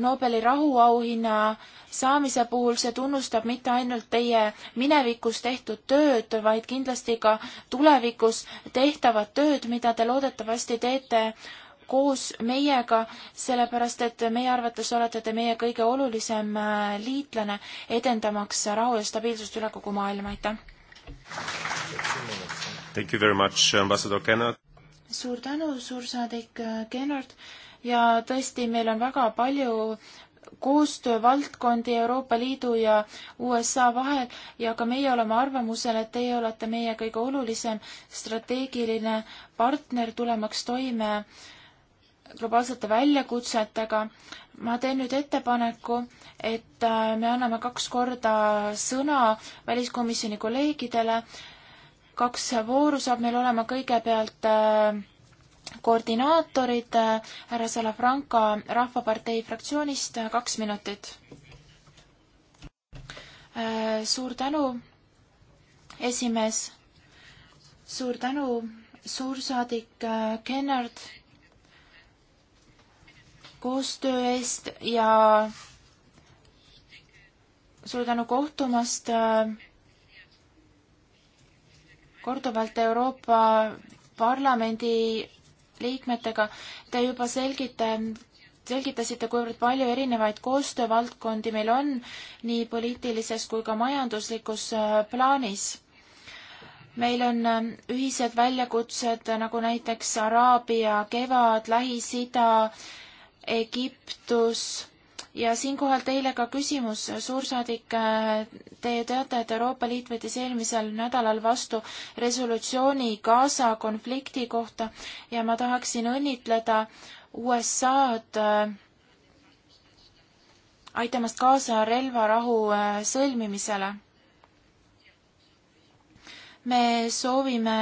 Nobeli rahuauhinna saamise puhul, see tunnustab mitte ainult teie minevikus tehtud tööd, vaid kindlasti ka tulevikus tehtavat tööd, mida te loodetavasti teete koos meiega, sellepärast et meie arvates olete te meie kõige olulisem äh, liitlane, edendamaks rahu ja stabiilsust üle kogu maailma, aitäh! Thank you very much, Ambassador Kenneth suur tänu, suursaadik äh, Gennard ja tõesti, meil on väga palju koostöövaldkondi Euroopa Liidu ja USA vahel ja ka meie oleme arvamusel, et teie olete meie kõige olulisem strateegiline partner tulemaks toime globaalsete väljakutsetega. ma teen nüüd ettepaneku, et äh, me anname kaks korda sõna väliskomisjoni kolleegidele kaks vooru saab meil olema kõigepealt äh, koordinaatorid, äh, härra Salafranca Rahvapartei fraktsioonist, äh, kaks minutit. suur tänu, esimees. suur tänu, suursaadik Kennard koostöö eest ja suur tänu kohtumast äh, korduvalt Euroopa Parlamendi liikmetega, te juba selgite, selgitasite, kuivõrd palju erinevaid koostöövaldkondi meil on nii poliitilises kui ka majanduslikus äh, plaanis. meil on äh, ühised väljakutsed äh, nagu näiteks Araabia kevad, Lähis-Ida, Egiptus ja siinkohal teile ka küsimus, suursaadik, te teate, et Euroopa Liit võttis eelmisel nädalal vastu resolutsiooni Gaza konflikti kohta ja ma tahaksin õnnitleda USA-d äh, aitamast kaasa relvarahu äh, sõlmimisele. me soovime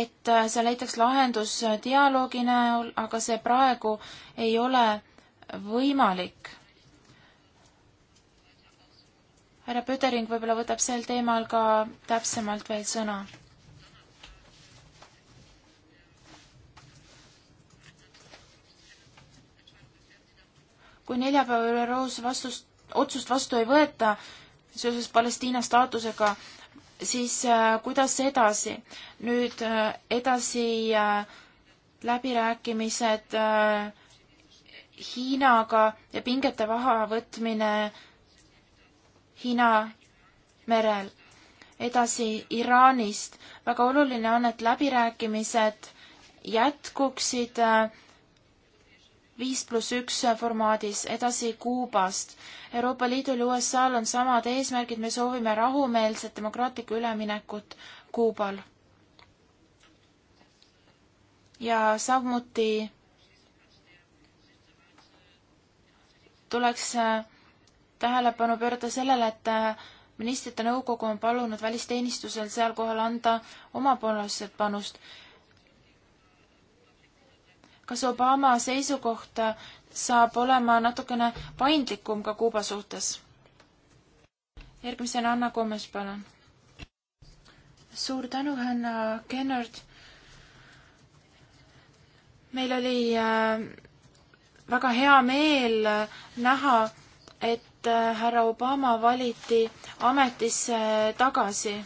et äh, seal leitaks lahendus äh, dialoogi näol, aga see praegu ei ole võimalik. härra Pödering võib-olla võtab sel teemal ka täpsemalt veel sõna. kui neljapäeval ÜRO-s vastust, otsust vastu ei võeta seoses Palestiina staatusega, siis äh, kuidas edasi? nüüd äh, edasi äh, läbirääkimised Hiinaga ja pingete vahavõtmine Hiina merel. edasi Iraanist. väga oluline on, et läbirääkimised jätkuksid viis pluss üks formaadis, edasi Kuubast. Euroopa Liidul ja USA-l on samad eesmärgid, me soovime rahumeelset demokraatlikku üleminekut Kuubal. ja samuti tuleks äh, tähelepanu pöörata sellele, et äh, ministrite nõukogu on palunud välisteenistusel seal kohal anda omapoolset panust kas Obama seisukoht saab olema natukene paindlikum ka Kuuba suhtes? järgmisena Anna Kommes, palun. suur tänu, Hanna Kennard. meil oli äh, väga hea meel äh, näha, et äh, härra Obama valiti ametisse tagasi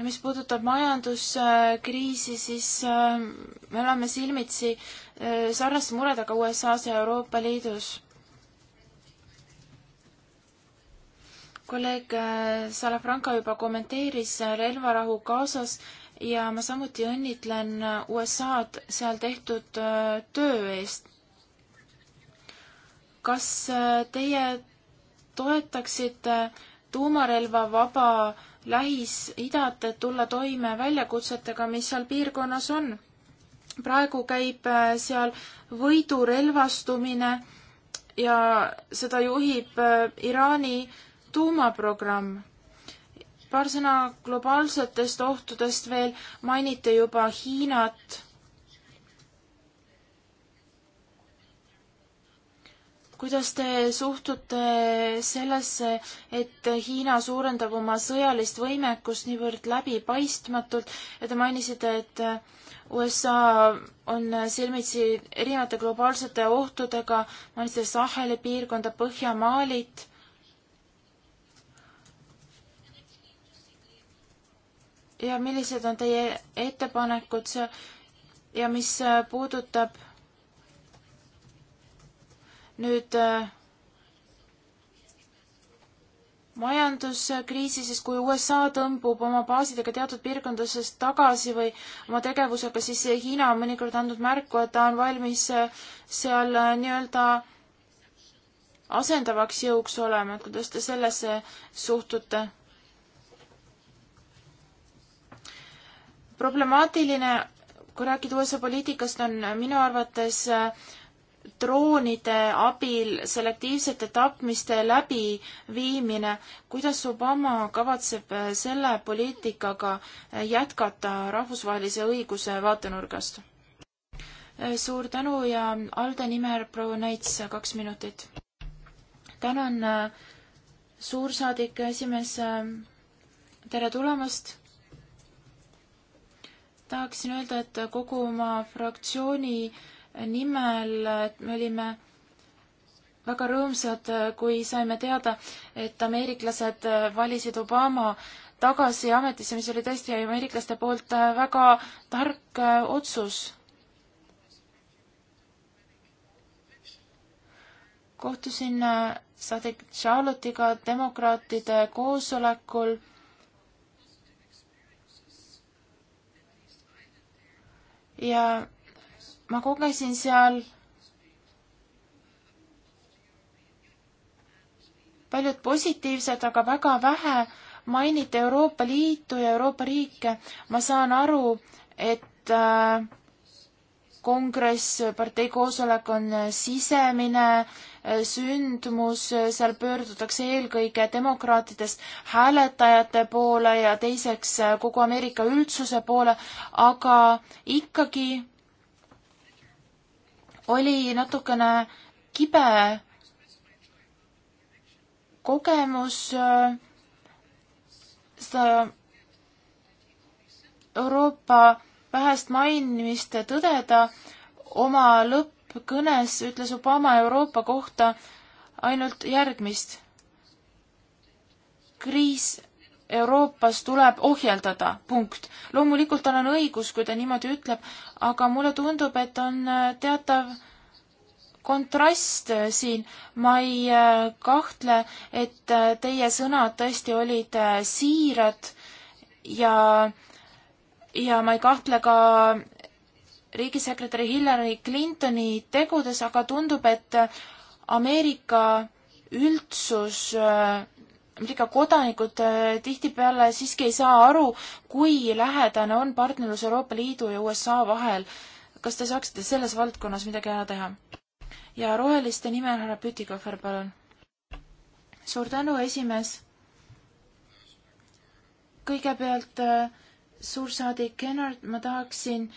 ja mis puudutab majanduskriisi, siis ähm, me oleme silmitsi äh, sarnaste muredega USA-s ja Euroopa Liidus. kolleeg äh, Salafranca juba kommenteeris äh, relvarahu Gazas ja ma samuti õnnitlen USA-d seal tehtud töö eest. kas teie toetaksite tuumarelvavaba Lähis-Idad, et tulla toime väljakutsetega, mis seal piirkonnas on. praegu käib äh, seal võidurelvastumine ja seda juhib äh, Iraani tuumaprogramm. paar sõna globaalsetest ohtudest veel, mainiti juba Hiinat kuidas te suhtute sellesse, et Hiina suurendab oma sõjalist võimekust niivõrd läbipaistmatult ja te mainisite, et USA on silmitsi erinevate globaalsete ohtudega, mainisite Saheli piirkonda, Põhjamaalit. ja millised on teie ettepanekud seal ja mis puudutab nüüd äh, majanduskriisi, siis kui USA tõmbub oma baasidega teatud piirkondadest tagasi või oma tegevusega, siis Hiina on mõnikord andnud märku, et ta on valmis äh, seal äh, nii-öelda asendavaks jõuks olema, et kuidas te sellesse suhtute? problemaatiline, kui rääkida USA poliitikast, on minu arvates äh, droonide abil selektiivsete tapmiste läbiviimine, kuidas Obama kavatseb äh, selle poliitikaga äh, jätkata rahvusvahelise õiguse vaatenurgast? Äh, suur tänu ja Alde nimel proua Näits, kaks minutit. tänan, suursaadik esimees, tere tulemast tahaksin öelda, et kogu oma fraktsiooni nimel, et me olime väga rõõmsad, kui saime teada, et ameeriklased valisid Obama tagasi ametisse, mis oli tõesti ameeriklaste poolt väga tark otsus. kohtusin saadik Charlotte'iga demokraatide koosolekul. ja ma kogesin seal paljud positiivsed, aga väga vähe mainiti Euroopa Liitu ja Euroopa riike. ma saan aru, et äh, kongress, partei koosolek on sisemine äh, sündmus, äh, seal pöördutakse eelkõige demokraatidest hääletajate poole ja teiseks kogu Ameerika üldsuse poole, aga ikkagi oli natukene kibe kogemus seda äh, Euroopa vähest mainimist tõdeda. oma lõppkõnes ütles Obama Euroopa kohta ainult järgmist. kriis Euroopas tuleb ohjeldada, punkt. loomulikult tal on õigus, kui ta niimoodi ütleb, aga mulle tundub, et on äh, teatav kontrast äh, siin, ma ei äh, kahtle, et teie sõnad tõesti olid siirad ja, ja ma ei kahtle ka riigisekretäri Hillary Clintoni tegudes, aga tundub, et Ameerika üldsus äh, ega kodanikud äh, tihtipeale siiski ei saa aru, kui lähedane on partnerlus Euroopa Liidu ja USA vahel. kas te saaksite selles valdkonnas midagi ära teha? ja roheliste nimel härra Pütikohver, palun. suur tänu, esimees. kõigepealt äh, suursaadik Kennard, ma tahaksin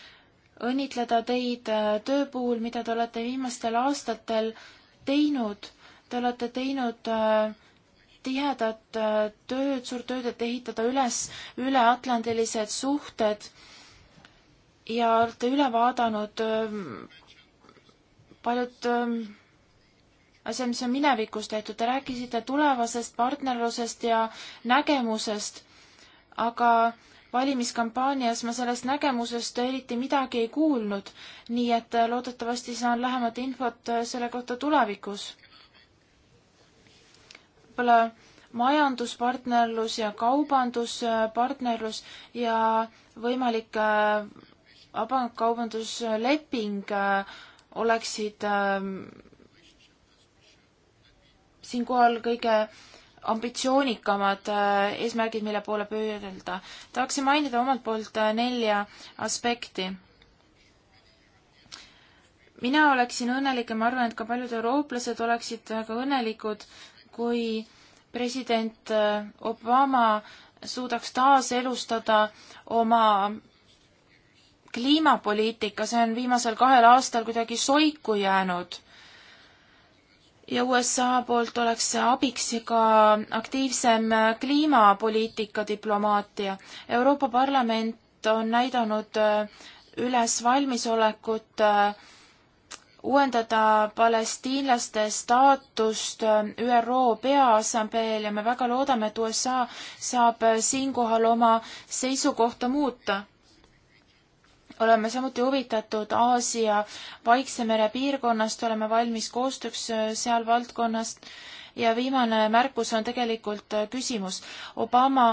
õnnitleda teid äh, töö puhul, mida te olete viimastel aastatel teinud. Te olete teinud äh, tihedat äh, tööd, suurt tööd, et ehitada üles üleatlandilised suhted ja olete üle vaadanud äh, paljud äh, asjad, mis on minevikus tehtud. Te rääkisite tulevasest partnerlusest ja nägemusest, aga valimiskampaanias ma sellest nägemusest eriti midagi ei kuulnud, nii et loodetavasti saan lähemat infot selle kohta tulevikus võib-olla majanduspartnerlus ja kaubanduspartnerlus ja võimalik vabakaubandusleping äh, äh, oleksid ähm, siinkohal kõige ambitsioonikamad äh, eesmärgid, mille poole pöördelda. tahaksin mainida omalt poolt nelja aspekti mina oleksin õnnelik ja ma arvan, et ka paljud eurooplased oleksid väga õnnelikud, kui president äh, Obama suudaks taaselustada oma kliimapoliitika, see on viimasel kahel aastal kuidagi soiku jäänud. ja USA poolt oleks abiks ka aktiivsem kliimapoliitika diplomaatia. Euroopa Parlament on näidanud äh, üles valmisolekut äh, uuendada palestiinlaste staatust äh, ÜRO Peaassambleel ja me väga loodame, et USA saab äh, siinkohal oma seisukohta muuta. oleme samuti huvitatud Aasia Vaikse mere piirkonnast, oleme valmis koostööks äh, seal valdkonnast ja viimane märkus on tegelikult küsimus. Obama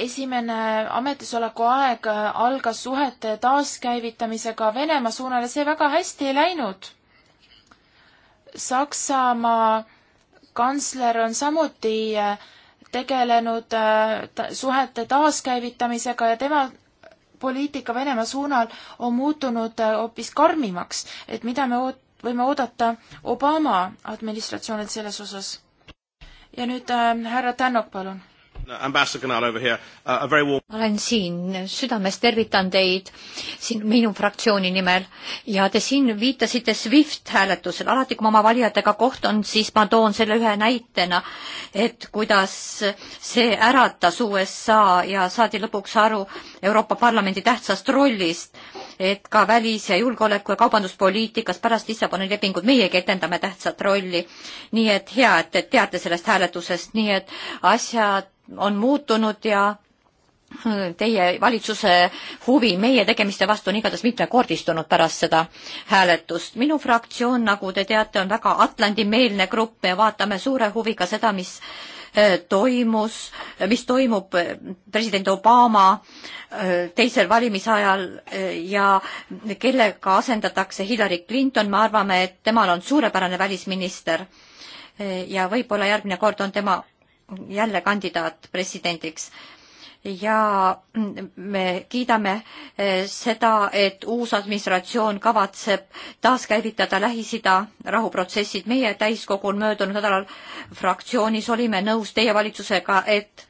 esimene ametisoleku aeg algas suhete taaskäivitamisega Venemaa suunal ja see väga hästi ei läinud. Saksamaa kantsler on samuti äh, tegelenud äh, suhete taaskäivitamisega ja tema poliitika Venemaa suunal on muutunud äh, hoopis karmimaks, et mida me oot-, võime oodata Obama administratsioonilt selles osas. ja nüüd äh, härra Tännok, palun Uh, olen siin, südames tervitan teid siin minu fraktsiooni nimel ja te siin viitasite SWIFT hääletusele, alati kui ma oma valijatega kohtun, siis ma toon selle ühe näitena, et kuidas see äratas USA ja saadi lõpuks aru Euroopa Parlamendi tähtsast rollist, et ka välis- ja julgeoleku- ja kaubanduspoliitikas pärast Lissaboni lepingut meiegi etendame tähtsat rolli. nii et hea, et te teate sellest hääletusest, nii et asjad on muutunud ja teie valitsuse huvi meie tegemiste vastu on igatahes mitmekordistunud pärast seda hääletust. minu fraktsioon, nagu te teate, on väga Atlandi-meelne grupp, me vaatame suure huviga seda, mis äh, toimus, mis toimub äh, president Obama äh, teisel valimisajal ja kellega asendatakse Hillary Clinton, me arvame, et temal on suurepärane välisminister ja võib-olla järgmine kord on tema jälle kandidaat presidendiks ja me kiidame eh, seda, et uus administratsioon kavatseb taaskäivitada Lähis-Ida rahuprotsessid. meie täiskogul möödunud nädalal fraktsioonis olime nõus teie valitsusega, et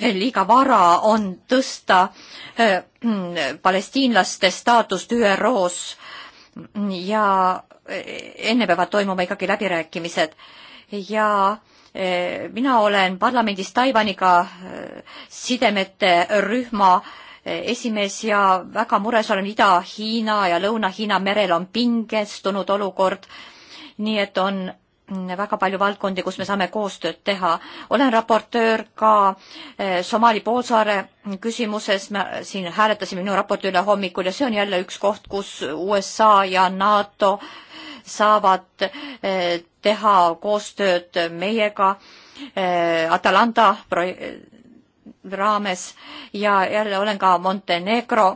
liiga vara on tõsta eh, palestiinlaste staatust ÜRO-s ja eh, enne peavad toimuma ikkagi läbirääkimised ja äh, Eh, mina olen parlamendis Taiwaniga eh, sidemete rühma eh, esimees ja väga mures olen Ida-Hiina ja Lõuna-Hiina merel on pingestunud olukord, nii et on mm, väga palju valdkondi, kus me saame koostööd teha. olen raportöör ka Somaali poolsaare küsimuses, me siin hääletasime minu raporti üle hommikul ja see on jälle üks koht, kus USA ja NATO saavad teha koostööd meiega eh, Atalanta raames ja jälle olen ka Montenegro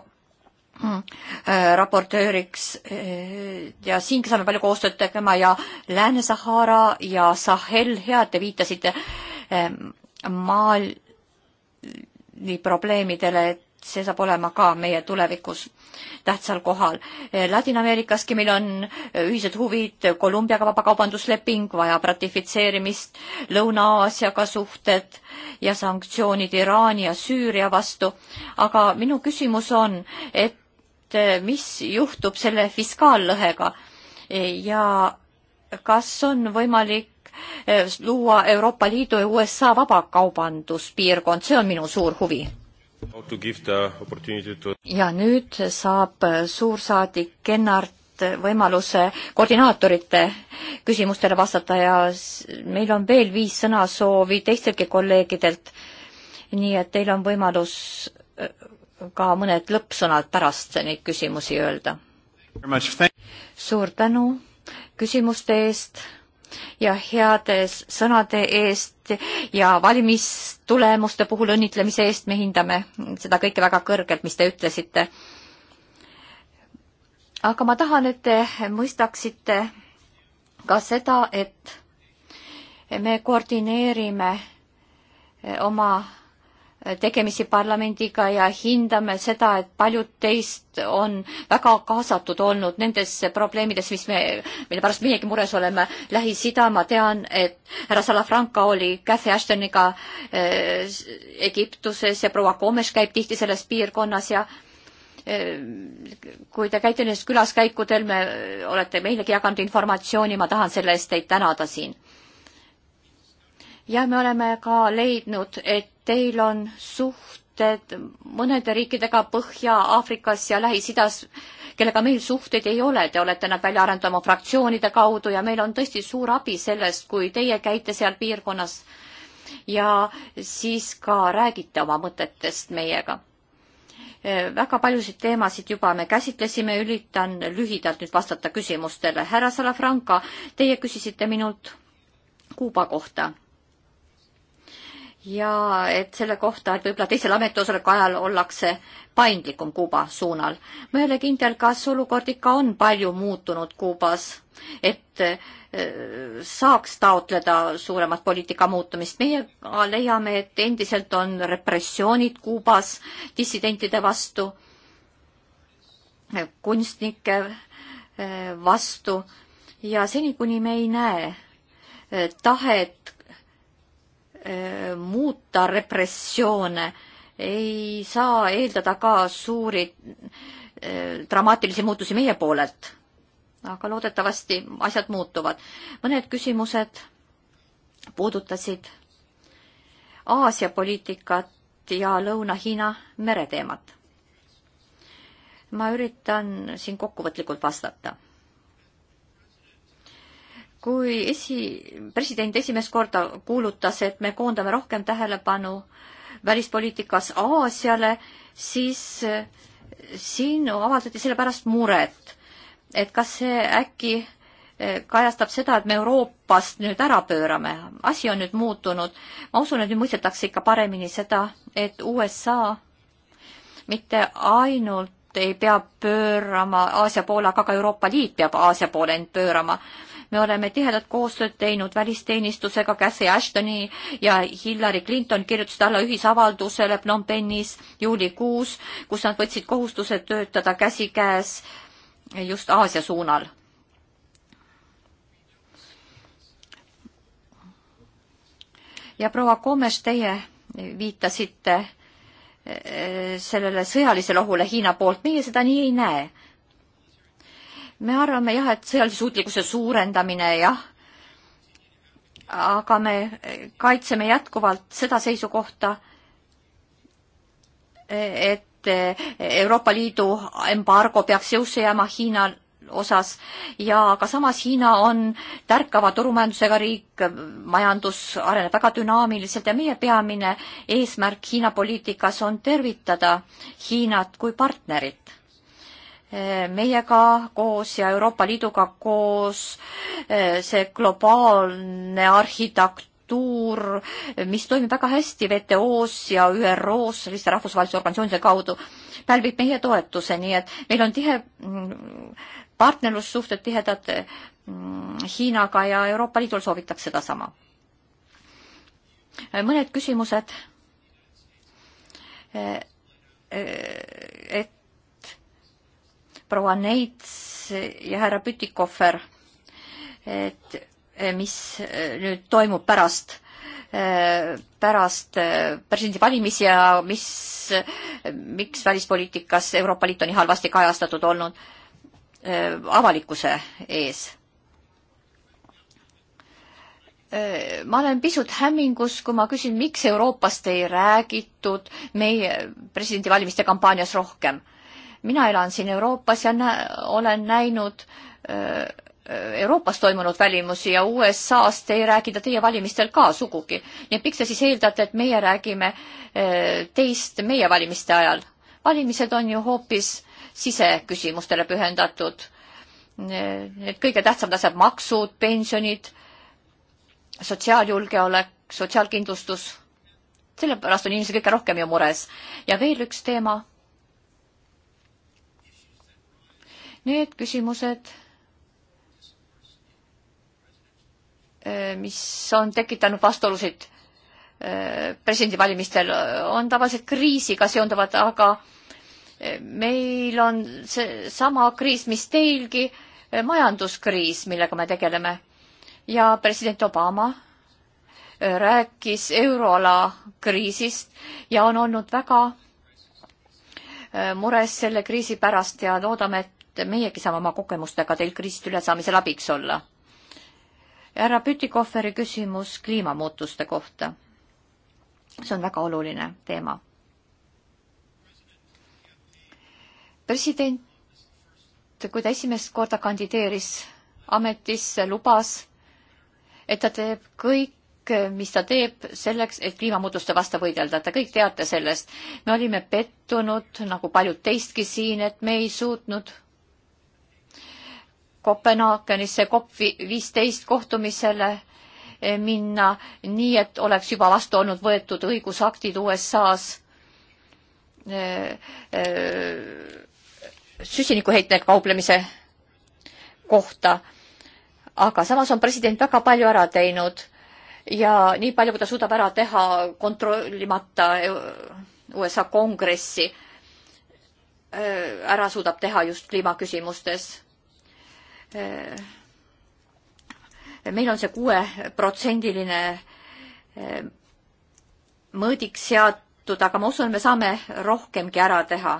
mm, eh, raportööriks eh, ja siingi saame palju koostööd tegema ja Lääne-Sahara ja Sahel, hea, et te viitasite maal probleemidele, et see saab olema ka meie tulevikus tähtsal kohal. Ladina-Ameerikaski meil on ühised huvid, Kolumbiaga vabakaubandusleping vajab ratifitseerimist, Lõuna-Aasiaga suhted ja sanktsioonid Iraani ja Süüria vastu. aga minu küsimus on, et mis juhtub selle fiskaallõhega ja kas on võimalik eh, luua Euroopa Liidu ja USA vabakaubanduspiirkond, see on minu suur huvi ja nüüd saab suursaadik Kennart võimaluse koordinaatorite küsimustele vastata ja meil on veel viis sõnasoovi teistelgi kolleegidelt. nii et teil on võimalus äh, ka mõned lõppsõnad pärast neid küsimusi öelda. suur tänu küsimuste eest ja heades sõnade eest ja valimistulemuste puhul õnnitlemise eest, me hindame seda kõike väga kõrgelt, mis te ütlesite. aga ma tahan, et te mõistaksite ka seda, et me koordineerime oma tegemisi parlamendiga ja hindame seda, et paljud teist on väga kaasatud olnud nendesse probleemidesse, mis me, mille pärast meiegi mures oleme. Lähis-Ida, ma tean, et härra Salafranca oli Cathy Ashtoniga äh, Egiptuses ja proua Gomes käib tihti selles piirkonnas ja äh, kui te käite nendes külaskäikudel, me olete meilegi jaganud informatsiooni, ma tahan selle eest teid tänada siin ja me oleme ka leidnud, et teil on suhted mõnede riikidega Põhja-Aafrikas ja Lähis-Idas, kellega meil suhteid ei ole, te olete nad välja arendanud oma fraktsioonide kaudu ja meil on tõesti suur abi sellest, kui teie käite seal piirkonnas ja siis ka räägite oma mõtetest meiega. väga paljusid teemasid juba me käsitlesime, üritan lühidalt nüüd vastata küsimustele. härra Salafranca, teie küsisite minult Kuuba kohta ja et selle kohta, et võib-olla teisel ametiosaleku ajal ollakse paindlikum Kuuba suunal. ma ei ole kindel, kas olukord ikka on palju muutunud Kuubas, et äh, saaks taotleda suuremat poliitika muutumist. meie leiame, et endiselt on repressioonid Kuubas dissidentide vastu, kunstnike äh, vastu ja seni, kuni me ei näe äh, tahet Äh, muuta repressioone, ei saa eeldada ka suuri äh, dramaatilisi muutusi meie poolelt. aga loodetavasti asjad muutuvad. mõned küsimused puudutasid Aasia poliitikat ja Lõuna-Hiina mereteemat. ma üritan siin kokkuvõtlikult vastata kui esi, president esimest korda kuulutas, et me koondame rohkem tähelepanu välispoliitikas Aasiale, siis eh, siin avaldati selle pärast muret, et kas see äkki eh, kajastab seda, et me Euroopast nüüd ära pöörame. asi on nüüd muutunud. ma usun, et nüüd mõistetakse ikka paremini seda, et USA mitte ainult ei pea pöörama Aasia poole, aga ka Euroopa Liit peab Aasia poole end pöörama me oleme tihedat koostööd teinud välisteenistusega, Cassie Ashtoni ja Hillary Clinton kirjutasid alla ühisavaldusele Phnom Penis juulikuus, kus nad võtsid kohustuse töötada käsikäes just Aasia suunal. ja proua Komes, teie viitasite eh, sellele sõjalisele ohule Hiina poolt, meie seda nii ei näe me arvame jah, et sõjalise suutlikkuse suurendamine jah, aga me kaitseme jätkuvalt seda seisukohta, et Euroopa Liidu embargo peaks jõusse jääma Hiina osas ja ka samas Hiina on tärkava turumajandusega riik, majandus areneb väga dünaamiliselt ja meie peamine eesmärk Hiina poliitikas on tervitada Hiinat kui partnerit meiega koos ja Euroopa Liiduga koos eh, see globaalne arhitektuur, mis toimib väga hästi WTO-s ja ÜRO-s selliste rahvusvaheliste organisatsioonide kaudu, pälvib meie toetuse, nii et meil on tihe mm, partnerlussuhted tihedad mm, Hiinaga ja Euroopa Liidul soovitaks sedasama. mõned küsimused. Eh, eh, et proua Neits ja härra Pütikohver, et eh, mis eh, nüüd toimub pärast, eh, pärast presidendivalimisi ja mis, miks välispoliitikas Euroopa Liit on nii halvasti kajastatud olnud avalikkuse ees ma olen pisut hämmingus, kui ma küsin, miks Euroopast ei räägitud meie presidendivalimiste kampaanias rohkem mina elan siin Euroopas ja nä olen näinud äh, Euroopas toimunud välimusi ja USA-st ei räägida teie valimistel ka sugugi. nii et miks te siis eeldate, et meie räägime äh, teist meie valimiste ajal? valimised on ju hoopis siseküsimustele pühendatud. Äh, need kõige tähtsamad asjad, maksud, pensionid, sotsiaaljulgeolek, sotsiaalkindlustus. sellepärast on inimesed kõige rohkem ju mures. ja veel üks teema Need küsimused, eh, mis on tekitanud vastuolusid eh, presidendivalimistel, on tavaliselt kriisiga seonduvad, aga eh, meil on seesama kriis, mis teilgi, majanduskriis, millega me tegeleme. ja president Obama rääkis euroala kriisist ja on olnud väga mures selle kriisi pärast ja loodame, et et meiegi saame oma kogemustega teil kriisist ülesaamisel abiks olla. härra Pütikohveri küsimus kliimamuutuste kohta. see on väga oluline teema. president, kui ta esimest korda kandideeris ametisse, lubas, et ta teeb kõik, mis ta teeb selleks, et kliimamuutuste vastu võidelda. Te kõik teate sellest. me olime pettunud, nagu paljud teistki siin, et me ei suutnud Kopenhaagenisse COP viisteist kohtumisele minna, nii et oleks juba vastu olnud võetud õigusaktid USA-s süsinikuheitmega kauplemise kohta. aga samas on president väga palju ära teinud ja nii palju, kui ta suudab ära teha kontrollimata USA kongressi, ära suudab teha just kliimaküsimustes Äh, meil on see kuueprotsendiline äh, mõõdik seatud, aga ma usun, me saame rohkemgi ära teha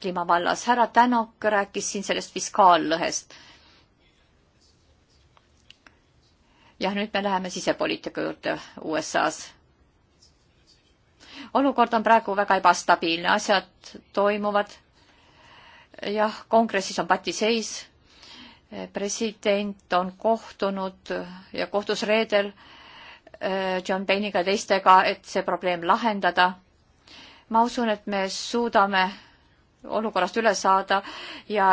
kliima vallas. härra Tänok rääkis siin sellest fiskaallõhest. jah, nüüd me läheme sisepoliitika juurde USA-s. olukord on praegu väga ebastabiilne, asjad toimuvad. jah, kongressis on patiseis president on kohtunud ja kohtus reedel äh, John Payne'iga ja teistega, et see probleem lahendada. ma usun, et me suudame olukorrast üle saada ja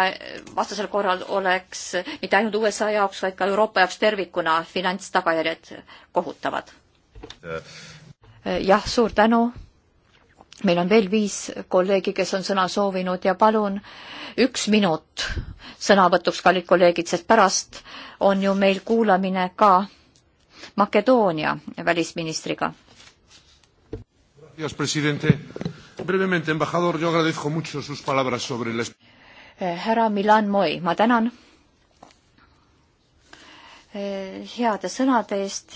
vastasel korral oleks mitte ainult USA jaoks, vaid ka Euroopa jaoks tervikuna finantstagajärjed kohutavad. Äh. jah, suur tänu meil on veel viis kolleegi, kes on sõna soovinud ja palun üks minut sõnavõtuks, kallid kolleegid, sest pärast on ju meil kuulamine ka Makedoonia välisministriga. Eh, härra Milan Moi, ma tänan eh, heade sõnade eest,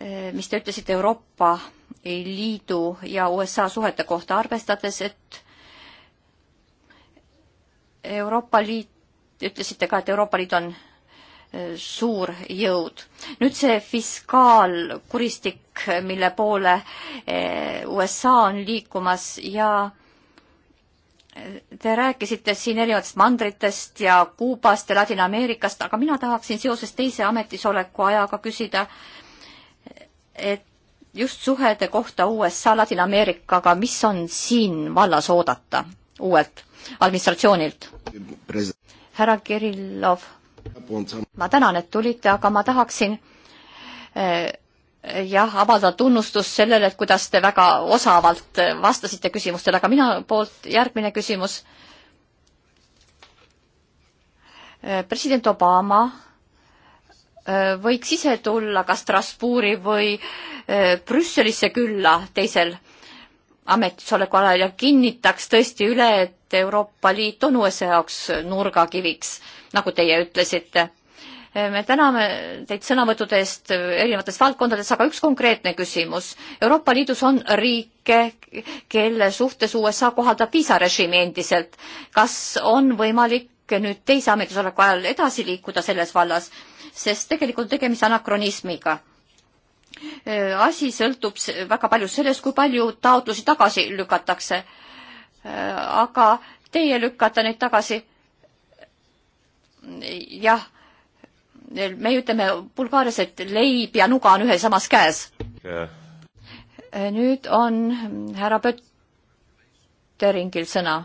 eh, mis te ütlesite Euroopa Liidu ja USA suhete kohta, arvestades, et Euroopa Liit, ütlesite ka, et Euroopa Liit on e, suur jõud. nüüd see fiskaalkuristik, mille poole e, USA on liikumas ja e, Te rääkisite siin erinevatest mandritest ja Kuubast ja Ladina-Ameerikast, aga mina tahaksin seoses teise ametisoleku ajaga küsida, et just suhede kohta USA Ladina-Ameerikaga, mis on siin vallas oodata uuelt administratsioonilt? härra Kirillov, ma tänan, et tulite, aga ma tahaksin eh, jah, avaldada tunnustust sellele, et kuidas te väga osavalt vastasite küsimustele, aga minu poolt järgmine küsimus. Eh, president Obama Äh, võiks ise tulla ka Strasbourgi või äh, Brüsselisse külla teisel ametisoleku ajal ja kinnitaks tõesti üle, et Euroopa Liit on USA jaoks nurgakiviks, nagu teie ütlesite. Äh, me täname teid sõnavõttude eest erinevates valdkondades, aga üks konkreetne küsimus. Euroopa Liidus on riike, kelle suhtes USA kohaldab viisarežiimi endiselt. kas on võimalik nüüd teise ametisoleku ajal edasi liikuda selles vallas? sest tegelikult tegemist anakronismiga. Äh, asi sõltub väga palju sellest, kui palju taotlusi tagasi lükatakse. Äh, aga teie lükkate neid tagasi. jah, me ütleme Bulgaarias, et leib ja nuga on ühes samas käes yeah.. Äh, nüüd on härra Pötteringil sõna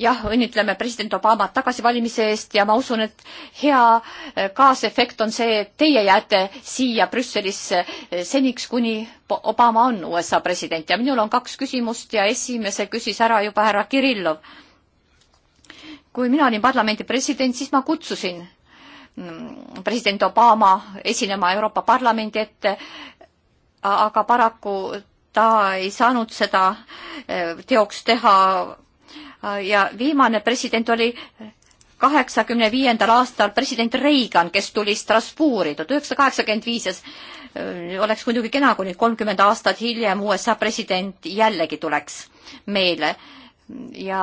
jah, õnnitleme president Obamat tagasivalimise eest ja ma usun, et hea eh, kaasefekt on see, et teie jääte siia Brüsselisse eh, seniks, kuni Obama on USA president ja minul on kaks küsimust ja esimese küsis ära juba härra Kirillov. kui mina olin parlamendi president, siis ma kutsusin mm, president Obama esinema Euroopa Parlamendi ette, aga paraku ta ei saanud seda eh, teoks teha Äh, ja viimane president oli äh, kaheksakümne viiendal aastal president Reagan, kes tuli Strasbourgi tuhat üheksasada kaheksakümmend viis ja äh, oleks muidugi kena, kui nüüd kolmkümmend aastat hiljem USA president jällegi tuleks meile. ja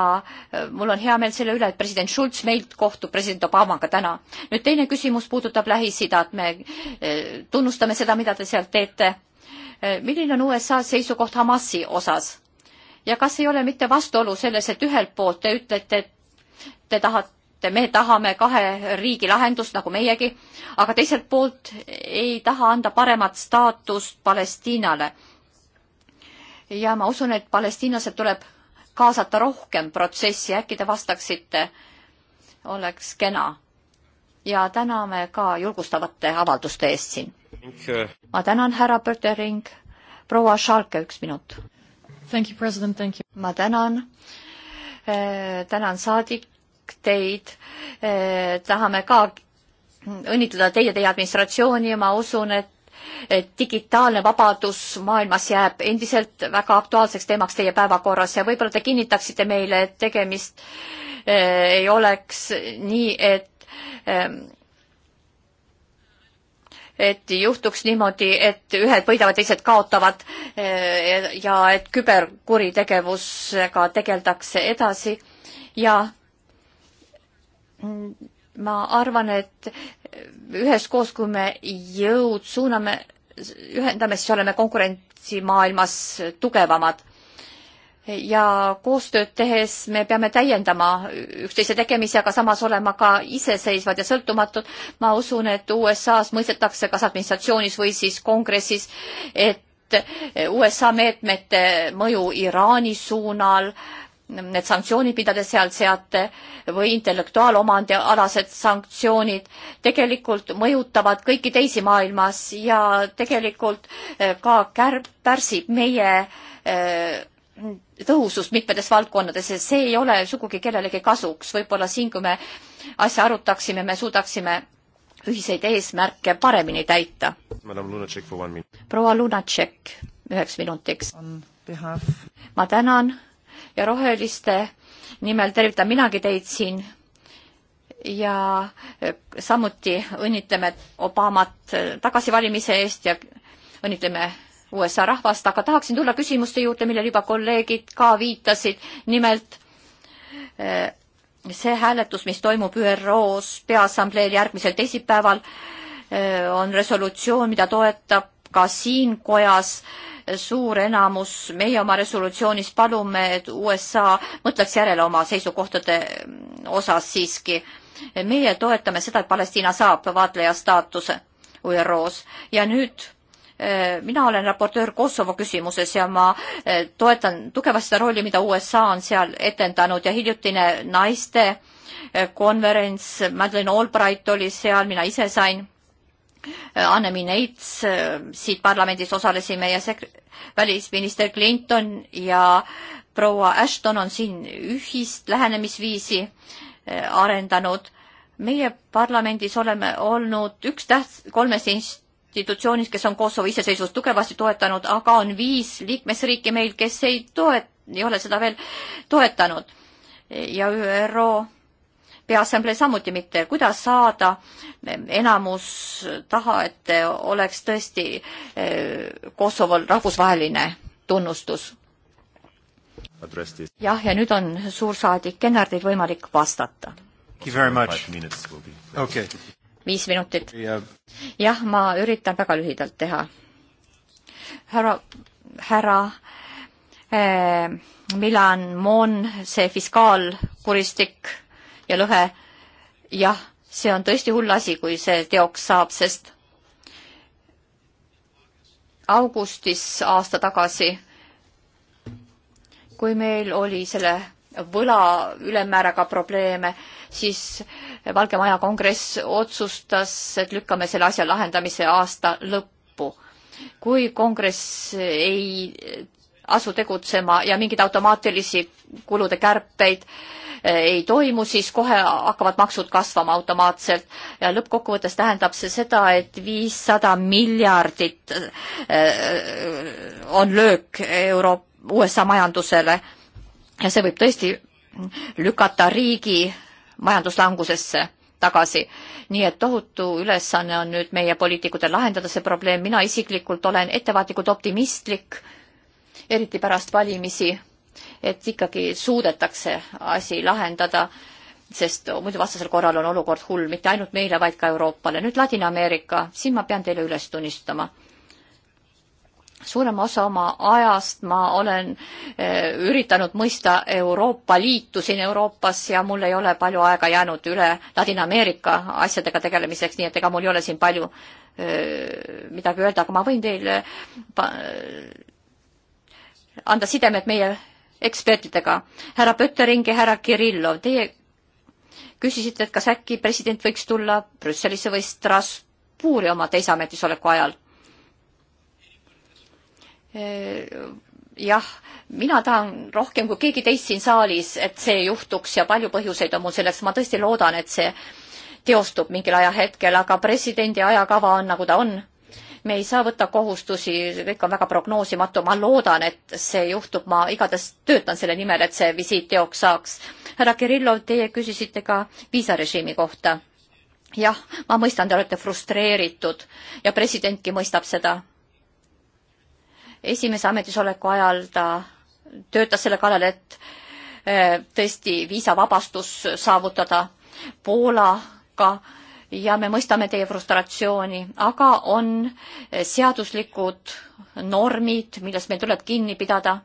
mul on hea meel selle üle, et president Schulz meilt kohtub president Obamaga täna. nüüd teine küsimus puudutab Lähis-Ida, et me tunnustame seda, mida te seal teete. milline on USA seisukoht Hamasi osas? ja kas ei ole mitte vastuolu selles, et ühelt poolt te ütlete, et te tahate, me tahame kahe riigi lahendust nagu meiegi, aga teiselt poolt ei taha anda paremat staatust Palestiinale. ja ma usun, et palestiinlased tuleb kaasata rohkem protsessi, äkki te vastaksite, oleks kena. ja täname ka julgustavate avalduste eest siin. ma tänan, härra Pöttering, proua Schalke, üks minut Thank you, president, thank you. ma tänan, äh, tänan saadik teid, äh, tahame ka õnnitleda teie, teie administratsiooni ja ma usun, et digitaalne vabadus maailmas jääb endiselt väga aktuaalseks teemaks teie päevakorras ja võib-olla te kinnitaksite meile, et tegemist äh, ei oleks nii, et ähm, et juhtuks niimoodi, et ühed võidavad, teised kaotavad eh, ja et küberkuritegevusega tegeldakse edasi ja ma arvan, et üheskoos, kui me jõud suuname, ühendame, siis oleme konkurentsimaailmas tugevamad ja koostööd tehes me peame täiendama üksteise tegemisi, aga samas olema ka iseseisvad ja sõltumatud. ma usun, et USA-s mõistetakse kas administratsioonis või siis kongressis, et USA meetmete mõju Iraani suunal, need sanktsioonid, mida te seal seate või intellektuaalomandi alased sanktsioonid tegelikult mõjutavad kõiki teisi maailmas ja tegelikult eh, ka kärb pärsib meie eh, tõhusust mitmetes valdkondades ja see ei ole sugugi kellelegi kasuks. võib-olla siin, kui me asja arutaksime, me suudaksime ühiseid eesmärke paremini täita. proua Lunatšek üheks minutiks. ma tänan ja Roheliste nimel tervitan minagi teid siin ja samuti õnnitleme Obamat tagasivalimise eest ja õnnitleme USA rahvast, aga tahaksin tulla küsimuste juurde, millele juba kolleegid ka viitasid, nimelt eh, see hääletus, mis toimub ÜRO-s Peaassambleel järgmisel teisipäeval, eh, on resolutsioon, mida toetab ka siin kojas suur enamus. meie oma resolutsioonis palume, et USA mõtleks järele oma seisukohtade osas siiski. meie toetame seda, et Palestiina saab vaatleja staatuse ÜRO-s ja nüüd Äh, mina olen raportöör Kosovo küsimuses ja ma äh, toetan tugevasti seda rolli, mida USA on seal etendanud ja hiljutine naiste äh, konverents, Madeleine Albright oli seal, mina ise sain Anne-Mi Neits, siit parlamendis osalesime ja sek-, välisminister Clinton ja proua Ashton on siin ühist lähenemisviisi arendanud. meie parlamendis oleme olnud üks täht-, kolmest inst-, institutsioonid, kes on Kosovo iseseisvust tugevasti toetanud, aga on viis liikmesriiki meil, kes ei toet-, ei ole seda veel toetanud. ja ÜRO Peaassamblee samuti mitte. kuidas saada enamus taha, et oleks tõesti eh, Kosovol rahvusvaheline tunnustus? jah, ja nüüd on suursaadik Kennardil võimalik vastata. Okay viis minutit. jah, ma üritan väga lühidalt teha. härra, härra äh, Milan Mon, see fiskaalkuristik ja lõhe, jah, see on tõesti hull asi, kui see teoks saab, sest augustis aasta tagasi, kui meil oli selle võla ülemmääraga probleeme, siis Valge Maja kongress otsustas, et lükkame selle asja lahendamise aasta lõppu. kui kongress ei asu tegutsema ja mingeid automaatilisi kulude kärpeid eh, ei toimu, siis kohe hakkavad maksud kasvama automaatselt ja lõppkokkuvõttes tähendab see seda, et viissada miljardit eh, on löök Euro-, USA majandusele ja see võib tõesti lükata riigi majanduslangusesse tagasi. nii et tohutu ülesanne on nüüd meie poliitikutel lahendada see probleem, mina isiklikult olen ettevaatlikult optimistlik, eriti pärast valimisi, et ikkagi suudetakse asi lahendada, sest muidu vastasel korral on olukord hull mitte ainult meile, vaid ka Euroopale. nüüd Ladina-Ameerika, siin ma pean teile üles tunnistama suurema osa oma ajast ma olen eh, üritanud mõista Euroopa Liitu siin Euroopas ja mul ei ole palju aega jäänud üle Ladina-Ameerika asjadega tegelemiseks, nii et ega mul ei ole siin palju eh, midagi öelda, aga ma võin teile anda sidemed meie ekspertidega. härra Pöttering ja härra Kirillov, teie küsisite, et kas äkki president võiks tulla Brüsselisse või Strasbourgi oma teise ametisoleku ajal jah, mina tahan rohkem kui keegi teist siin saalis, et see juhtuks ja palju põhjuseid on mul selleks, ma tõesti loodan, et see teostub mingil ajahetkel, aga presidendi ajakava on nagu ta on. me ei saa võtta kohustusi, kõik on väga prognoosimatu, ma loodan, et see juhtub, ma igatahes töötan selle nimel, et see visiit teoks saaks. härra Kirillov, teie küsisite ka viisarežiimi kohta. jah, ma mõistan, te olete frustreeritud ja presidentki mõistab seda esimese ametisoleku ajal ta töötas selle kallal, et eh, tõesti viisavabastus saavutada Poolaga ja me mõistame teie frustratsiooni, aga on seaduslikud normid, millest meil tuleb kinni pidada.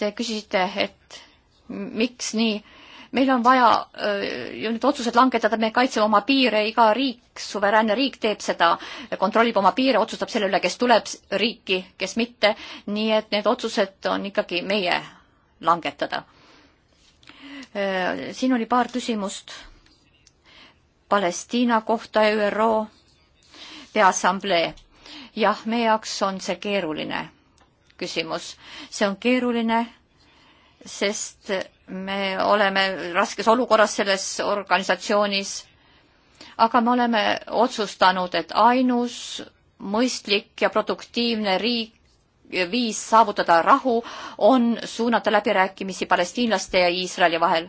Te küsisite, et miks nii meil on vaja ju need otsused langetada, me kaitseme oma piire, iga riik, suveräänne riik teeb seda, kontrollib oma piire, otsustab selle üle, kes tuleb riiki, kes mitte, nii et need otsused on ikkagi meie langetada. siin oli paar küsimust Palestiina kohta ja ÜRO Peaassamblee. jah, meie jaoks on see keeruline küsimus, see on keeruline, sest me oleme raskes olukorras selles organisatsioonis, aga me oleme otsustanud, et ainus mõistlik ja produktiivne riik, viis saavutada rahu on suunata läbirääkimisi palestiinlaste ja Iisraeli vahel.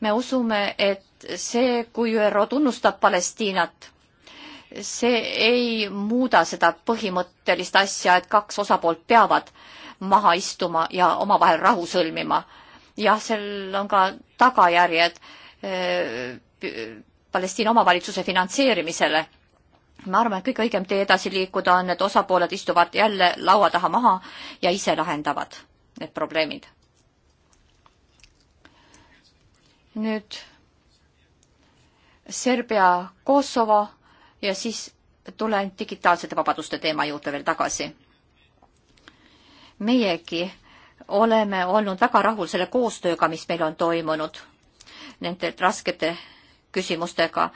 me usume, et see, kui ÜRO tunnustab Palestiinat, see ei muuda seda põhimõttelist asja, et kaks osapoolt peavad maha istuma ja omavahel rahu sõlmima jah, seal on ka tagajärjed eh, Palestiina omavalitsuse finantseerimisele. ma arvan, et kõige õigem tee edasi liikuda on, et osapooled istuvad jälle laua taha maha ja ise lahendavad need probleemid. nüüd Serbia, Kosovo ja siis tulen digitaalsete vabaduste teema juurde veel tagasi. meiegi äh, oleme olnud väga rahul selle koostööga, mis meil on toimunud nende raskete küsimustega,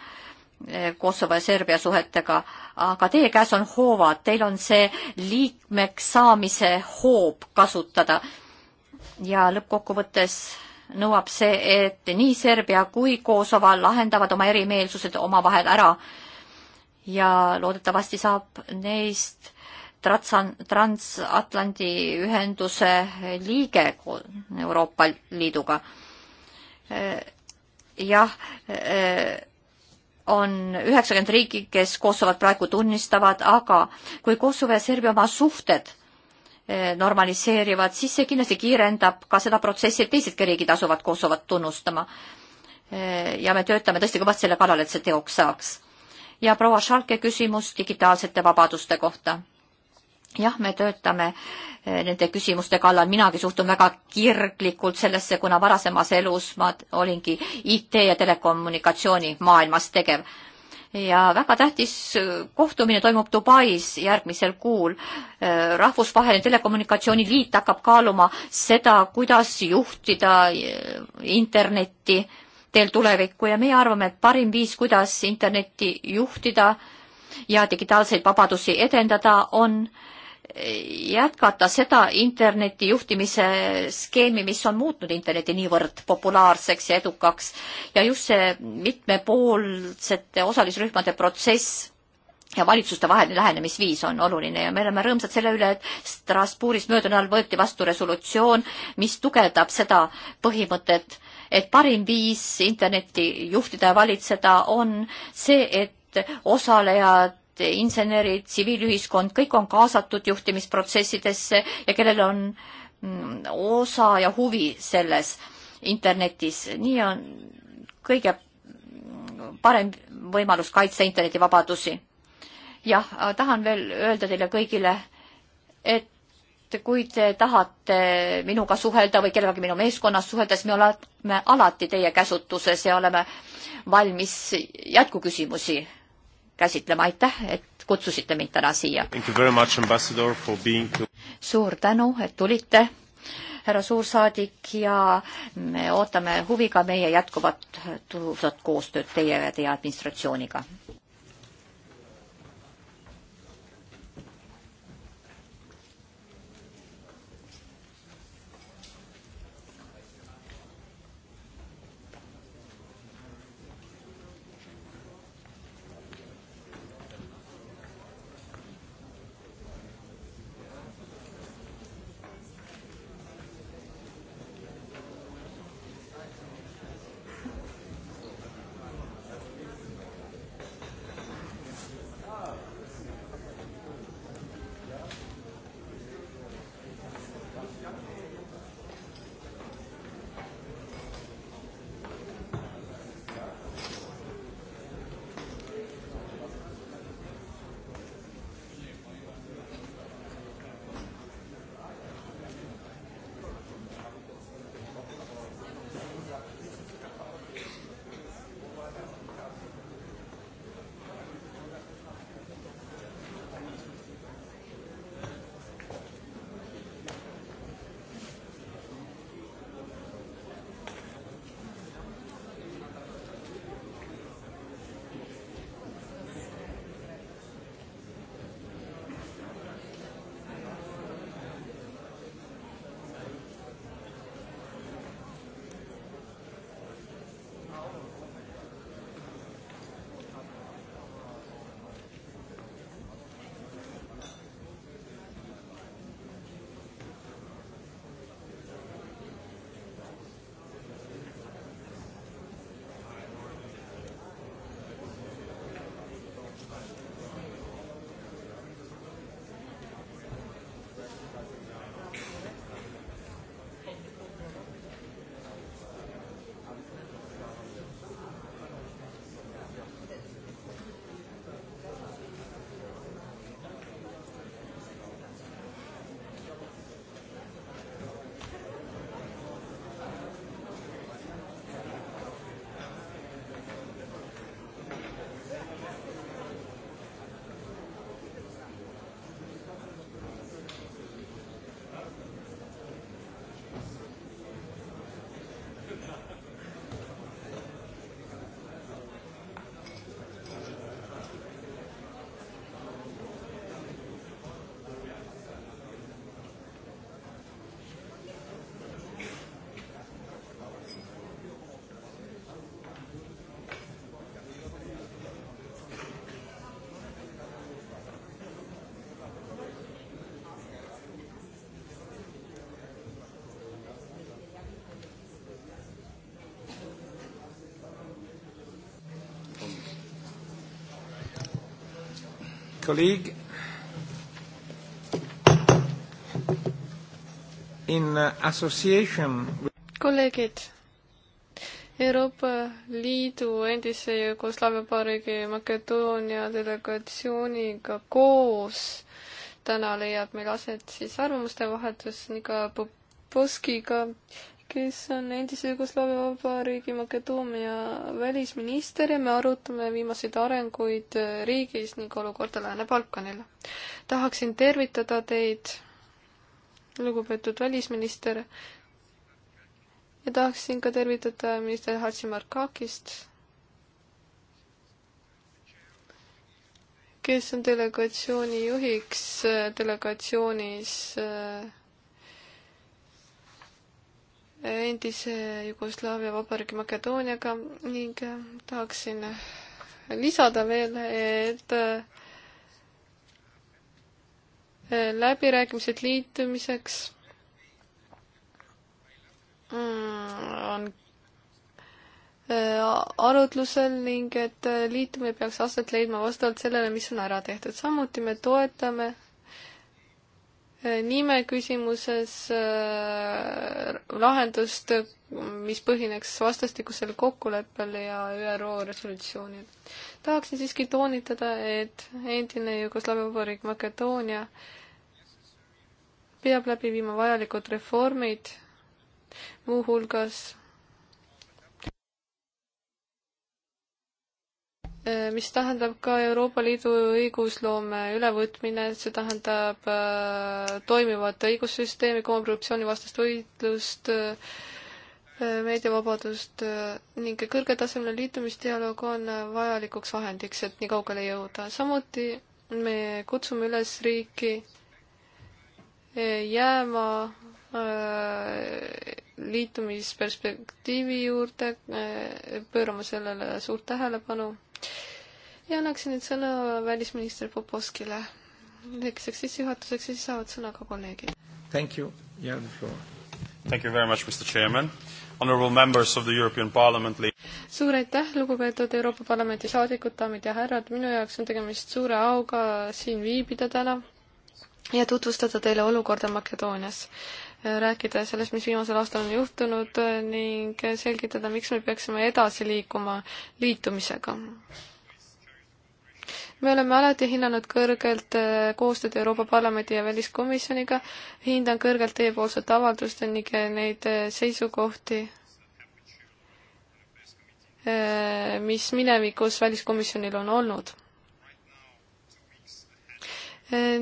eh, Kosovo ja Serbia suhetega, aga teie käes on hoovad, teil on see liikmeks saamise hoob kasutada. ja lõppkokkuvõttes nõuab see, et nii Serbia kui Kosovo lahendavad oma erimeelsused omavahel ära ja loodetavasti saab neist Transatlandi ühenduse liige Euroopa Liiduga. Eh, jah, eh, on üheksakümmend riiki, kes Kosovot praegu tunnistavad, aga kui Kosovo ja Serbia oma suhted eh, normaliseerivad, siis see kindlasti kiirendab ka seda protsessi, et teisedki riigid asuvad Kosovot tunnustama. ja me töötame tõesti kõvasti selle kallal, et see teoks saaks. ja proua Schalke küsimus digitaalsete vabaduste kohta jah, me töötame eh, nende küsimuste kallal, minagi suhtun väga kirglikult sellesse, kuna varasemas elus ma olingi IT ja telekommunikatsiooni maailmas tegev. ja väga tähtis eh, kohtumine toimub Dubais järgmisel kuul. Eh, rahvusvaheline Telekommunikatsiooni Liit hakkab kaaluma seda, kuidas juhtida internetti teel tulevikku ja meie arvame, et parim viis, kuidas internetti juhtida ja digitaalseid vabadusi edendada, on äh, jätkata seda interneti juhtimise skeemi, mis on muutnud interneti niivõrd populaarseks ja edukaks ja just see mitmepoolsete osalisrühmade protsess ja valitsuste vaheline lähenemisviis on oluline ja me oleme rõõmsad selle üle, et Strasbourgis möödunud ajal võeti vastu resolutsioon, mis tugevdab seda põhimõtet, et parim viis internetti juhtida ja valitseda on see, et osalejad insenerid, tsiviilühiskond, kõik on kaasatud juhtimisprotsessidesse ja kellel on mm, osa ja huvi selles internetis, nii on kõige parem võimalus kaitsta internetivabadusi. jah, tahan veel öelda teile kõigile, et kui te tahate minuga suhelda või kellegagi minu meeskonnas suhelda, siis me oleme alati teie käsutuses ja oleme valmis jätkuküsimusi käsitlema. aitäh, et kutsusite mind täna siia. suur tänu, et tulite, härra suursaadik, ja me ootame huviga meie jätkuvat tulusat koostööd teie ja teie administratsiooniga colleague. In uh, association kolleegid, Euroopa Liidu endise Jugoslaavia Vabariigi Makedoonia delegatsiooniga koos täna leiab meil aset siis arvamuste vahetus Nika Poposkiga, kes on endise Jugoslaavia Vabariigi Makedoonia välisminister ja me arutame viimaseid arenguid riigis ning olukorda Lääne-Balkanil. tahaksin tervitada teid, lugupeetud välisminister, ja tahaksin ka tervitada minister Hatsi Markakist, kes on delegatsiooni juhiks delegatsioonis äh, endise Jugoslaavia Vabariigi Makedooniaga ning äh, tahaksin lisada veel, et äh, läbirääkimised liitumiseks mm, on äh, arutlusel ning et liitumine peaks aset leidma vastavalt sellele, mis on ära tehtud. samuti me toetame Äh, nime küsimuses äh, lahendust, mis põhineks vastastikusel kokkuleppel ja ÜRO resolutsioonil. tahaksin siiski toonitada, et endine Jugoslaavia Vabariik Makedoonia peab läbi viima vajalikud reformid, muuhulgas Äh, mis tähendab ka Euroopa Liidu õigusloome ülevõtmine, see tähendab äh, toimivat õigussüsteemi, korruptsioonivastast võitlust, äh, meediavabadust ning kõrgetasemeline liitumisdialoog on vajalikuks vahendiks, et nii kaugele jõuda. samuti me kutsume üles riiki jääma liitumisperspektiivi juurde, pöörama sellele suurt tähelepanu ja annaksin nüüd sõna välisminister Popovskile. lühikeseks sissejuhatuseks ja siis saavad sõna ka kolleegid. Thank you, you have the floor. Thank you very much, Mr Chairman. Honourable members of the European Parliament. suur aitäh, lugupeetud Euroopa Parlamendi saadikud, daamid ja härrad, minu jaoks on tegemist suure auga siin viibida täna ja tutvustada teile olukorda Makedoonias rääkida sellest, mis viimasel aastal on juhtunud eh, ning selgitada, miks me peaksime edasi liikuma liitumisega. me oleme alati hinnanud kõrgelt eh, koostööd Euroopa Parlamendi ja Väliskomisjoniga, hindan kõrgelt teiepoolset avaldust ning neid eh, seisukohti, mis minevikus Väliskomisjonil on olnud.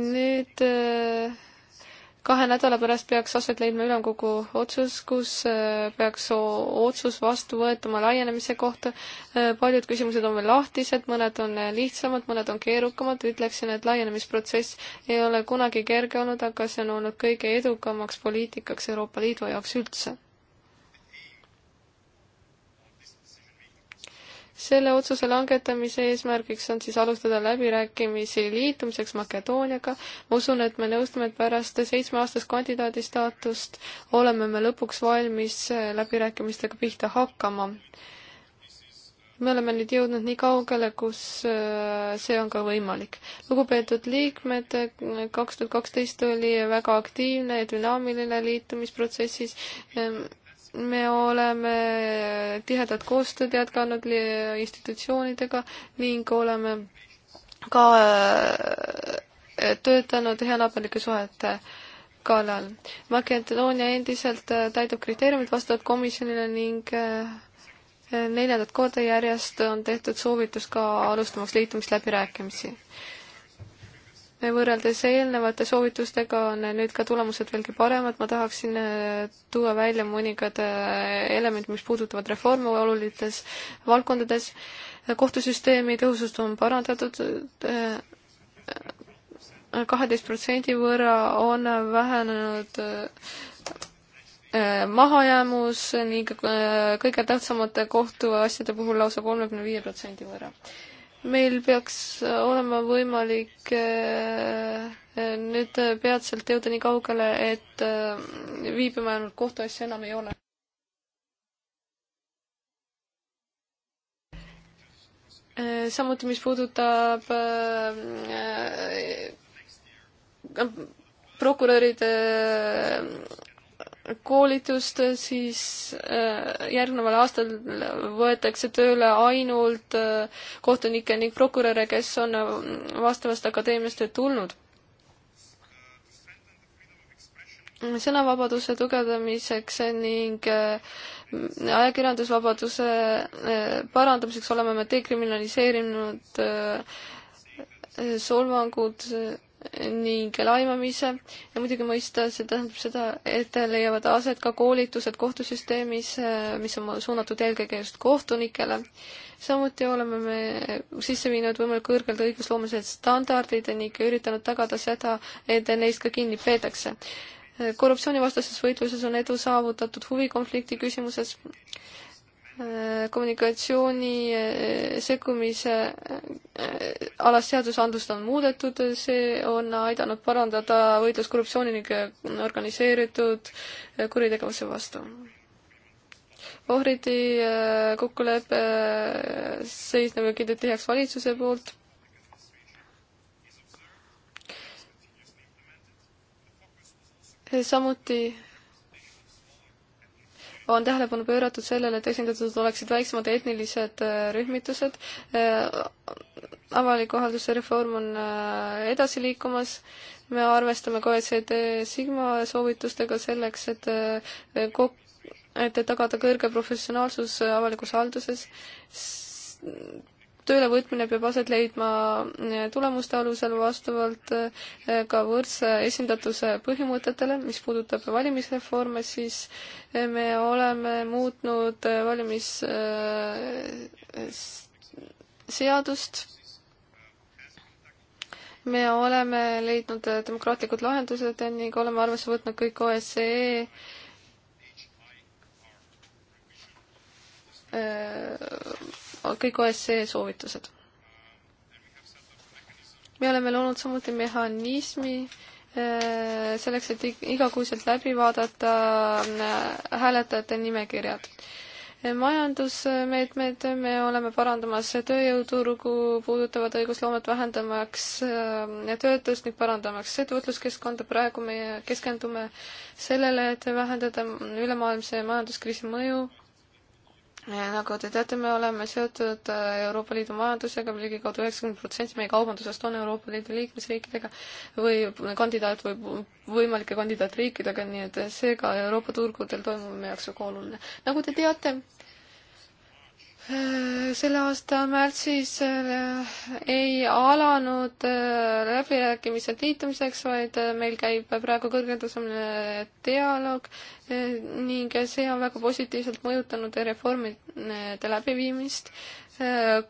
nüüd kahe nädala pärast peaks aset leidma ülemkogu otsus, kus äh, peaks otsus vastu võetama laienemise kohta. Äh, paljud küsimused on veel lahtised, mõned on äh, lihtsamad, mõned on keerukamad. ütleksin, et laienemisprotsess ei ole kunagi kerge olnud, aga see on olnud kõige edukamaks poliitikaks Euroopa Liidu jaoks üldse. selle otsuse langetamise eesmärgiks on siis alustada läbirääkimisi liitumiseks Makedooniaga. ma usun, et me nõustume, et pärast seitsmeaastast kandidaadi staatust oleme me lõpuks valmis läbirääkimistega pihta hakkama. me oleme nüüd jõudnud nii kaugele, kus äh, see on ka võimalik. lugupeetud liikmed, kaks tuhat kaksteist oli väga aktiivne ja dünaamiline liitumisprotsessis ehm, me oleme tihedat koostööd jätkanud institutsioonidega ning oleme ka äh, töötanud heanaaberlike suhete kallal. Makedoonia endiselt äh, täidab kriteeriumid vastavalt komisjonile ning äh, neljandat korda järjest on tehtud soovitus ka alustamaks liitumisläbirääkimisi võrreldes eelnevate soovitustega on nüüd ka tulemused veelgi paremad, ma tahaksin äh, tuua välja mõningad äh, elemendid, mis puudutavad reforme olulistes valdkondades. kohtusüsteemi tõhusust on parandatud äh, kaheteist protsendi võrra on vähenenud mahajäämus ning kõige tähtsamate kohtuasjade puhul lausa kolmekümne viie protsendi võrra meil peaks olema võimalik eh, nüüd peatselt jõuda nii kaugele, et eh, viibima jäänud kohtuasja enam ei ole. Eh, samuti, mis puudutab prokuröride koolitust, siis äh, järgneval aastal võetakse tööle ainult äh, kohtunikke ning prokuröre, kes on äh, vastavast akadeemiast tulnud. sõnavabaduse tugevdamiseks ning ajakirjandusvabaduse parandamiseks oleme me dekriminaliseerinud solvangud ning laimamise ja muidugi mõista, see tähendab seda, et leiavad aset ka koolitused kohtusüsteemis, mis on suunatud eelkõige just kohtunikele. samuti oleme me sisse viinud võimalikult kõrgelt õigusloomelised standardid ning üritanud tagada seda, et neist ka kinni peetakse. korruptsioonivastases võitluses on edu saavutatud huvikonflikti küsimuses kommunikatsiooni eh, sekkumise eh, alast seadusandlust on muudetud, see on aidanud parandada võitlust korruptsiooni ning eh, organiseeritud kuritegevuse vastu. ohvriti kokkulepe seisneb ju kindlasti heaks valitsuse poolt samuti on tähelepanu pööratud sellele, et esindatud oleksid väiksemad etnilised äh, rühmitused. Äh, avaliku halduse reform on äh, edasi liikumas. me arvestame ka OECD Sigma soovitustega selleks, et kok-, et tagada kõrge professionaalsus avalikus halduses töölevõtmine peab aset leidma eh, tulemuste alusel vastavalt eh, ka võrdse esindatuse põhimõtetele, mis puudutab valimisreforme, siis eh, me oleme muutnud valimisseadust, me oleme leidnud demokraatlikud lahendused ning oleme arvesse võtnud kõik OSCE kõik OSCE soovitused. me oleme loonud samuti mehhanismi äh, selleks, et igakuiselt läbi vaadata äh, hääletajate nimekirjad majandusmeetmed, me oleme parandamas tööjõuturgu puudutavat õigusloomet, vähendamaks äh, töötust ning parandamaks ettevõtluskeskkonda. praegu me keskendume sellele, et vähendada ülemaailmse majanduskriisi mõju nagu te teate, me oleme seotud äh, Euroopa Liidu majandusega, ligikaudu üheksakümmend protsenti meie kaubandusest on Euroopa Liidu liikmesriikidega või kandidaat või võimalike kandidaatriikidega, nii et äh, seega Euroopa turgudel toimub meie jaoks väga oluline. nagu te teate, selle aasta märtsis äh, ei alanud äh, läbirääkimised liitumiseks, vaid äh, meil käib praegu kõrgetasemeline dialoog ning see on väga positiivselt mõjutanud reformide läbiviimist.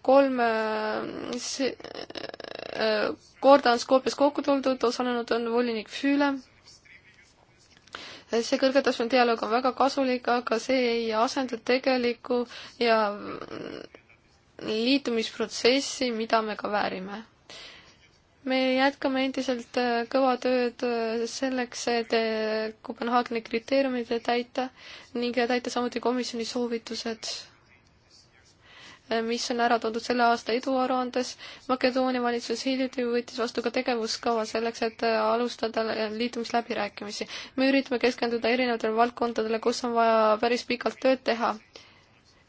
kolm korda on Skopjas kokku tuldud, osalenud on volinik Füüle see kõrgetasemel dialoog on väga kasulik, aga see ei asenda tegelikku ja liitumisprotsessi, mida me ka väärime. me jätkame endiselt äh, kõva tööd äh, selleks, et äh, Kopenhaageni kriteeriumid täita ning täita samuti komisjoni soovitused mis on ära toodud selle aasta eduaruandes. Makedoonia valitsus hiljuti võttis vastu ka tegevuskava selleks, et alustada liitumisläbirääkimisi. me üritame keskenduda erinevatele valdkondadele, kus on vaja päris pikalt tööd teha.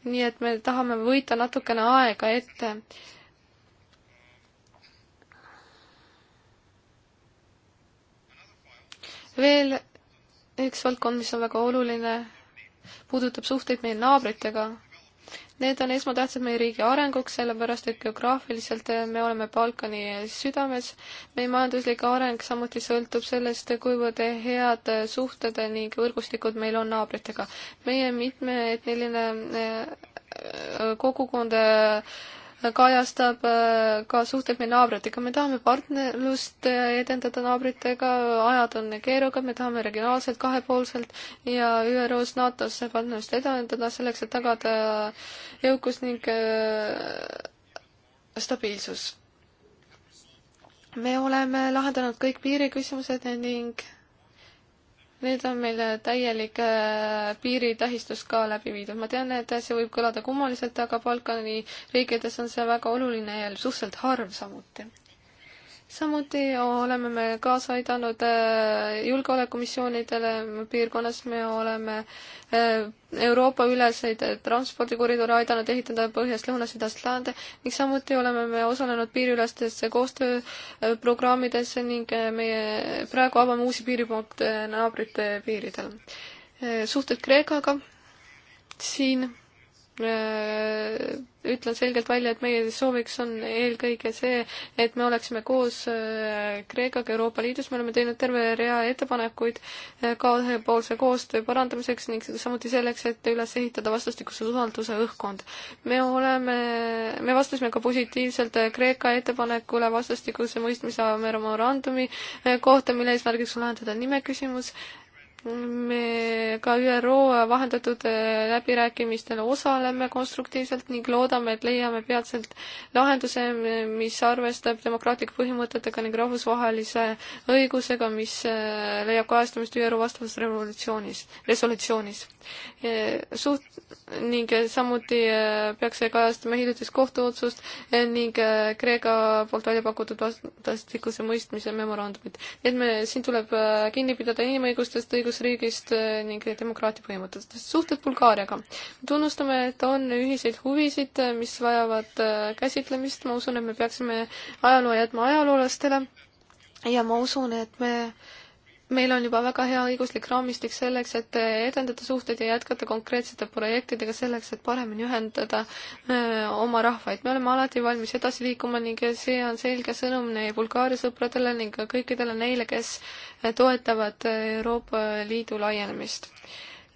nii et me tahame võita natukene aega ette veel üks valdkond, mis on väga oluline, puudutab suhteid meie naabritega. Need on esmatähtsad meie riigi arenguks, sellepärast et geograafiliselt äh, me oleme Balkani südames. meie majanduslik areng samuti sõltub sellest, kuivõrd head äh, suhted ning võrgustikud meil on naabritega. meie mitmeetniline äh, kogukond kajastab äh, ka suhteid meie naabritega, me tahame partnerlust äh, edendada naabritega, ajad on keerukad, me tahame regionaalselt, kahepoolselt ja ÜRO-s, NATO-s partnerlust edendada selleks, et tagada äh, jõukus ning stabiilsus. me oleme lahendanud kõik piiriküsimused ning Nüüd on meil täielik äh, piiritähistus ka läbi viidud. ma tean, et see võib kõlada kummaliselt, aga Balkani riikides on see väga oluline ja suhteliselt harv samuti samuti oleme me kaasa aidanud äh, julgeolekumissioonidele piirkonnas, me oleme äh, Euroopa üleseid transpordikoridore aidanud ehitada põhjast lõunast idast läände ning samuti oleme me osalenud piiriülestes koostööprogrammides ning äh, meie praegu avame uusi piiripunkte naabrite piiridel. suhted Kreekaga siin ütlen selgelt välja, et meie sooviks on eelkõige see, et me oleksime koos äh, Kreekaga Euroopa Liidus, me oleme teinud terve rea ettepanekuid äh, kahepoolse koostöö parandamiseks ning samuti selleks, et üles ehitada vastastikuse usalduse õhkkond. me oleme, me vastasime ka positiivselt äh, Kreeka ettepanekule vastastikuse mõistmise memorandumi kohta, mille eesmärgiks on lahendada nimeküsimus me ka ÜRO vahendatud äh, läbirääkimistel osaleme konstruktiivselt ning loodame, et leiame peatselt lahenduse, mis arvestab demokraatlike põhimõtetega ning rahvusvahelise õigusega, mis äh, leiab kajastamist ÜRO vastavas revolutsioonis, resolutsioonis. Äh, suht- ning samuti peaks see kajastama hiljutist kohtuotsust ning Kreeka poolt välja pakutud vastastikuse mõistmise memorandumit. et me, siin tuleb kinni pidada inimõigustest, õigustest, õigusriigist äh, ning demokraatia põhimõtetest. suhted Bulgaariaga. tunnustame, et on ühiseid huvisid, äh, mis vajavad äh, käsitlemist, ma usun, et me peaksime ajaloo jätma ajaloolastele ja ma usun, et me äh, meil on juba väga hea õiguslik raamistik selleks, et edendada suhteid ja jätkata konkreetsete projektidega selleks, et paremini ühendada äh, oma rahvaid. me oleme alati valmis edasi liikuma ning see on selge sõnum meie Bulgaaria sõpradele ning kõikidele neile, kes toetavad Euroopa Liidu laienemist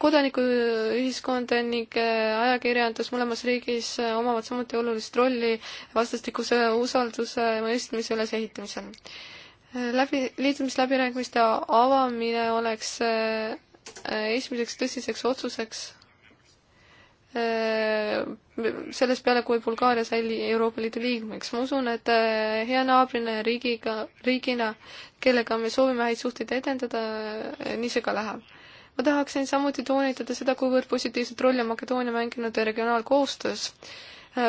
kodanikuühiskond ning äh, ajakirjandus mõlemas riigis omavad samuti olulist rolli vastastikuse usalduse mõistmise ülesehitamisel läbi, liitumisläbirääkimiste avamine oleks äh, esimeseks tõsiseks otsuseks äh, sellest peale, kui Bulgaaria sai Euroopa Liidu liikmeks. ma usun, et äh, hea naabrina ja riigiga, riigina, kellega me soovime häid suhteid edendada, nii see ka läheb. ma tahaksin samuti toonitada seda, kuivõrd positiivset rolli on Makedoonia mänginud regionaalkoostöös.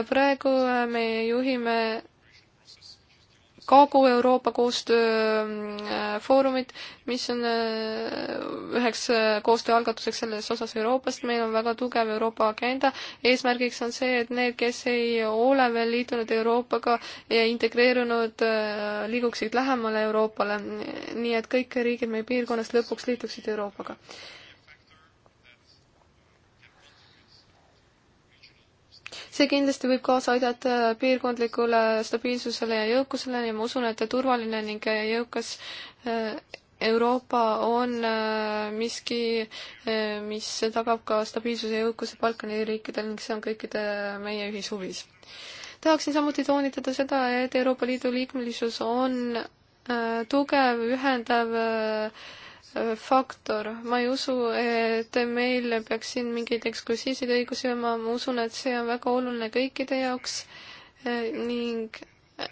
praegu me juhime Kogu Euroopa koostööfoorumit, mm, äh, mis on äh, üheks äh, koostööalgatuseks selles osas Euroopast, meil on väga tugev Euroopa agenda, eesmärgiks on see, et need, kes ei ole veel liitunud Euroopaga ja integreerunud, liiguksid lähemale Euroopale, nii et kõik riigid meie piirkonnast lõpuks liituksid Euroopaga see kindlasti võib kaasa aidata piirkondlikule stabiilsusele ja jõukusele ja ma usun, et turvaline ning jõukas äh, Euroopa on äh, miski, äh, mis tagab ka stabiilsuse ja jõukuse Balkani riikidel ning see on kõikide meie ühishuvis. tahaksin samuti toonitada seda, et Euroopa Liidu liikmelisus on tugev, ühendav äh, faktor, ma ei usu, et meil peaks siin mingeid eksklusiivseid õigusi olema, ma usun, et see on väga oluline kõikide jaoks eh, ning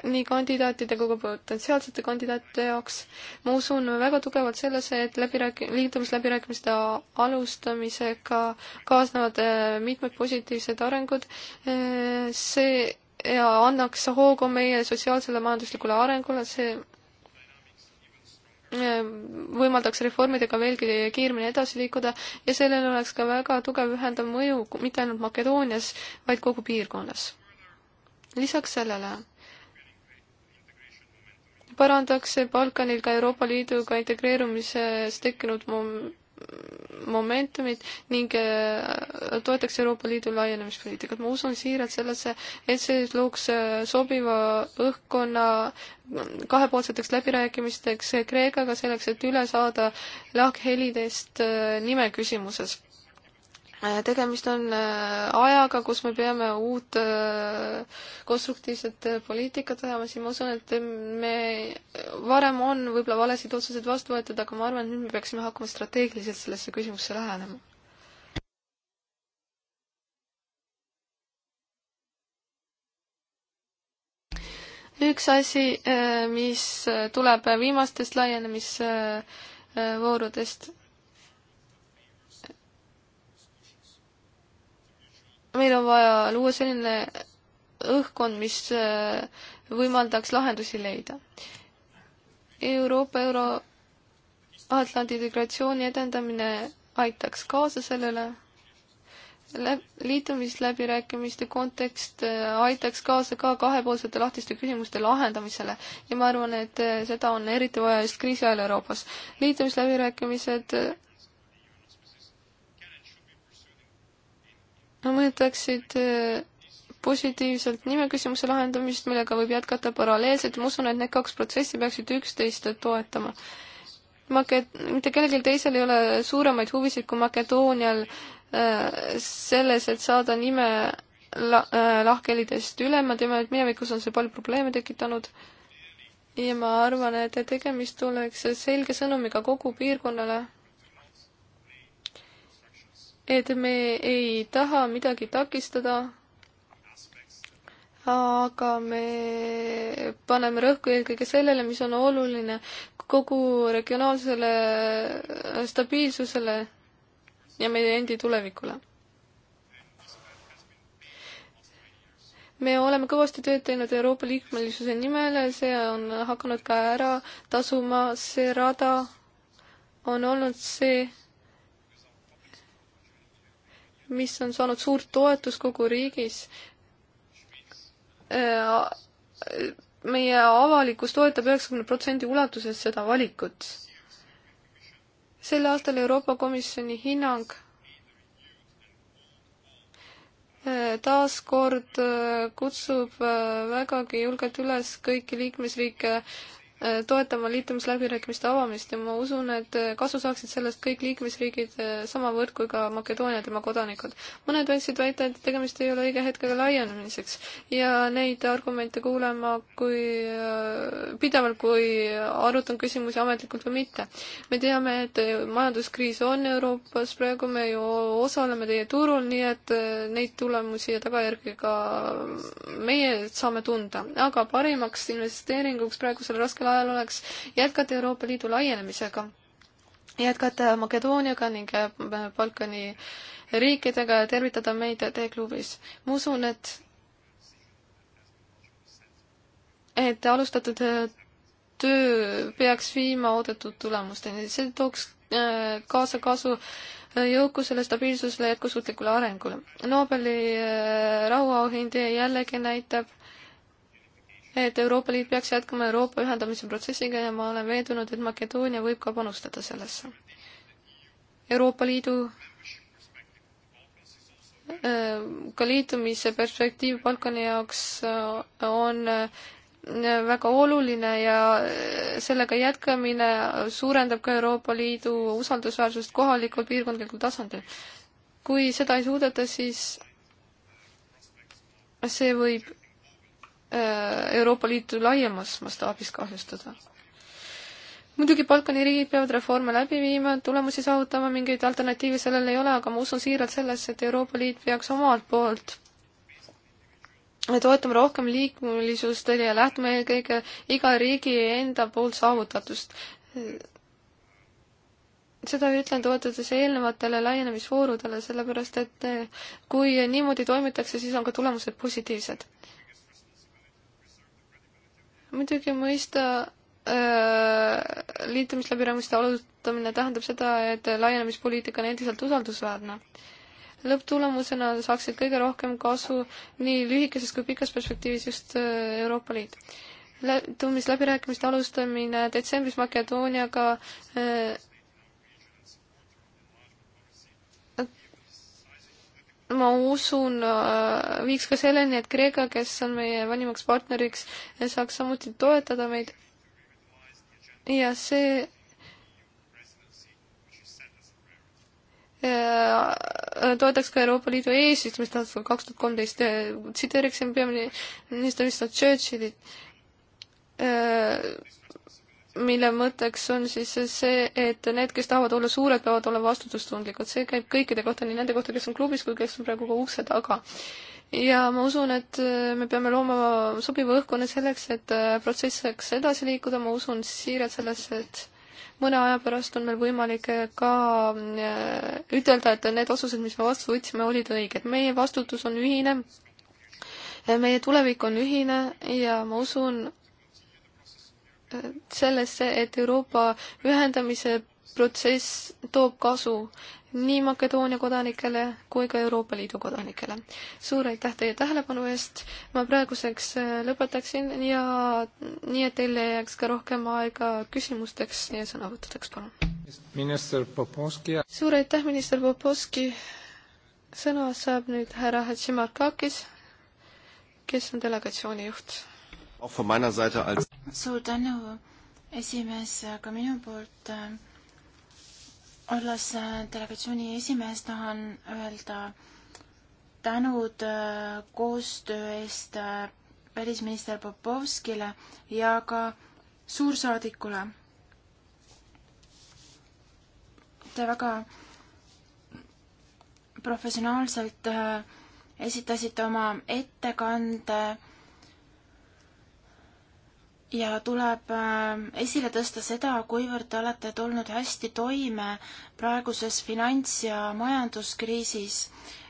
nii kandidaatide kui ka potentsiaalsete kandidaatide jaoks. ma usun väga tugevalt sellesse, et läbirääki-, liitumisläbirääkimiste alustamisega kaasnevad eh, mitmed positiivsed arengud. Eh, see ja annaks hoogu meie sotsiaalsele majanduslikule arengule, see võimaldaks reformidega veelgi kiiremini edasi liikuda ja sellel oleks ka väga tugev ühendav mõju mitte ainult Makedoonias, vaid kogu piirkonnas. lisaks sellele parandaks see Balkanil ka Euroopa Liiduga integreerumises tekkinud mom-, momentumit ning äh, toetaks Euroopa Liidu laienemispoliitikat. ma usun siiralt sellesse, et see looks äh, sobiva õhkkonna kahepoolseteks läbirääkimisteks Kreekaga selleks, et üle saada lahkhelidest äh, nime küsimuses. Äh, tegemist on äh, ajaga, kus me peame uut äh, konstruktiivset poliitikat ajama, siin ma usun, et me, varem on võib-olla valesid otsuseid vastu võetud, aga ma arvan, et nüüd me peaksime hakkama strateegiliselt sellesse küsimusse lähenema. üks asi, mis tuleb viimastest laienemisvoorudest meil on vaja luua selline õhkkond, mis äh, võimaldaks lahendusi leida. Euroopa Euro-Atlandi integratsiooni edendamine aitaks kaasa sellele Läb, liitumisläbirääkimiste kontekst äh, aitaks kaasa ka kahepoolsete lahtiste küsimuste lahendamisele ja ma arvan, et äh, seda on eriti vaja just kriisi ajal Euroopas. liitumisläbirääkimised mõjutaksid äh, positiivselt nimeküsimuse lahendamist, millega võib jätkata paralleelselt ja ma usun, et need kaks protsessi peaksid üksteist toetama. Maket-, mitte kellelgi teisel ei ole suuremaid huvisid kui Makedoonial äh, selles, et saada nime la-, äh, lahkhelidest üle, ma tean, et minevikus on see palju probleeme tekitanud ja ma arvan, et tegemist oleks selge sõnumiga kogu piirkonnale et me ei taha midagi takistada, aga me paneme rõhku eelkõige sellele, mis on oluline kogu regionaalsele äh, stabiilsusele ja meie endi tulevikule. me oleme kõvasti tööd teinud Euroopa liikmelisuse nimel, see on hakanud ka ära tasuma, see rada on olnud see, mis on saanud suurt toetust kogu riigis. Äh, meie avalikkus toetab üheksakümne protsendi ulatuses seda valikut. sel aastal Euroopa Komisjoni hinnang äh, taaskord äh, kutsub vägagi julgelt üles kõiki liikmesriike Äh, toetama liitumisläbirääkimiste avamist ja ma usun, et äh, kasu saaksid sellest kõik liikmesriigid äh, samavõrd kui ka Makedoonia tema kodanikud. mõned võiksid väita, et tegemist ei ole õige hetkega laienemiseks ja neid argumente kuulema kui pidevalt, kui arutan küsimusi ametlikult või mitte. me teame, et majanduskriis on Euroopas, praegu me ju osaleme teie turul, nii et neid tulemusi ja tagajärgi ka meie saame tunda, aga parimaks investeeringuks praegusel raskel ajal oleks jätkata Euroopa Liidu laienemisega, jätkata Makedooniaga ning äh, Balkani riikidega ja tervitada meid T-klubis. ma usun, et et alustatud äh, töö peaks viima oodatud tulemusteni, see tooks äh, kaasa kasu jõukusele, stabiilsusele, jätkusuutlikule arengule. Nobeli rahuauhind jällegi näitab, et Euroopa Liit peaks jätkama Euroopa ühendamise protsessiga ja ma olen veendunud, et Makedoonia võib ka panustada sellesse. Euroopa Liidu äh, ka liitumise perspektiiv Balkani jaoks äh, on äh, väga oluline ja sellega jätkamine suurendab ka Euroopa Liidu usaldusväärsust kohalikul piirkondlikul tasandil. kui seda ei suudeta, siis see võib Äh, Euroopa Liitu laiemas mastaabis kahjustada. muidugi Balkani riigid peavad reforme läbi viima, tulemusi saavutama, mingeid alternatiive sellel ei ole, aga ma usun siiralt sellesse, et Euroopa Liit peaks omalt poolt toetama rohkem liikmelisust ja lähtuma eelkõige iga riigi enda poolt saavutatust. seda ütlen toetudes eelnevatele laienemisvoorudele, sellepärast et kui niimoodi toimitakse, siis on ka tulemused positiivsed muidugi mõista äh, liitumisläbirääkimiste alustamine tähendab seda, et laienemispoliitika on endiselt usaldusväärne. lõpptulemusena saaksid kõige rohkem kasu nii lühikeses kui pikas perspektiivis just äh, Euroopa Liit. tuumisläbirääkimiste alustamine detsembris Makedooniaga äh, ma usun, äh, viiks ka selleni, et Kreeka, kes on meie vanimaks partneriks, saaks samuti toetada meid. ja see äh, toetaks ka Euroopa Liidu eesistumist aastal kaks tuhat kolmteist, tsiteeriksin peaminister Winston Churchillit äh, mille mõtteks on siis see, et need, kes tahavad olla suured, peavad olema vastutustundlikud. see käib kõikide kohta, nii nende kohta, kes on klubis, kui kes on praegu ka ukse taga. ja ma usun, et me peame looma sobiva õhkkonna selleks, et protsess saaks edasi liikuda, ma usun siiralt sellesse, et mõne aja pärast on meil võimalik ka äh, ütelda, et need otsused, mis me vastu võtsime, olid õiged. meie vastutus on ühine, meie tulevik on ühine ja ma usun, sellesse, et Euroopa ühendamise protsess toob kasu nii Makedoonia kodanikele kui ka Euroopa Liidu kodanikele. suur aitäh teie tähelepanu eest, ma praeguseks äh, lõpetaksin ja nii, et teile jääks ka rohkem aega küsimusteks ja sõnavõttudeks, palun. minister Popovski. suur aitäh, minister Popovski. sõna saab nüüd härra Hatsimarkakis, kes on delegatsiooni juht auch von meiner Seite als suur tänu, esimees, ka minu poolt. Äh, olles äh, delegatsiooni esimees, tahan öelda tänud äh, koostöö eest välisminister Popovskile ja ka suursaadikule. Te väga professionaalselt esitasite oma ettekande ja tuleb äh, esile tõsta seda, kuivõrd te olete tulnud hästi toime praeguses finants- ja majanduskriisis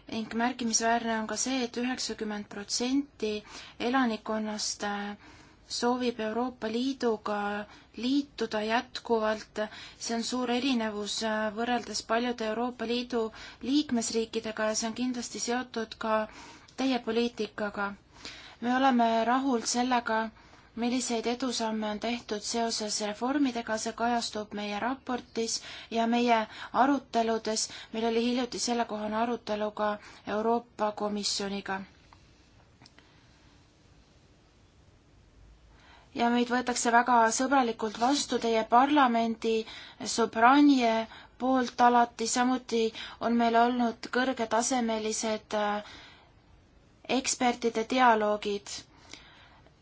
ning märkimisväärne on ka see et, et üheksakümmend protsenti elanikkonnast äh, soovib Euroopa Liiduga liituda jätkuvalt. see on suur erinevus äh, võrreldes paljude Euroopa Liidu liikmesriikidega ja see on kindlasti seotud ka teie poliitikaga. me oleme rahul sellega, milliseid edusamme on tehtud seoses reformidega, see kajastub meie raportis ja meie aruteludes. meil oli hiljuti sellekohane arutelu ka Euroopa Komisjoniga. ja meid võetakse väga sõbralikult vastu teie parlamendi sõbranje poolt alati, samuti on meil olnud kõrgetasemelised äh, ekspertide dialoogid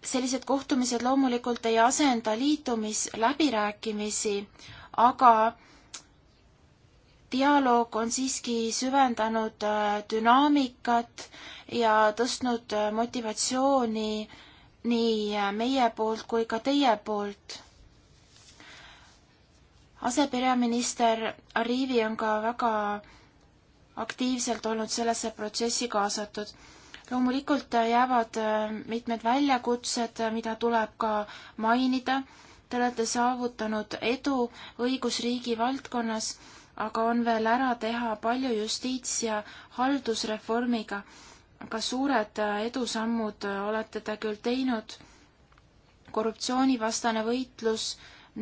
sellised kohtumised loomulikult ei asenda liitumisläbirääkimisi, aga dialoog on siiski süvendanud äh, dünaamikat ja tõstnud äh, motivatsiooni nii äh, meie poolt kui ka teie poolt. asepeaminister Arrivi on ka väga aktiivselt olnud sellesse protsessi kaasatud loomulikult jäävad äh, mitmed väljakutsed, äh, mida tuleb ka mainida. Te olete saavutanud edu õigusriigi valdkonnas, aga on veel ära teha palju justiits- ja haldusreformiga. ka suured äh, edusammud olete te küll teinud. korruptsioonivastane võitlus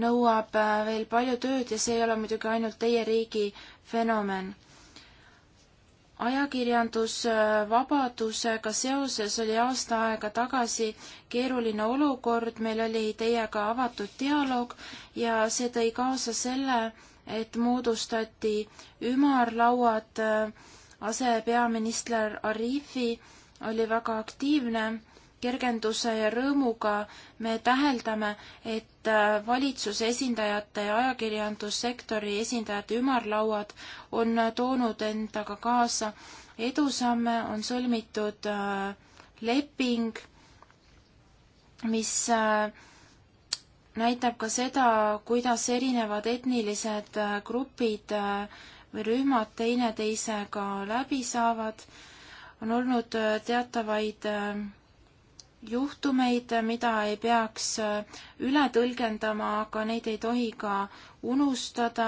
nõuab veel palju tööd ja see ei ole muidugi ainult teie riigi fenomen ajakirjandusvabadusega seoses oli aasta aega tagasi keeruline olukord, meil oli teiega avatud dialoog ja see tõi kaasa selle, et moodustati ümarlauad, äh, asepeaminister Arifi oli väga aktiivne kergenduse ja rõõmuga me täheldame, et äh, valitsuse esindajate ja ajakirjandussektori esindajate ümarlauad on äh, toonud endaga kaasa edusamme, on sõlmitud äh, leping, mis näitab ka seda, kuidas erinevad etnilised grupid või rühmad teineteisega läbi saavad, on olnud teatavaid äh, juhtumeid, mida ei peaks äh, üle tõlgendama, aga neid ei tohi ka unustada.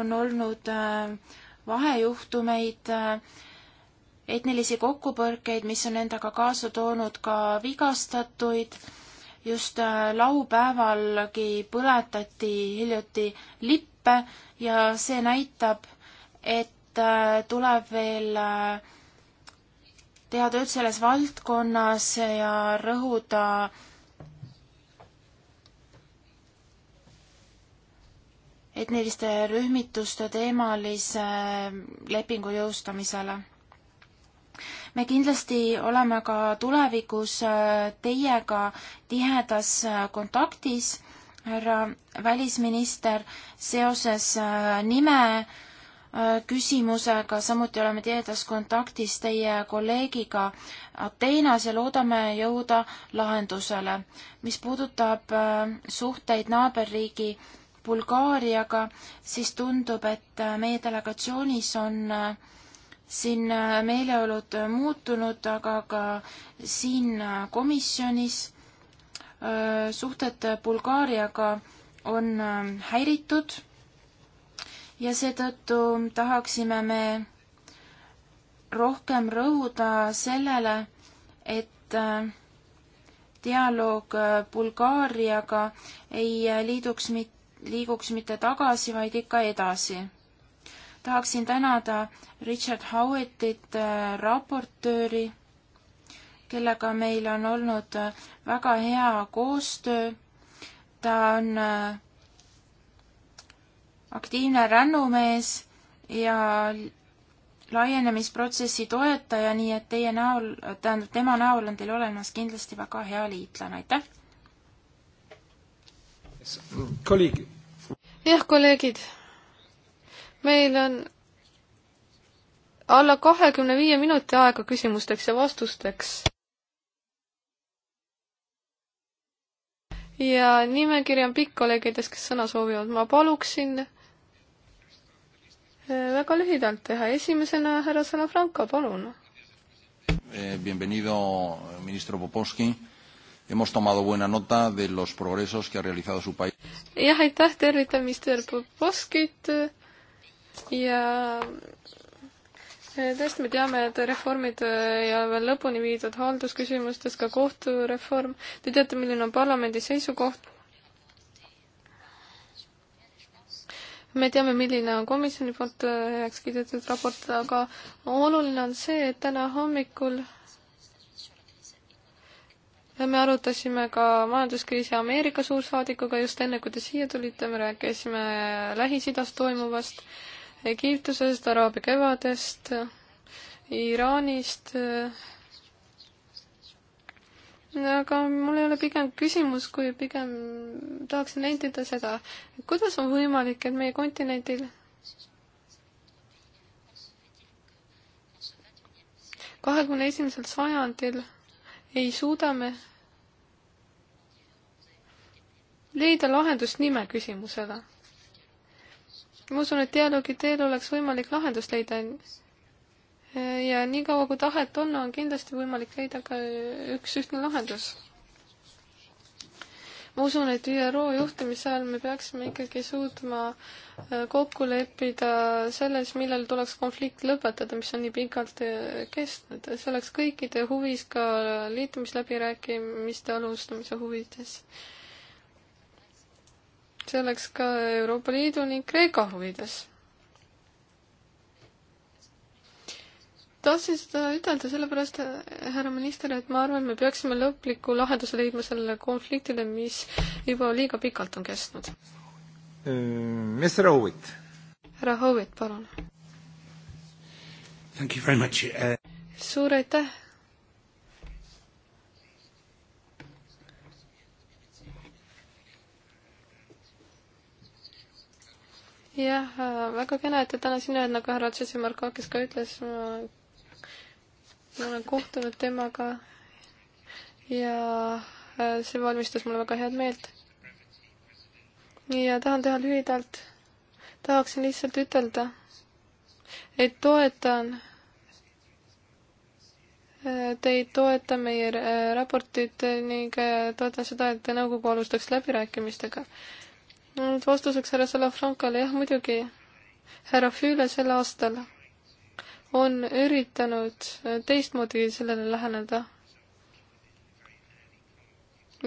on olnud äh, vahejuhtumeid, äh, etnilisi kokkupõrkeid, mis on endaga kaasa toonud ka vigastatuid. just laupäevalgi põletati hiljuti lippe ja see näitab, et tuleb veel äh, teha tööd selles valdkonnas ja rõhuda etniliste rühmituste teemalise lepingu jõustamisele. me kindlasti oleme ka tulevikus teiega tihedas kontaktis, härra välisminister, seoses nime küsimusega, samuti oleme tihedas kontaktis teie kolleegiga Ateenas ja loodame jõuda lahendusele. mis puudutab äh, suhteid naaberriigi Bulgaariaga, siis tundub, et äh, meie delegatsioonis on äh, siin meeleolud muutunud, aga ka siin komisjonis suhted Bulgaariaga on häiritud ja seetõttu tahaksime me rohkem rõhuda sellele, et äh, dialoog äh, Bulgaariaga ei äh, liiduks mit-, liiguks mitte tagasi, vaid ikka edasi. tahaksin tänada Richard Howettit, raportööri, kellega meil on olnud väga hea koostöö. ta on aktiivne rännumees ja laienemisprotsessi toetaja, nii et teie näol, tähendab, tema näol on teil olemas kindlasti väga hea liitlane, aitäh! jah, kolleegid, meil on alla kahekümne viie minuti aega küsimusteks ja vastusteks. ja nimekiri on pikk kolleegidest, kes sõna soovivad, ma paluksin väga lühidalt teha. esimesena härra Salafranco, palun. Eh, bienvenido, ministro Popovski. Hemos tomado buena nota de los progresos que ha realizado su país. jah, aitäh, tervitan minister Popovskit ja eh, tõesti, me teame, et reformid ei eh, ole veel lõpuni viidud haldusküsimustes, ka kohtureform. Te teate, milline on parlamendi seisukoht me teame, milline on komisjoni poolt äh, heaks kiidetud raport, aga oluline on see, et täna hommikul me arutasime ka majanduskriisi Ameerika suursaadikuga just enne, kui te siia tulite, me rääkisime Lähis-Idas toimuvast, Egiptusest, Araabia kevadest, Iraanist aga mul ei ole pigem küsimus, kui pigem tahaksin nentida seda, et kuidas on võimalik, et meie kontinendil kahekümne esimesel sajandil ei suuda me leida lahendust nime küsimusele. ma usun, et dialoogi teel oleks võimalik lahendust leida ja niikaua, kui tahet on, on kindlasti võimalik leida ka üks ühtne lahendus. ma usun, et ÜRO juhtimise ajal me peaksime ikkagi suutma äh, kokku leppida selles, millal tuleks konflikt lõpetada, mis on nii pikalt äh, kestnud. see oleks kõikide huvis, ka liitumisläbirääkimiste alustamise huvides. see oleks ka Euroopa Liidu ning Kreeka huvides tahtsin seda ütelda sellepärast, härra minister, et ma arvan, me peaksime lõpliku lahenduse leidma sellele konfliktile, mis juba liiga pikalt on kestnud. Äh, Mr Howitt. härra Howitt, palun. Äh. suur aitäh. jah, äh, väga kena, et te täna siin olete, nagu härra Tšetšimarkakis ka ütles, ma ma olen kohtunud temaga ja äh, see valmistas mulle väga head meelt. ja tahan teha lühidalt, tahaksin lihtsalt ütelda, et toetan äh, Teid toetan meie äh, raportit ning toetan seda, et nõukogu alustaks läbirääkimistega. nüüd vastuseks härra Salafrankale, jah muidugi, härra Füüle sel aastal on üritanud teistmoodi sellele läheneda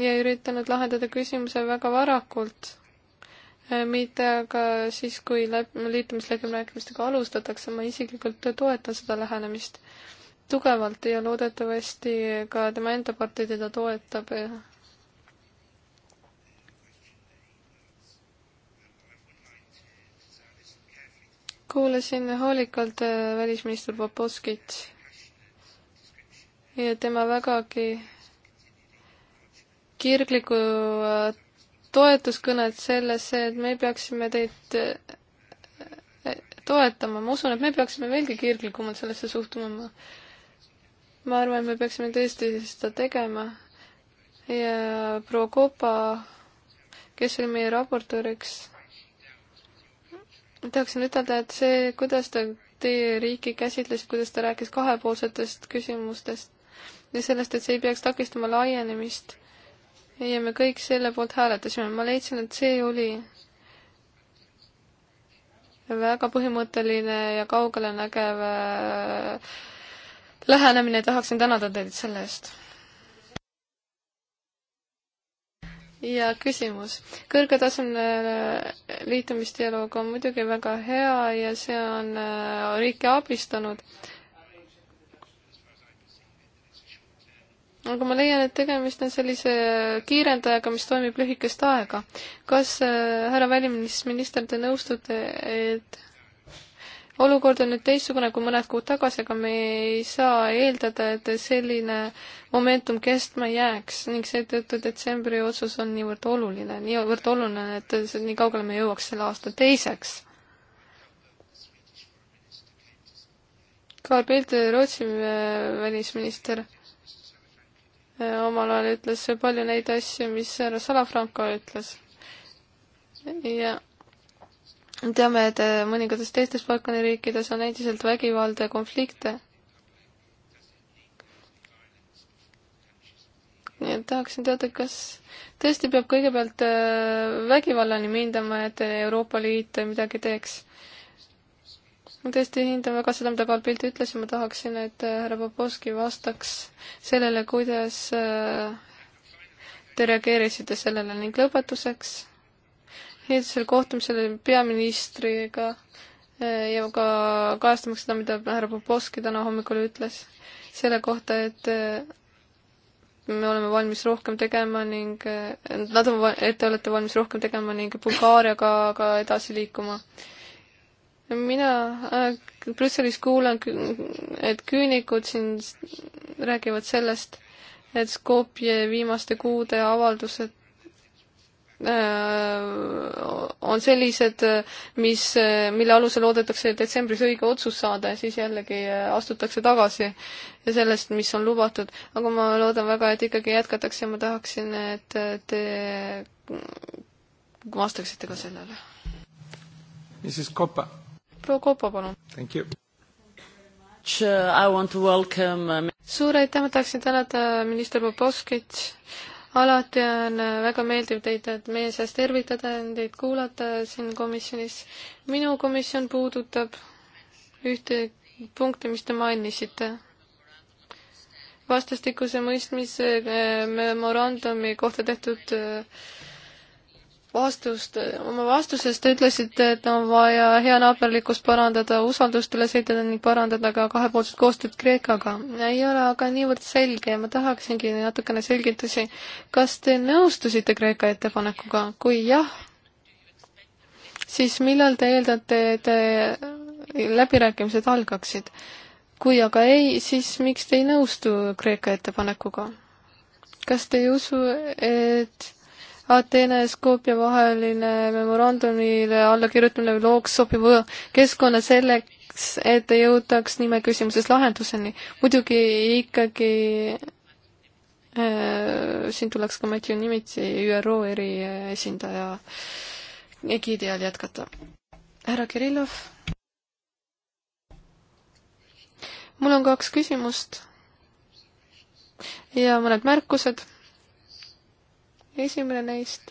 ja üritanud lahendada küsimuse väga varakult, äh, mitte aga siis, kui liitumisläbirääkimistega alustatakse, ma isiklikult toetan seda lähenemist tugevalt ja loodetavasti ka tema enda partei teda toetab kuulasin hoolikalt äh, välisminister Popovskit ja tema vägagi kirglikku äh, toetuskõnet sellesse, et me peaksime teid äh, toetama, ma usun, et me peaksime veelgi kirglikumalt sellesse suhtuma. ma arvan, et me peaksime tõesti seda tegema. ja proua Kopa, kes oli meie raportööriks tahaksin ütelda, et see, kuidas ta teie riiki käsitles, kuidas ta rääkis kahepoolsetest küsimustest ja sellest, et see ei peaks takistama laienemist. ja me kõik selle poolt hääletasime, ma leidsin, et see oli väga põhimõtteline ja kaugelenägev äh, lähenemine, tahaksin tänada teid selle eest ja küsimus. kõrgetasemeline äh, liitumisdialoog on muidugi väga hea ja see on äh, riiki abistanud. aga ma leian, et tegemist on sellise kiirendajaga, mis toimib lühikest aega. kas, äh, härra välisminister, te nõustute, et olukord on nüüd teistsugune kui mõned kuud tagasi, aga me ei saa eeldada, et selline momentum kestma jääks ning seetõttu detsembri otsus on niivõrd oluline, niivõrd oluline, et nii kaugele me jõuaks selle aasta teiseks. Carl Bildt, Rootsi äh, välisminister, äh, omal ajal ütles palju neid asju, mis härra Salafranco ütles. ja teame, et äh, mõningates teistes Balkani riikides on endiselt vägivalda ja konflikte. nii et tahaksin teada, kas tõesti peab kõigepealt äh, vägivallani mindama, et Euroopa Liit midagi teeks? ma tõesti hindan väga seda, mida Karl Pilt ütles ja ma tahaksin, et äh, härra Popovski vastaks sellele, kuidas te reageerisite sellele ning lõpetuseks eilsel kohtumisel peaministriga eh, ja ka kajastamaks seda, mida härra Popovski täna hommikul ütles selle kohta, et eh, me oleme valmis rohkem tegema ning eh, nad on, et te olete valmis rohkem tegema ning Bulgaariaga ka edasi liikuma. mina äh, Brüsselis kuulan, et küünikud siin räägivad sellest, et Skopje viimaste kuude avaldused Äh, on sellised, mis, mille alusel loodetakse detsembris õige otsus saada ja siis jällegi äh, astutakse tagasi sellest, mis on lubatud. aga ma loodan väga, et ikkagi jätkatakse ja ma tahaksin, et te vastaksite ka sellele. Mrs Kopa. proua Kopa, palun. Thank you. I want to welcome uh, suur aitäh, ma tahaksin tänada äh, minister Popovskit alati on äh, väga meeldiv teid meie seas tervitada ja teid kuulata siin komisjonis. minu komisjon puudutab ühte punkti, mis te mainisite vastastikuse mõistmise äh, memorandumi kohta tehtud äh, vastust, oma vastuses te ütlesite, et on vaja heanaaberlikkust parandada, usaldust üles ehitada ning parandada ka kahepoolset koostööd Kreekaga. ei ole aga niivõrd selge ja ma tahaksingi natukene selgitusi. kas te nõustusite Kreeka ettepanekuga? kui jah, siis millal te eeldate, et läbirääkimised algaksid? kui aga ei, siis miks te ei nõustu Kreeka ettepanekuga? kas te ei usu, et Ateena ja Skopje vaheline memorandumile allakirjutamine looks sobiva keskkonna selleks, et jõutaks nime küsimuses lahenduseni. muidugi ikkagi äh, siin tuleks ka Matthew Nimitsi, ÜRO eriesindaja egiidi all jätkata. härra Kirillov? mul on kaks küsimust ja mõned märkused esimene neist.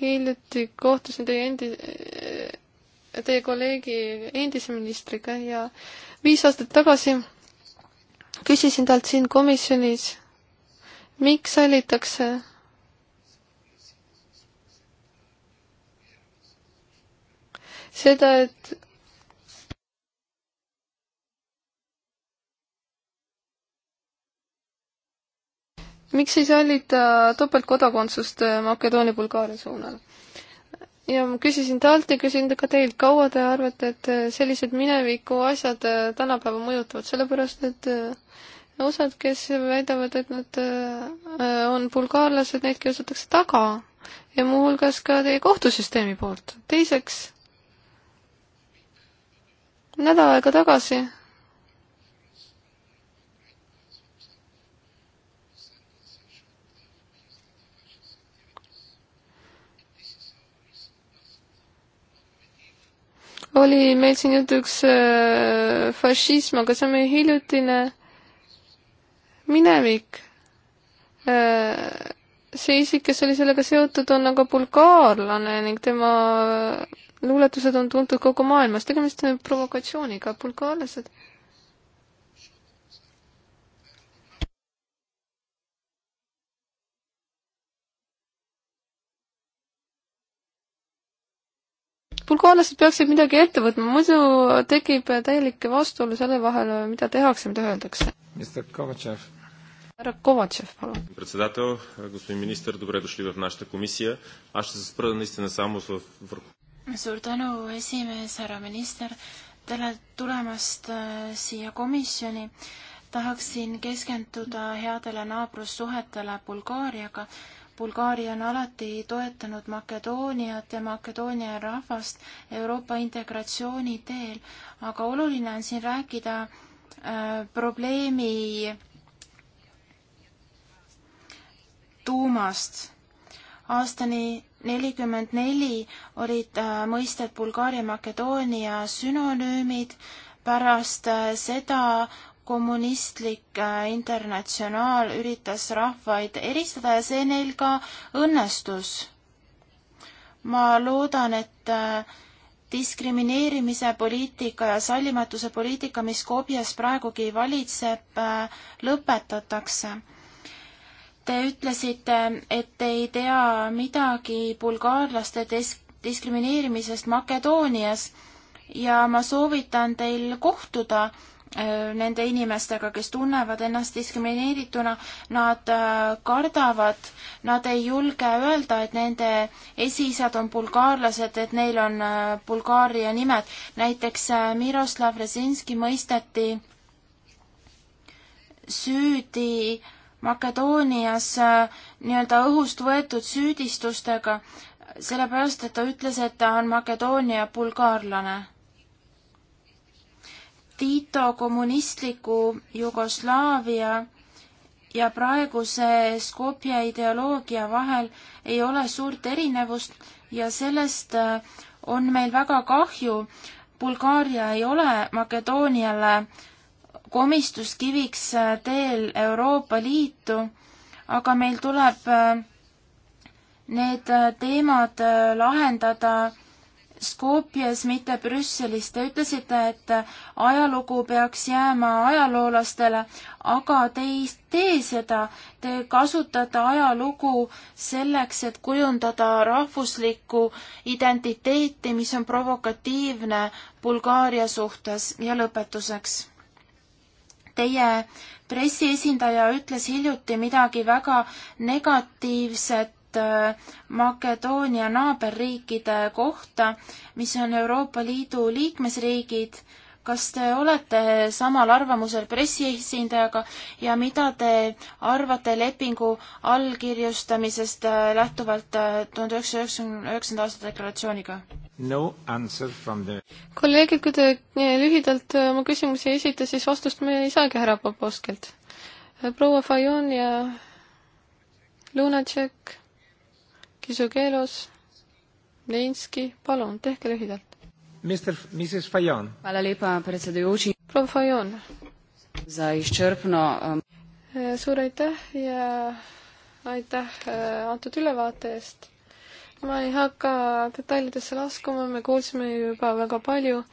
hiljuti kohtusin teie endi, teie kolleegi endise ministriga ja viis aastat tagasi küsisin talt siin komisjonis, miks säilitakse seda, et miks ei sallita topeltkodakondsust äh, Makedoonia Bulgaaria suunal? ja ma küsisin talt ja küsin ka teilt, kaua te arvate, et äh, sellised mineviku asjad äh, tänapäeva mõjutavad, sellepärast et osad, kes väidavad, et nad on bulgaarlased, neid kiusatakse taga ja muuhulgas ka teie kohtusüsteemi poolt. teiseks, nädal aega tagasi oli meil siin jutuks äh, fašism, aga see on meie hiljutine minevik. Äh, see isik, kes oli sellega seotud, on aga bulgaarlane ning tema luuletused on tuntud kogu maailmas, tegemist on provokatsiooniga, bulgaarlased algkoollased peaksid midagi ette võtma, muidu tekib täielik vastuolu selle vahel, mida tehakse, mida öeldakse. härra Kovatšev, palun. председател, господин министer, tere tulemast в нашата комисия. Аз ще се спра наистина само в suur tänu, esimees, härra minister, tere tulemast äh, siia komisjoni. tahaksin keskenduda headele naabrussuhetele Bulgaariaga Bulgaaria on alati toetanud Makedooniat ja Makedoonia rahvast Euroopa integratsiooni teel, aga oluline on siin rääkida äh, probleemi tuumast. aastani nelikümmend neli olid äh, mõisted Bulgaaria, Makedoonia sünonüümid, pärast äh, seda kommunistlik äh, internatsionaal üritas rahvaid eristada ja see neil ka õnnestus. ma loodan, et äh, diskrimineerimise poliitika ja sallimatuse poliitika, mis Kobjas praegugi valitseb, äh, lõpetatakse. Te ütlesite, et te ei tea midagi bulgaarlaste diskrimineerimisest Makedoonias ja ma soovitan teil kohtuda Äh, nende inimestega, kes tunnevad ennast diskrimineerituna, nad äh, kardavad, nad ei julge öelda, et nende esiisad on bulgaarlased, et neil on äh, Bulgaaria nimed. näiteks Miroslav Rezinski mõisteti süüdi Makedoonias nii-öelda õhust võetud süüdistustega, sellepärast et ta ütles, et ta on Makedoonia bulgaarlane Tito kommunistliku Jugoslaavia ja praeguse Skopje ideoloogia vahel ei ole suurt erinevust ja sellest äh, on meil väga kahju. Bulgaaria ei ole Makedooniale komistuskiviks äh, teel Euroopa Liitu, aga meil tuleb äh, need teemad lahendada Skopjes, mitte Brüsselis. Te ütlesite, et ajalugu peaks jääma ajaloolastele, aga te ei tee seda. Te kasutate ajalugu selleks, et kujundada rahvuslikku identiteeti, mis on provokatiivne Bulgaaria suhtes ja lõpetuseks. Teie pressiesindaja ütles hiljuti midagi väga negatiivset Äh, Makedoonia naaberriikide kohta, mis on Euroopa Liidu liikmesriigid. kas te olete samal arvamusel pressiesindajaga ja mida te arvate lepingu allkirjustamisest äh, lähtuvalt äh, tuhande üheksasaja üheksakümne üheksanda aasta deklaratsiooniga? no answer from the kolleegid, kui te eh, lühidalt oma küsimusi ei esita, siis vastust me ei saagi härra Popovskilt. proua Fajon ja Lunatšek Kizukeelos, Neinski, palun, tehke lühidalt. Mister, Mrs Fajon. proua Fajon. Um, eh, suur aitäh ja aitäh eh, antud ülevaate eest ma ei hakka detailidesse laskuma, me kuulsime juba väga palju.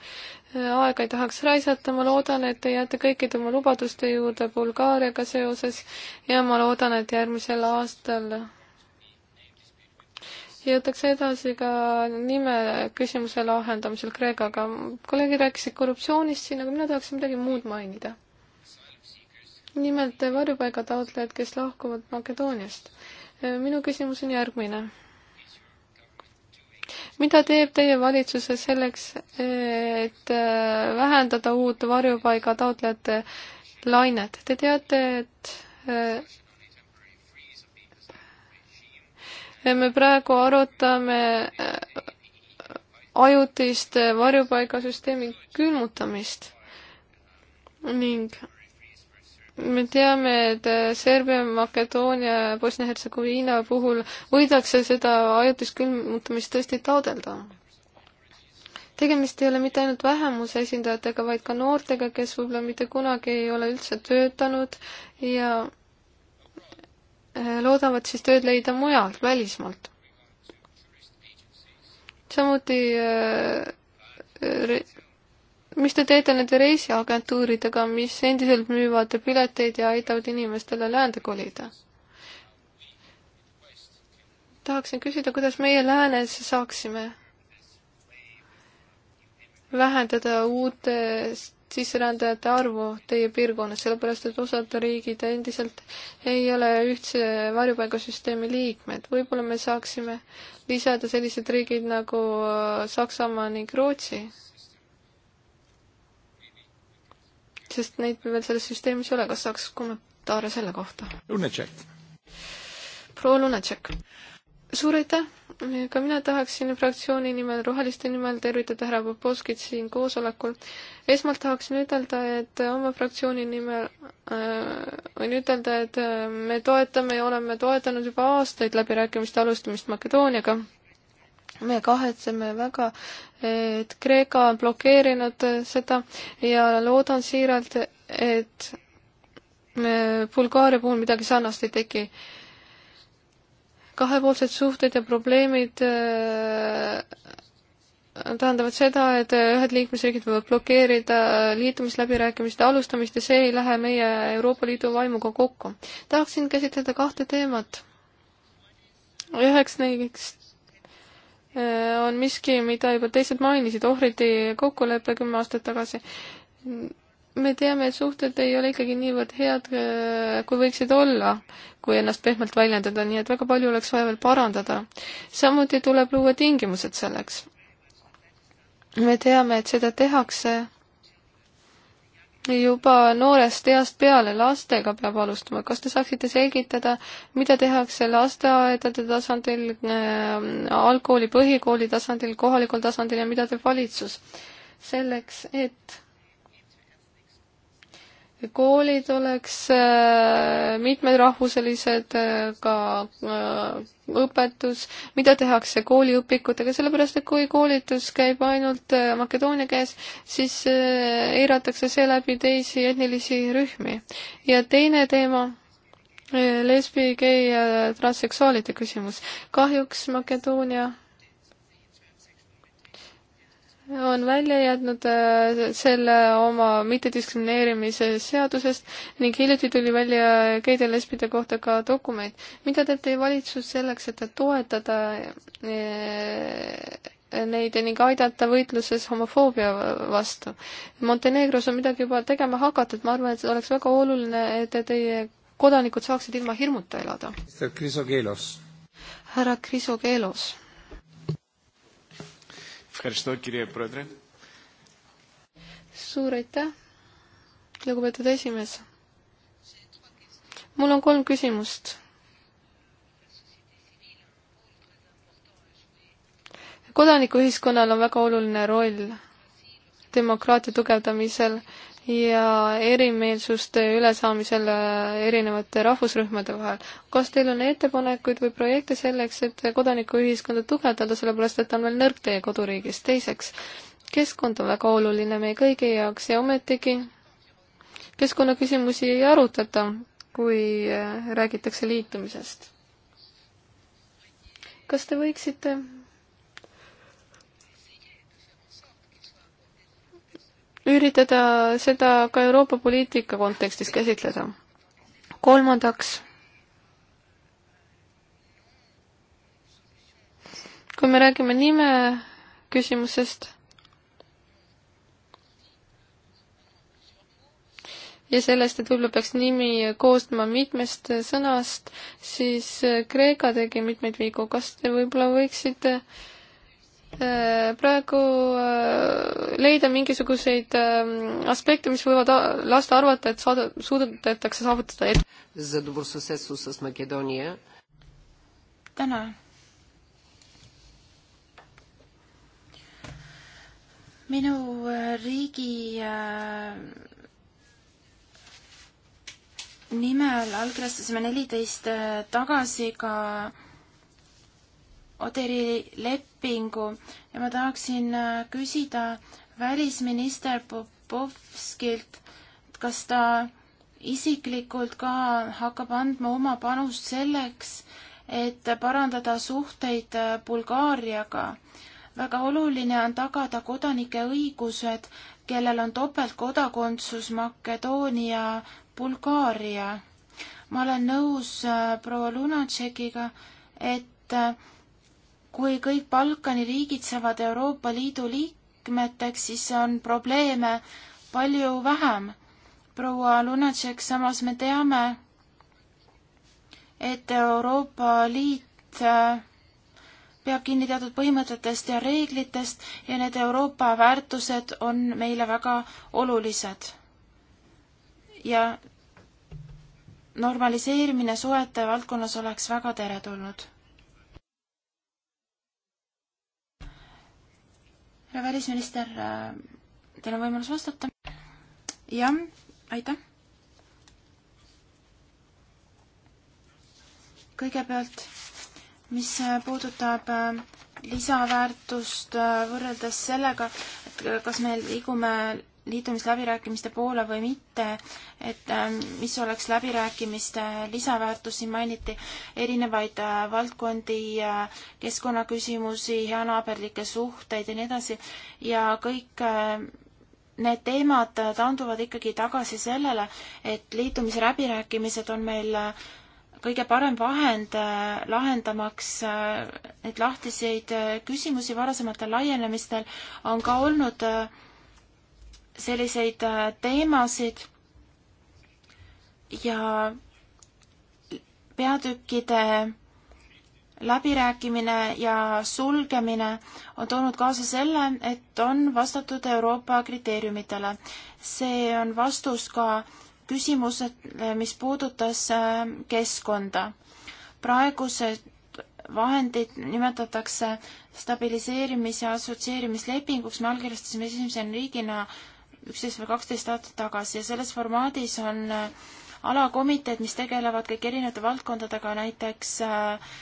Eh, aega ei tahaks raisata, ma loodan, et te jääte kõikide oma lubaduste juurde Bulgaariaga seoses ja ma loodan, et järgmisel aastal jõutakse edasi ka nime küsimuse lahendamisel Kreekaga. kolleegid rääkisid korruptsioonist siin, aga mina tahaksin midagi muud mainida. nimelt varjupaigataotlejad, kes lahkuvad Makedooniast. minu küsimus on järgmine. mida teeb teie valitsus selleks, et vähendada uut varjupaigataotlejate lainet? Te teate, et me praegu arutame äh, ajutist varjupaigasüsteemi külmutamist ning me teame, et Serbia, Makedoonia ja Bosnia-Hertsegoviina puhul võidakse seda ajutist külmutamist tõesti taodelda. tegemist ei ole mitte ainult vähemuse esindajatega, vaid ka noortega, kes võib-olla mitte kunagi ei ole üldse töötanud ja Eh, loodavad siis tööd leida mujalt, välismaalt. samuti eh, eh, mis te teete nende reisiagentuuridega, mis endiselt müüvad pileteid ja aitavad inimestele läände kolida? tahaksin küsida, kuidas meie läänes saaksime vähendada uutest sisserändajate arvu teie piirkonnas, sellepärast et osad riigid endiselt ei ole ühtse varjupaigasüsteemi liikmed. võib-olla me saaksime lisada sellised riigid nagu äh, Saksamaa ning Rootsi, sest neid veel selles süsteemis ei ole. kas saaks kommentaare selle kohta? proua Lunatšek suur aitäh! ka mina tahaksin fraktsiooni nimel, Roheliste nimel tervitada härra Popovskit siin koosolekul. esmalt tahaksin ütelda, et oma fraktsiooni nimel äh, võin ütelda, et äh, me toetame ja oleme toetanud juba aastaid läbirääkimiste alustamist Makedooniaga. me kahetseme väga, et Kreeka on blokeerinud seda ja loodan siiralt, et äh, Bulgaaria puhul midagi sarnast ei teki kahepoolsed suhted ja probleemid äh, tähendavad seda, et ühed liikmesriigid võivad blokeerida liitumisläbirääkimiste alustamist ja see ei lähe meie Euroopa Liidu vaimuga kokku. tahaksin käsitleda kahte teemat. üheks neist äh, on miski, mida juba teised mainisid, ohvriti kokkulepe kümme aastat tagasi me teame, et suhted ei ole ikkagi niivõrd head, äh, kui võiksid olla, kui ennast pehmelt väljendada, nii et väga palju oleks vaja veel parandada. samuti tuleb luua tingimused selleks. me teame, et seda tehakse juba noorest east peale, lastega peab alustama. kas te saaksite selgitada, mida tehakse lasteaedade tasandil äh,, algkooli, põhikooli tasandil, kohalikul tasandil ja mida teeb valitsus selleks, et koolid oleks äh, mitmerahvuselised, äh, ka äh, õpetus, mida tehakse kooliõpikutega, sellepärast et kui koolitus käib ainult Makedoonia käes, siis eiratakse seeläbi teisi etnilisi rühmi. ja teine teema, lesbi, gei ja transseksuaalide küsimus. kahjuks Makedoonia on välja jätnud äh, selle oma mittediskrimineerimise seadusest ning hiljuti tuli välja geide lesbide kohta ka dokument. mida teeb teie valitsus selleks, et toetada äh, neid ning aidata võitluses homofoobia vastu? Montenegros on midagi juba tegema hakatud, ma arvan, et oleks väga oluline, et teie kodanikud saaksid ilma hirmuta elada. härra Krisokeelos Ευχαριστώ κύριε Πρόεδρε. suur aitäh, lugupeetud esimees. mul on kolm küsimust. kodanikuühiskonnal on väga oluline roll demokraatia tugevdamisel ja erimeelsuste ülesaamisel äh, erinevate rahvusrühmade vahel. kas teil on ettepanekuid või projekte selleks, et kodanikuühiskonda tugevdada, sellepärast et ta on veel nõrk teie koduriigis? teiseks, keskkond on väga oluline meie kõigi jaoks ja ometigi keskkonnaküsimusi ei arutata, kui äh, räägitakse liitumisest. kas te võiksite üritada seda ka Euroopa poliitika kontekstis käsitleda. kolmandaks, kui me räägime nime küsimusest ja sellest, et võib-olla peaks nimi koostama mitmest sõnast, siis Kreeka tegi mitmeid vigu, kas te võib-olla võiksite äh, Äh, praegu äh, leida mingisuguseid ähm, aspekte, mis võivad lasta arvata, et saada, suudetakse saavutada edu. tänan. minu äh, riigi nimel allkirjastasime neliteist tagasi ka Oderi lepingu ja ma tahaksin äh, küsida välisminister Popovskilt, et kas ta isiklikult ka hakkab andma oma panust selleks, et parandada suhteid äh, Bulgaariaga. väga oluline on tagada kodanike õigused, kellel on topeltkodakondsus Makedoonia, Bulgaaria. ma olen nõus äh, proua Lunatšekiga, et kui kõik Balkani riigid saavad Euroopa Liidu liikmeteks, siis on probleeme palju vähem. proua Lunatšek, samas me teame, et Euroopa Liit äh, peab kinni teatud põhimõtetest ja reeglitest ja need Euroopa väärtused on meile väga olulised. ja normaliseerimine suhete valdkonnas oleks väga teretulnud härra välisminister, äh, teil on võimalus vastata. jah, aitäh. kõigepealt, mis äh, puudutab äh, lisaväärtust võrreldes sellega, et kas me liigume liitumisläbirääkimiste poole või mitte, et ähm, mis oleks läbirääkimiste lisaväärtus, siin mainiti erinevaid äh, valdkondi, äh, keskkonnaküsimusi, heanaaberlikke suhteid ja nii edasi ja kõik äh, need teemad taanduvad ikkagi tagasi sellele, et liitumisläbirääkimised on meil kõige parem vahend lahendamaks neid lahtiseid küsimusi varasematel laienemistel on ka olnud äh, selliseid äh, teemasid ja peatükkide läbirääkimine ja sulgemine on toonud kaasa selle, et on vastatud Euroopa kriteeriumitele. see on vastus ka küsimusele, mis puudutas äh, keskkonda. praegused vahendid nimetatakse stabiliseerimis- ja assotsieerimislepinguks, me allkirjastasime esimese riigina üksteist või kaksteist aastat tagasi ja selles formaadis on äh, alakomiteed, mis tegelevad kõik erinevate valdkondadega, näiteks äh,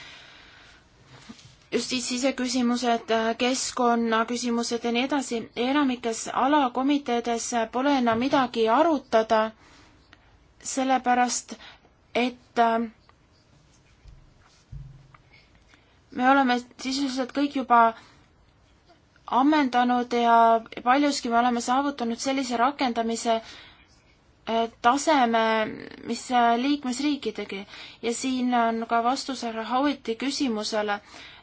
justiitssiseküsimused, äh, keskkonnaküsimused ja nii edasi. enamikes alakomiteedes pole enam midagi arutada, sellepärast et me oleme sisuliselt kõik juba ammendanud ja paljuski me oleme saavutanud sellise rakendamise äh, taseme, mis äh, liikmesriikidegi. ja siin on ka vastus härra Howiti küsimusele,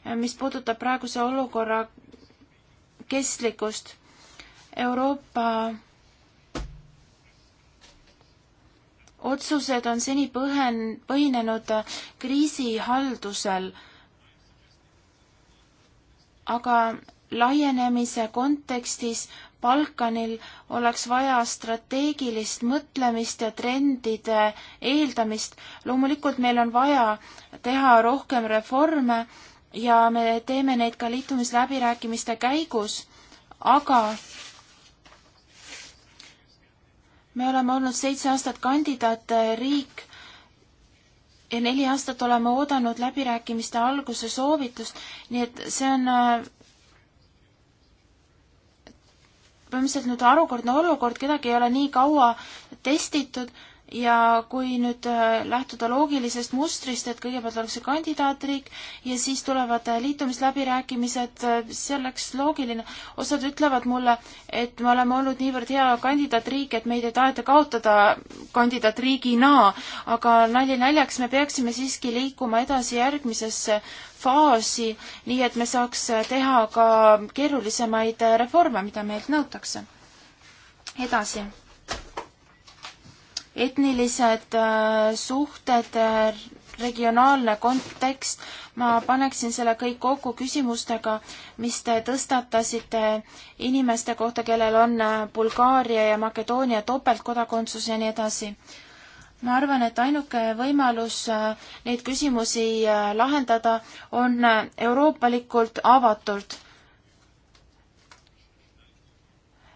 äh, mis puudutab praeguse olukorra kestlikkust. Euroopa otsused on seni põhen-, põhinenud kriisihaldusel, aga laienemise kontekstis Balkanil oleks vaja strateegilist mõtlemist ja trendide eeldamist. loomulikult meil on vaja teha rohkem reforme ja me teeme neid ka liitumisläbirääkimiste käigus, aga me oleme olnud seitse aastat kandidaatriik ja neli aastat oleme oodanud läbirääkimiste alguse soovitust, nii et see on äh, põhimõtteliselt nüüd harukordne olukord, kedagi ei ole nii kaua testitud ja kui nüüd äh, lähtuda loogilisest mustrist, et kõigepealt oleks see kandidaatriik ja siis tulevad äh, liitumisläbirääkimised, äh, see oleks loogiline. osad ütlevad mulle, et me oleme olnud niivõrd hea kandidaatriik, et meid ei taheta kaotada kandidaatriigina, aga nali naljaks, me peaksime siiski liikuma edasi järgmisesse faasi, nii et me saaks teha ka keerulisemaid reforme, mida meilt nõutakse. edasi etnilised äh, suhted, äh, regionaalne kontekst, ma paneksin selle kõik kokku küsimustega, mis te tõstatasite inimeste kohta, kellel on äh, Bulgaaria ja Makedoonia topeltkodakondsus ja nii edasi. ma arvan, et ainuke võimalus neid küsimusi lahendada on euroopalikult avatult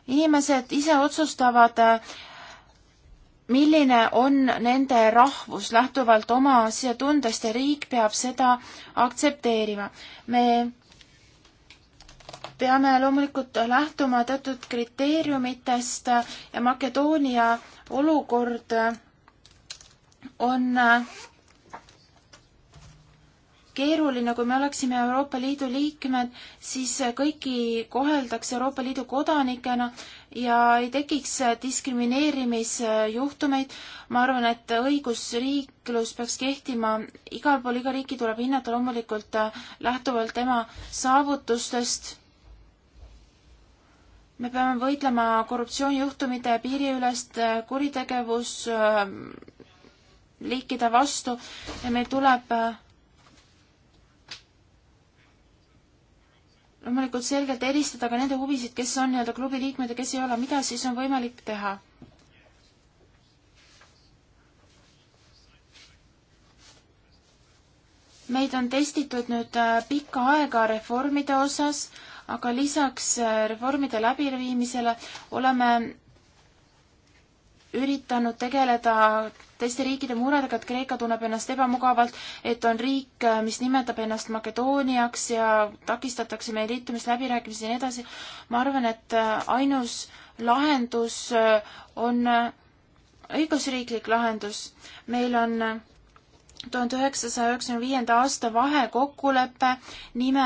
inimesed ise otsustavad, milline on nende rahvus lähtuvalt oma asjatundest ja riik peab seda aktsepteerima. me peame loomulikult lähtuma teatud kriteeriumitest ja Makedoonia olukord on keeruline, kui me oleksime Euroopa Liidu liikmed, siis kõiki koheldaks Euroopa Liidu kodanikena ja ei tekiks diskrimineerimisjuhtumeid. ma arvan, et õigusriiklus peaks kehtima igal pool, iga riiki tuleb hinnata loomulikult lähtuvalt tema saavutustest. me peame võitlema korruptsioonijuhtumite piiriülest kuritegevus ähm, liikide vastu ja meil tuleb äh, loomulikult selgelt eristada ka nende huvisid, kes on nii-öelda klubi liikmed ja kes ei ole, mida siis on võimalik teha? meid on testitud nüüd äh, pikka aega reformide osas, aga lisaks äh, reformide läbiviimisele oleme üritanud tegeleda teiste riikide muredega, et Kreeka tunneb ennast ebamugavalt, et on riik, äh, mis nimetab ennast Makedooniaks ja takistatakse meie liitumisläbirääkimisi ja nii edasi. ma arvan, et äh, ainus lahendus äh, on õigusriiklik lahendus. meil on tuhande üheksasaja üheksakümne viienda aasta vahekokkulepe nime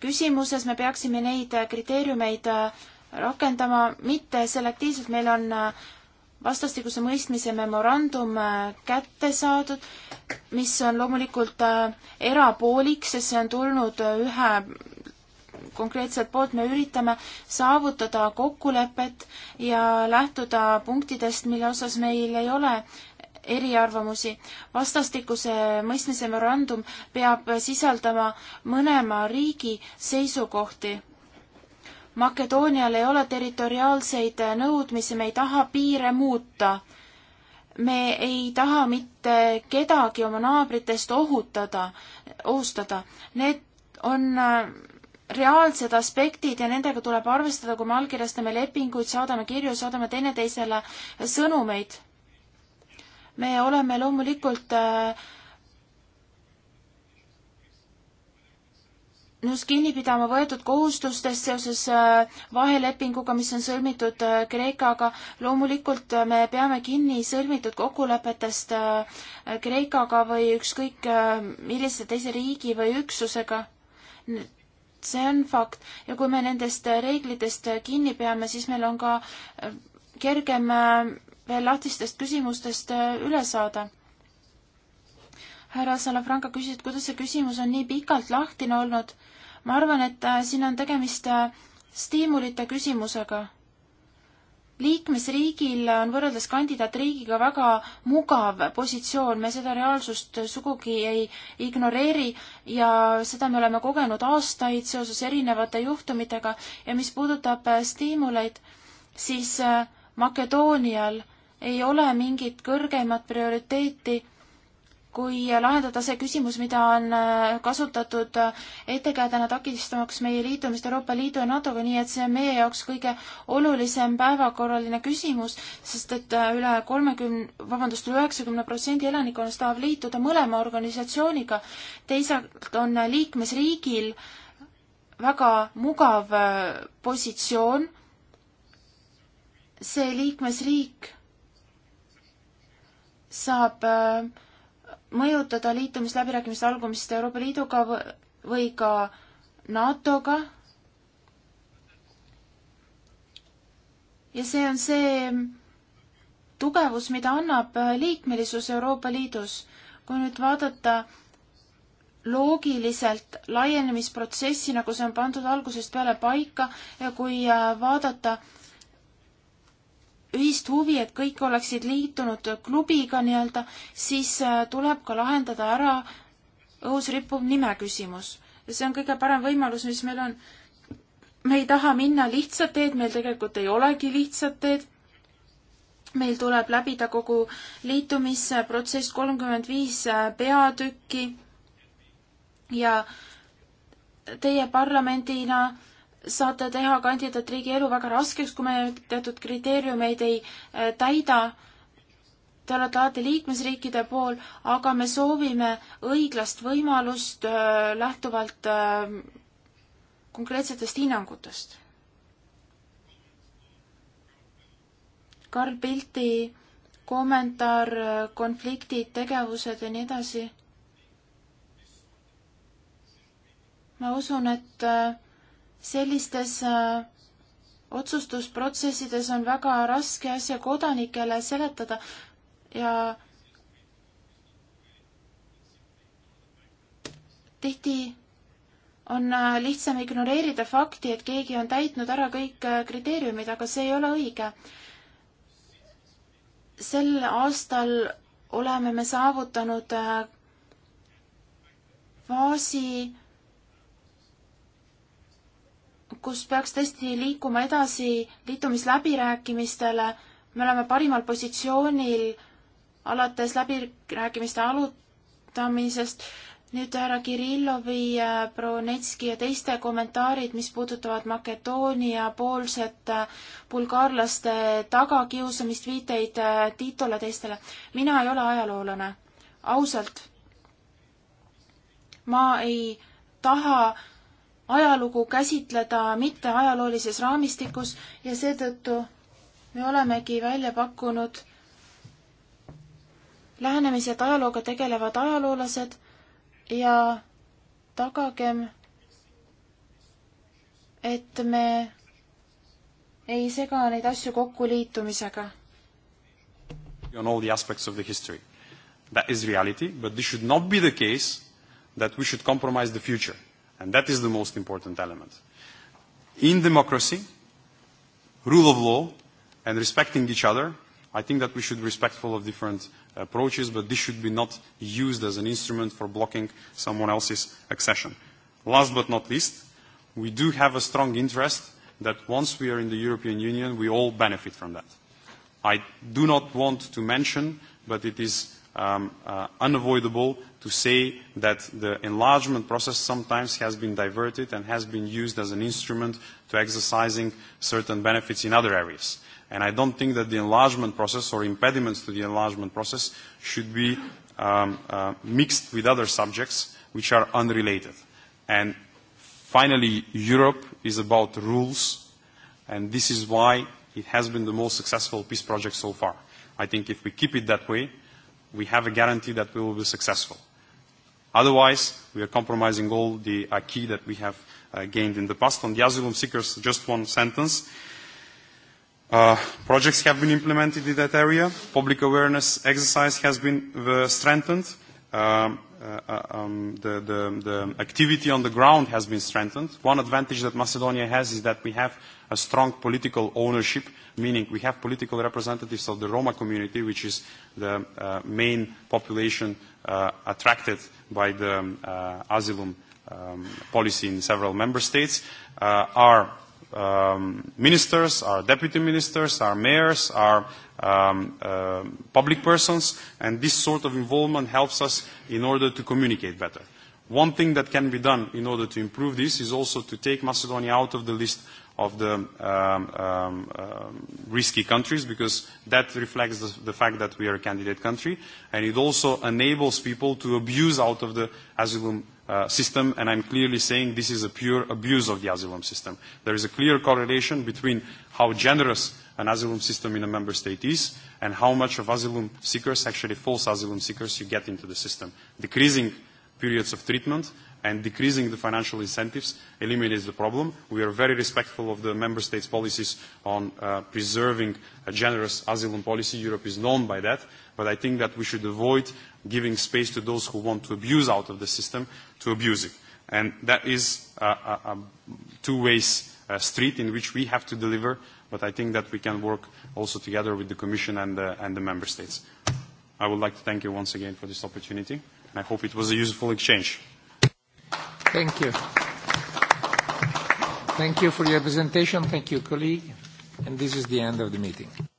küsimuses, me peaksime neid kriteeriumeid rakendama mitte selektiivselt, meil on vastastikuse mõistmise memorandum äh, kätte saadud, mis on loomulikult äh, erapoolik, sest see on tulnud äh, ühe konkreetselt poolt, me üritame saavutada kokkulepet ja lähtuda punktidest, mille osas meil ei ole eriarvamusi. vastastikuse mõistmise memorandum peab sisaldama mõlema riigi seisukohti Makedoonial ei ole territoriaalseid nõudmisi, me ei taha piire muuta. me ei taha mitte kedagi oma naabritest ohutada, ohustada. Need on äh, reaalsed aspektid ja nendega tuleb arvestada, kui me allkirjastame lepinguid, saadame kirju, saadame teineteisele sõnumeid. me oleme loomulikult äh, nõus kinni pidama võetud kohustustest seoses äh, vahelepinguga, mis on sõlmitud äh, Kreekaga. loomulikult äh, me peame kinni sõlmitud kokkulepetest Kreekaga või ükskõik millise teise riigi või üksusega. see on fakt ja kui me nendest reeglitest kinni peame, siis meil on ka kergem veel lahtistest küsimustest üle saada härra Salafranca küsis, et kuidas see küsimus on nii pikalt lahtine olnud ma arvan, et äh, siin on tegemist äh, stiimulite küsimusega. liikmesriigil on võrreldes kandidaatriigiga väga mugav positsioon, me seda reaalsust sugugi ei ignoreeri ja seda me oleme kogenud aastaid seoses erinevate juhtumitega ja mis puudutab äh, stiimuleid, siis Makedoonial ei ole mingit kõrgemat prioriteeti kui lahendada see küsimus, mida on äh, kasutatud äh, ettekäändena takistamaks meie liitumist Euroopa Liidu ja NATO-ga, nii et see on meie jaoks kõige olulisem päevakorraline küsimus, sest et äh, üle kolmekümne, vabandust üle, üle üheksakümne protsendi elanikkonnast tahab liituda mõlema organisatsiooniga. teisalt on liikmesriigil väga mugav positsioon, see liikmesriik saab äh, mõjutada liitumisläbirääkimiste algumist Euroopa Liiduga või ka NATO-ga. ja see on see tugevus, mida annab liikmelisus Euroopa Liidus. kui nüüd vaadata loogiliselt laienemisprotsessi, nagu see on pandud algusest peale paika ja kui vaadata äh, ühist huvi, et kõik oleksid liitunud klubiga nii-öelda, siis äh, tuleb ka lahendada ära õhus rippuv nime küsimus. ja see on kõige parem võimalus, mis meil on. me ei taha minna lihtsat teed, meil tegelikult ei olegi lihtsat teed. meil tuleb läbida kogu liitumisprotsess kolmkümmend viis äh, peatükki ja teie parlamendina saate teha kandidaatriigi elu väga raskeks, kui me teatud kriteeriumeid ei äh, täida. Te olete alati liikmesriikide pool, aga me soovime õiglast võimalust äh, lähtuvalt äh, konkreetsetest hinnangutest. Karl Pilti kommentaar, konfliktid, tegevused ja nii edasi. ma usun, et sellistes äh, otsustusprotsessides on väga raske asja kodanikele seletada ja tihti on äh, lihtsam ignoreerida fakti, et keegi on täitnud ära kõik äh, kriteeriumid, aga see ei ole õige. sel aastal oleme me saavutanud faasi, kus peaks tõesti liikuma edasi liitumisläbirääkimistele. me oleme parimal positsioonil alates läbirääkimiste alutamisest. nüüd härra Kirillovi, Bronetski äh, ja teiste kommentaarid, mis puudutavad Makedoonia poolset äh, bulgaarlaste tagakiusamist, viiteid äh, Titole, teistele. mina ei ole ajaloolane, ausalt. ma ei taha ajalugu käsitleda mitteajaloolises raamistikus ja seetõttu me olemegi välja pakkunud lähenemise, et ajalooga tegelevad ajaloolased ja tagagem, et me ei sega neid asju kokku liitumisega. On all the aspects of the history. That is reality, but this should not be the case that we should compromise the future And that is the most important element. In democracy, rule of law, and respecting each other, I think that we should be respectful of different approaches, but this should be not used as an instrument for blocking someone else's accession. Last but not least, we do have a strong interest that once we are in the European Union, we all benefit from that. I do not want to mention, but it is um, uh, unavoidable to say that the enlargement process sometimes has been diverted and has been used as an instrument to exercising certain benefits in other areas. And I don't think that the enlargement process or impediments to the enlargement process should be um, uh, mixed with other subjects which are unrelated. And finally, Europe is about rules, and this is why it has been the most successful peace project so far. I think if we keep it that way, we have a guarantee that we will be successful. Otherwise, we are compromising all the acquis uh, that we have uh, gained in the past. On the asylum seekers, just one sentence. Uh, projects have been implemented in that area. Public awareness exercise has been uh, strengthened um, uh, uh, um, the, the, the activity on the ground has been strengthened. One advantage that Macedonia has is that we have a strong political ownership, meaning we have political representatives of the Roma community, which is the uh, main population uh, attracted by the um, uh, asylum um, policy in several member states. Uh, our um, ministers, our deputy ministers, our mayors, our um, uh, public persons, and this sort of involvement helps us in order to communicate better. One thing that can be done in order to improve this is also to take Macedonia out of the list of the um, um, um, risky countries because that reflects the, the fact that we are a candidate country and it also enables people to abuse out of the asylum uh, system and I'm clearly saying this is a pure abuse of the asylum system. There is a clear correlation between how generous an asylum system in a member state is and how much of asylum seekers, actually false asylum seekers, you get into the system. Decreasing periods of treatment and decreasing the financial incentives eliminates the problem. We are very respectful of the member states' policies on uh, preserving a generous asylum policy. Europe is known by that, but I think that we should avoid giving space to those who want to abuse out of the system to abuse it. And that is a, a, a two-way uh, street in which we have to deliver but I think that we can work also together with the Commission and the, and the Member States. I would like to thank you once again for this opportunity, and I hope it was a useful exchange. Thank you. Thank you for your presentation. Thank you, colleague. And this is the end of the meeting.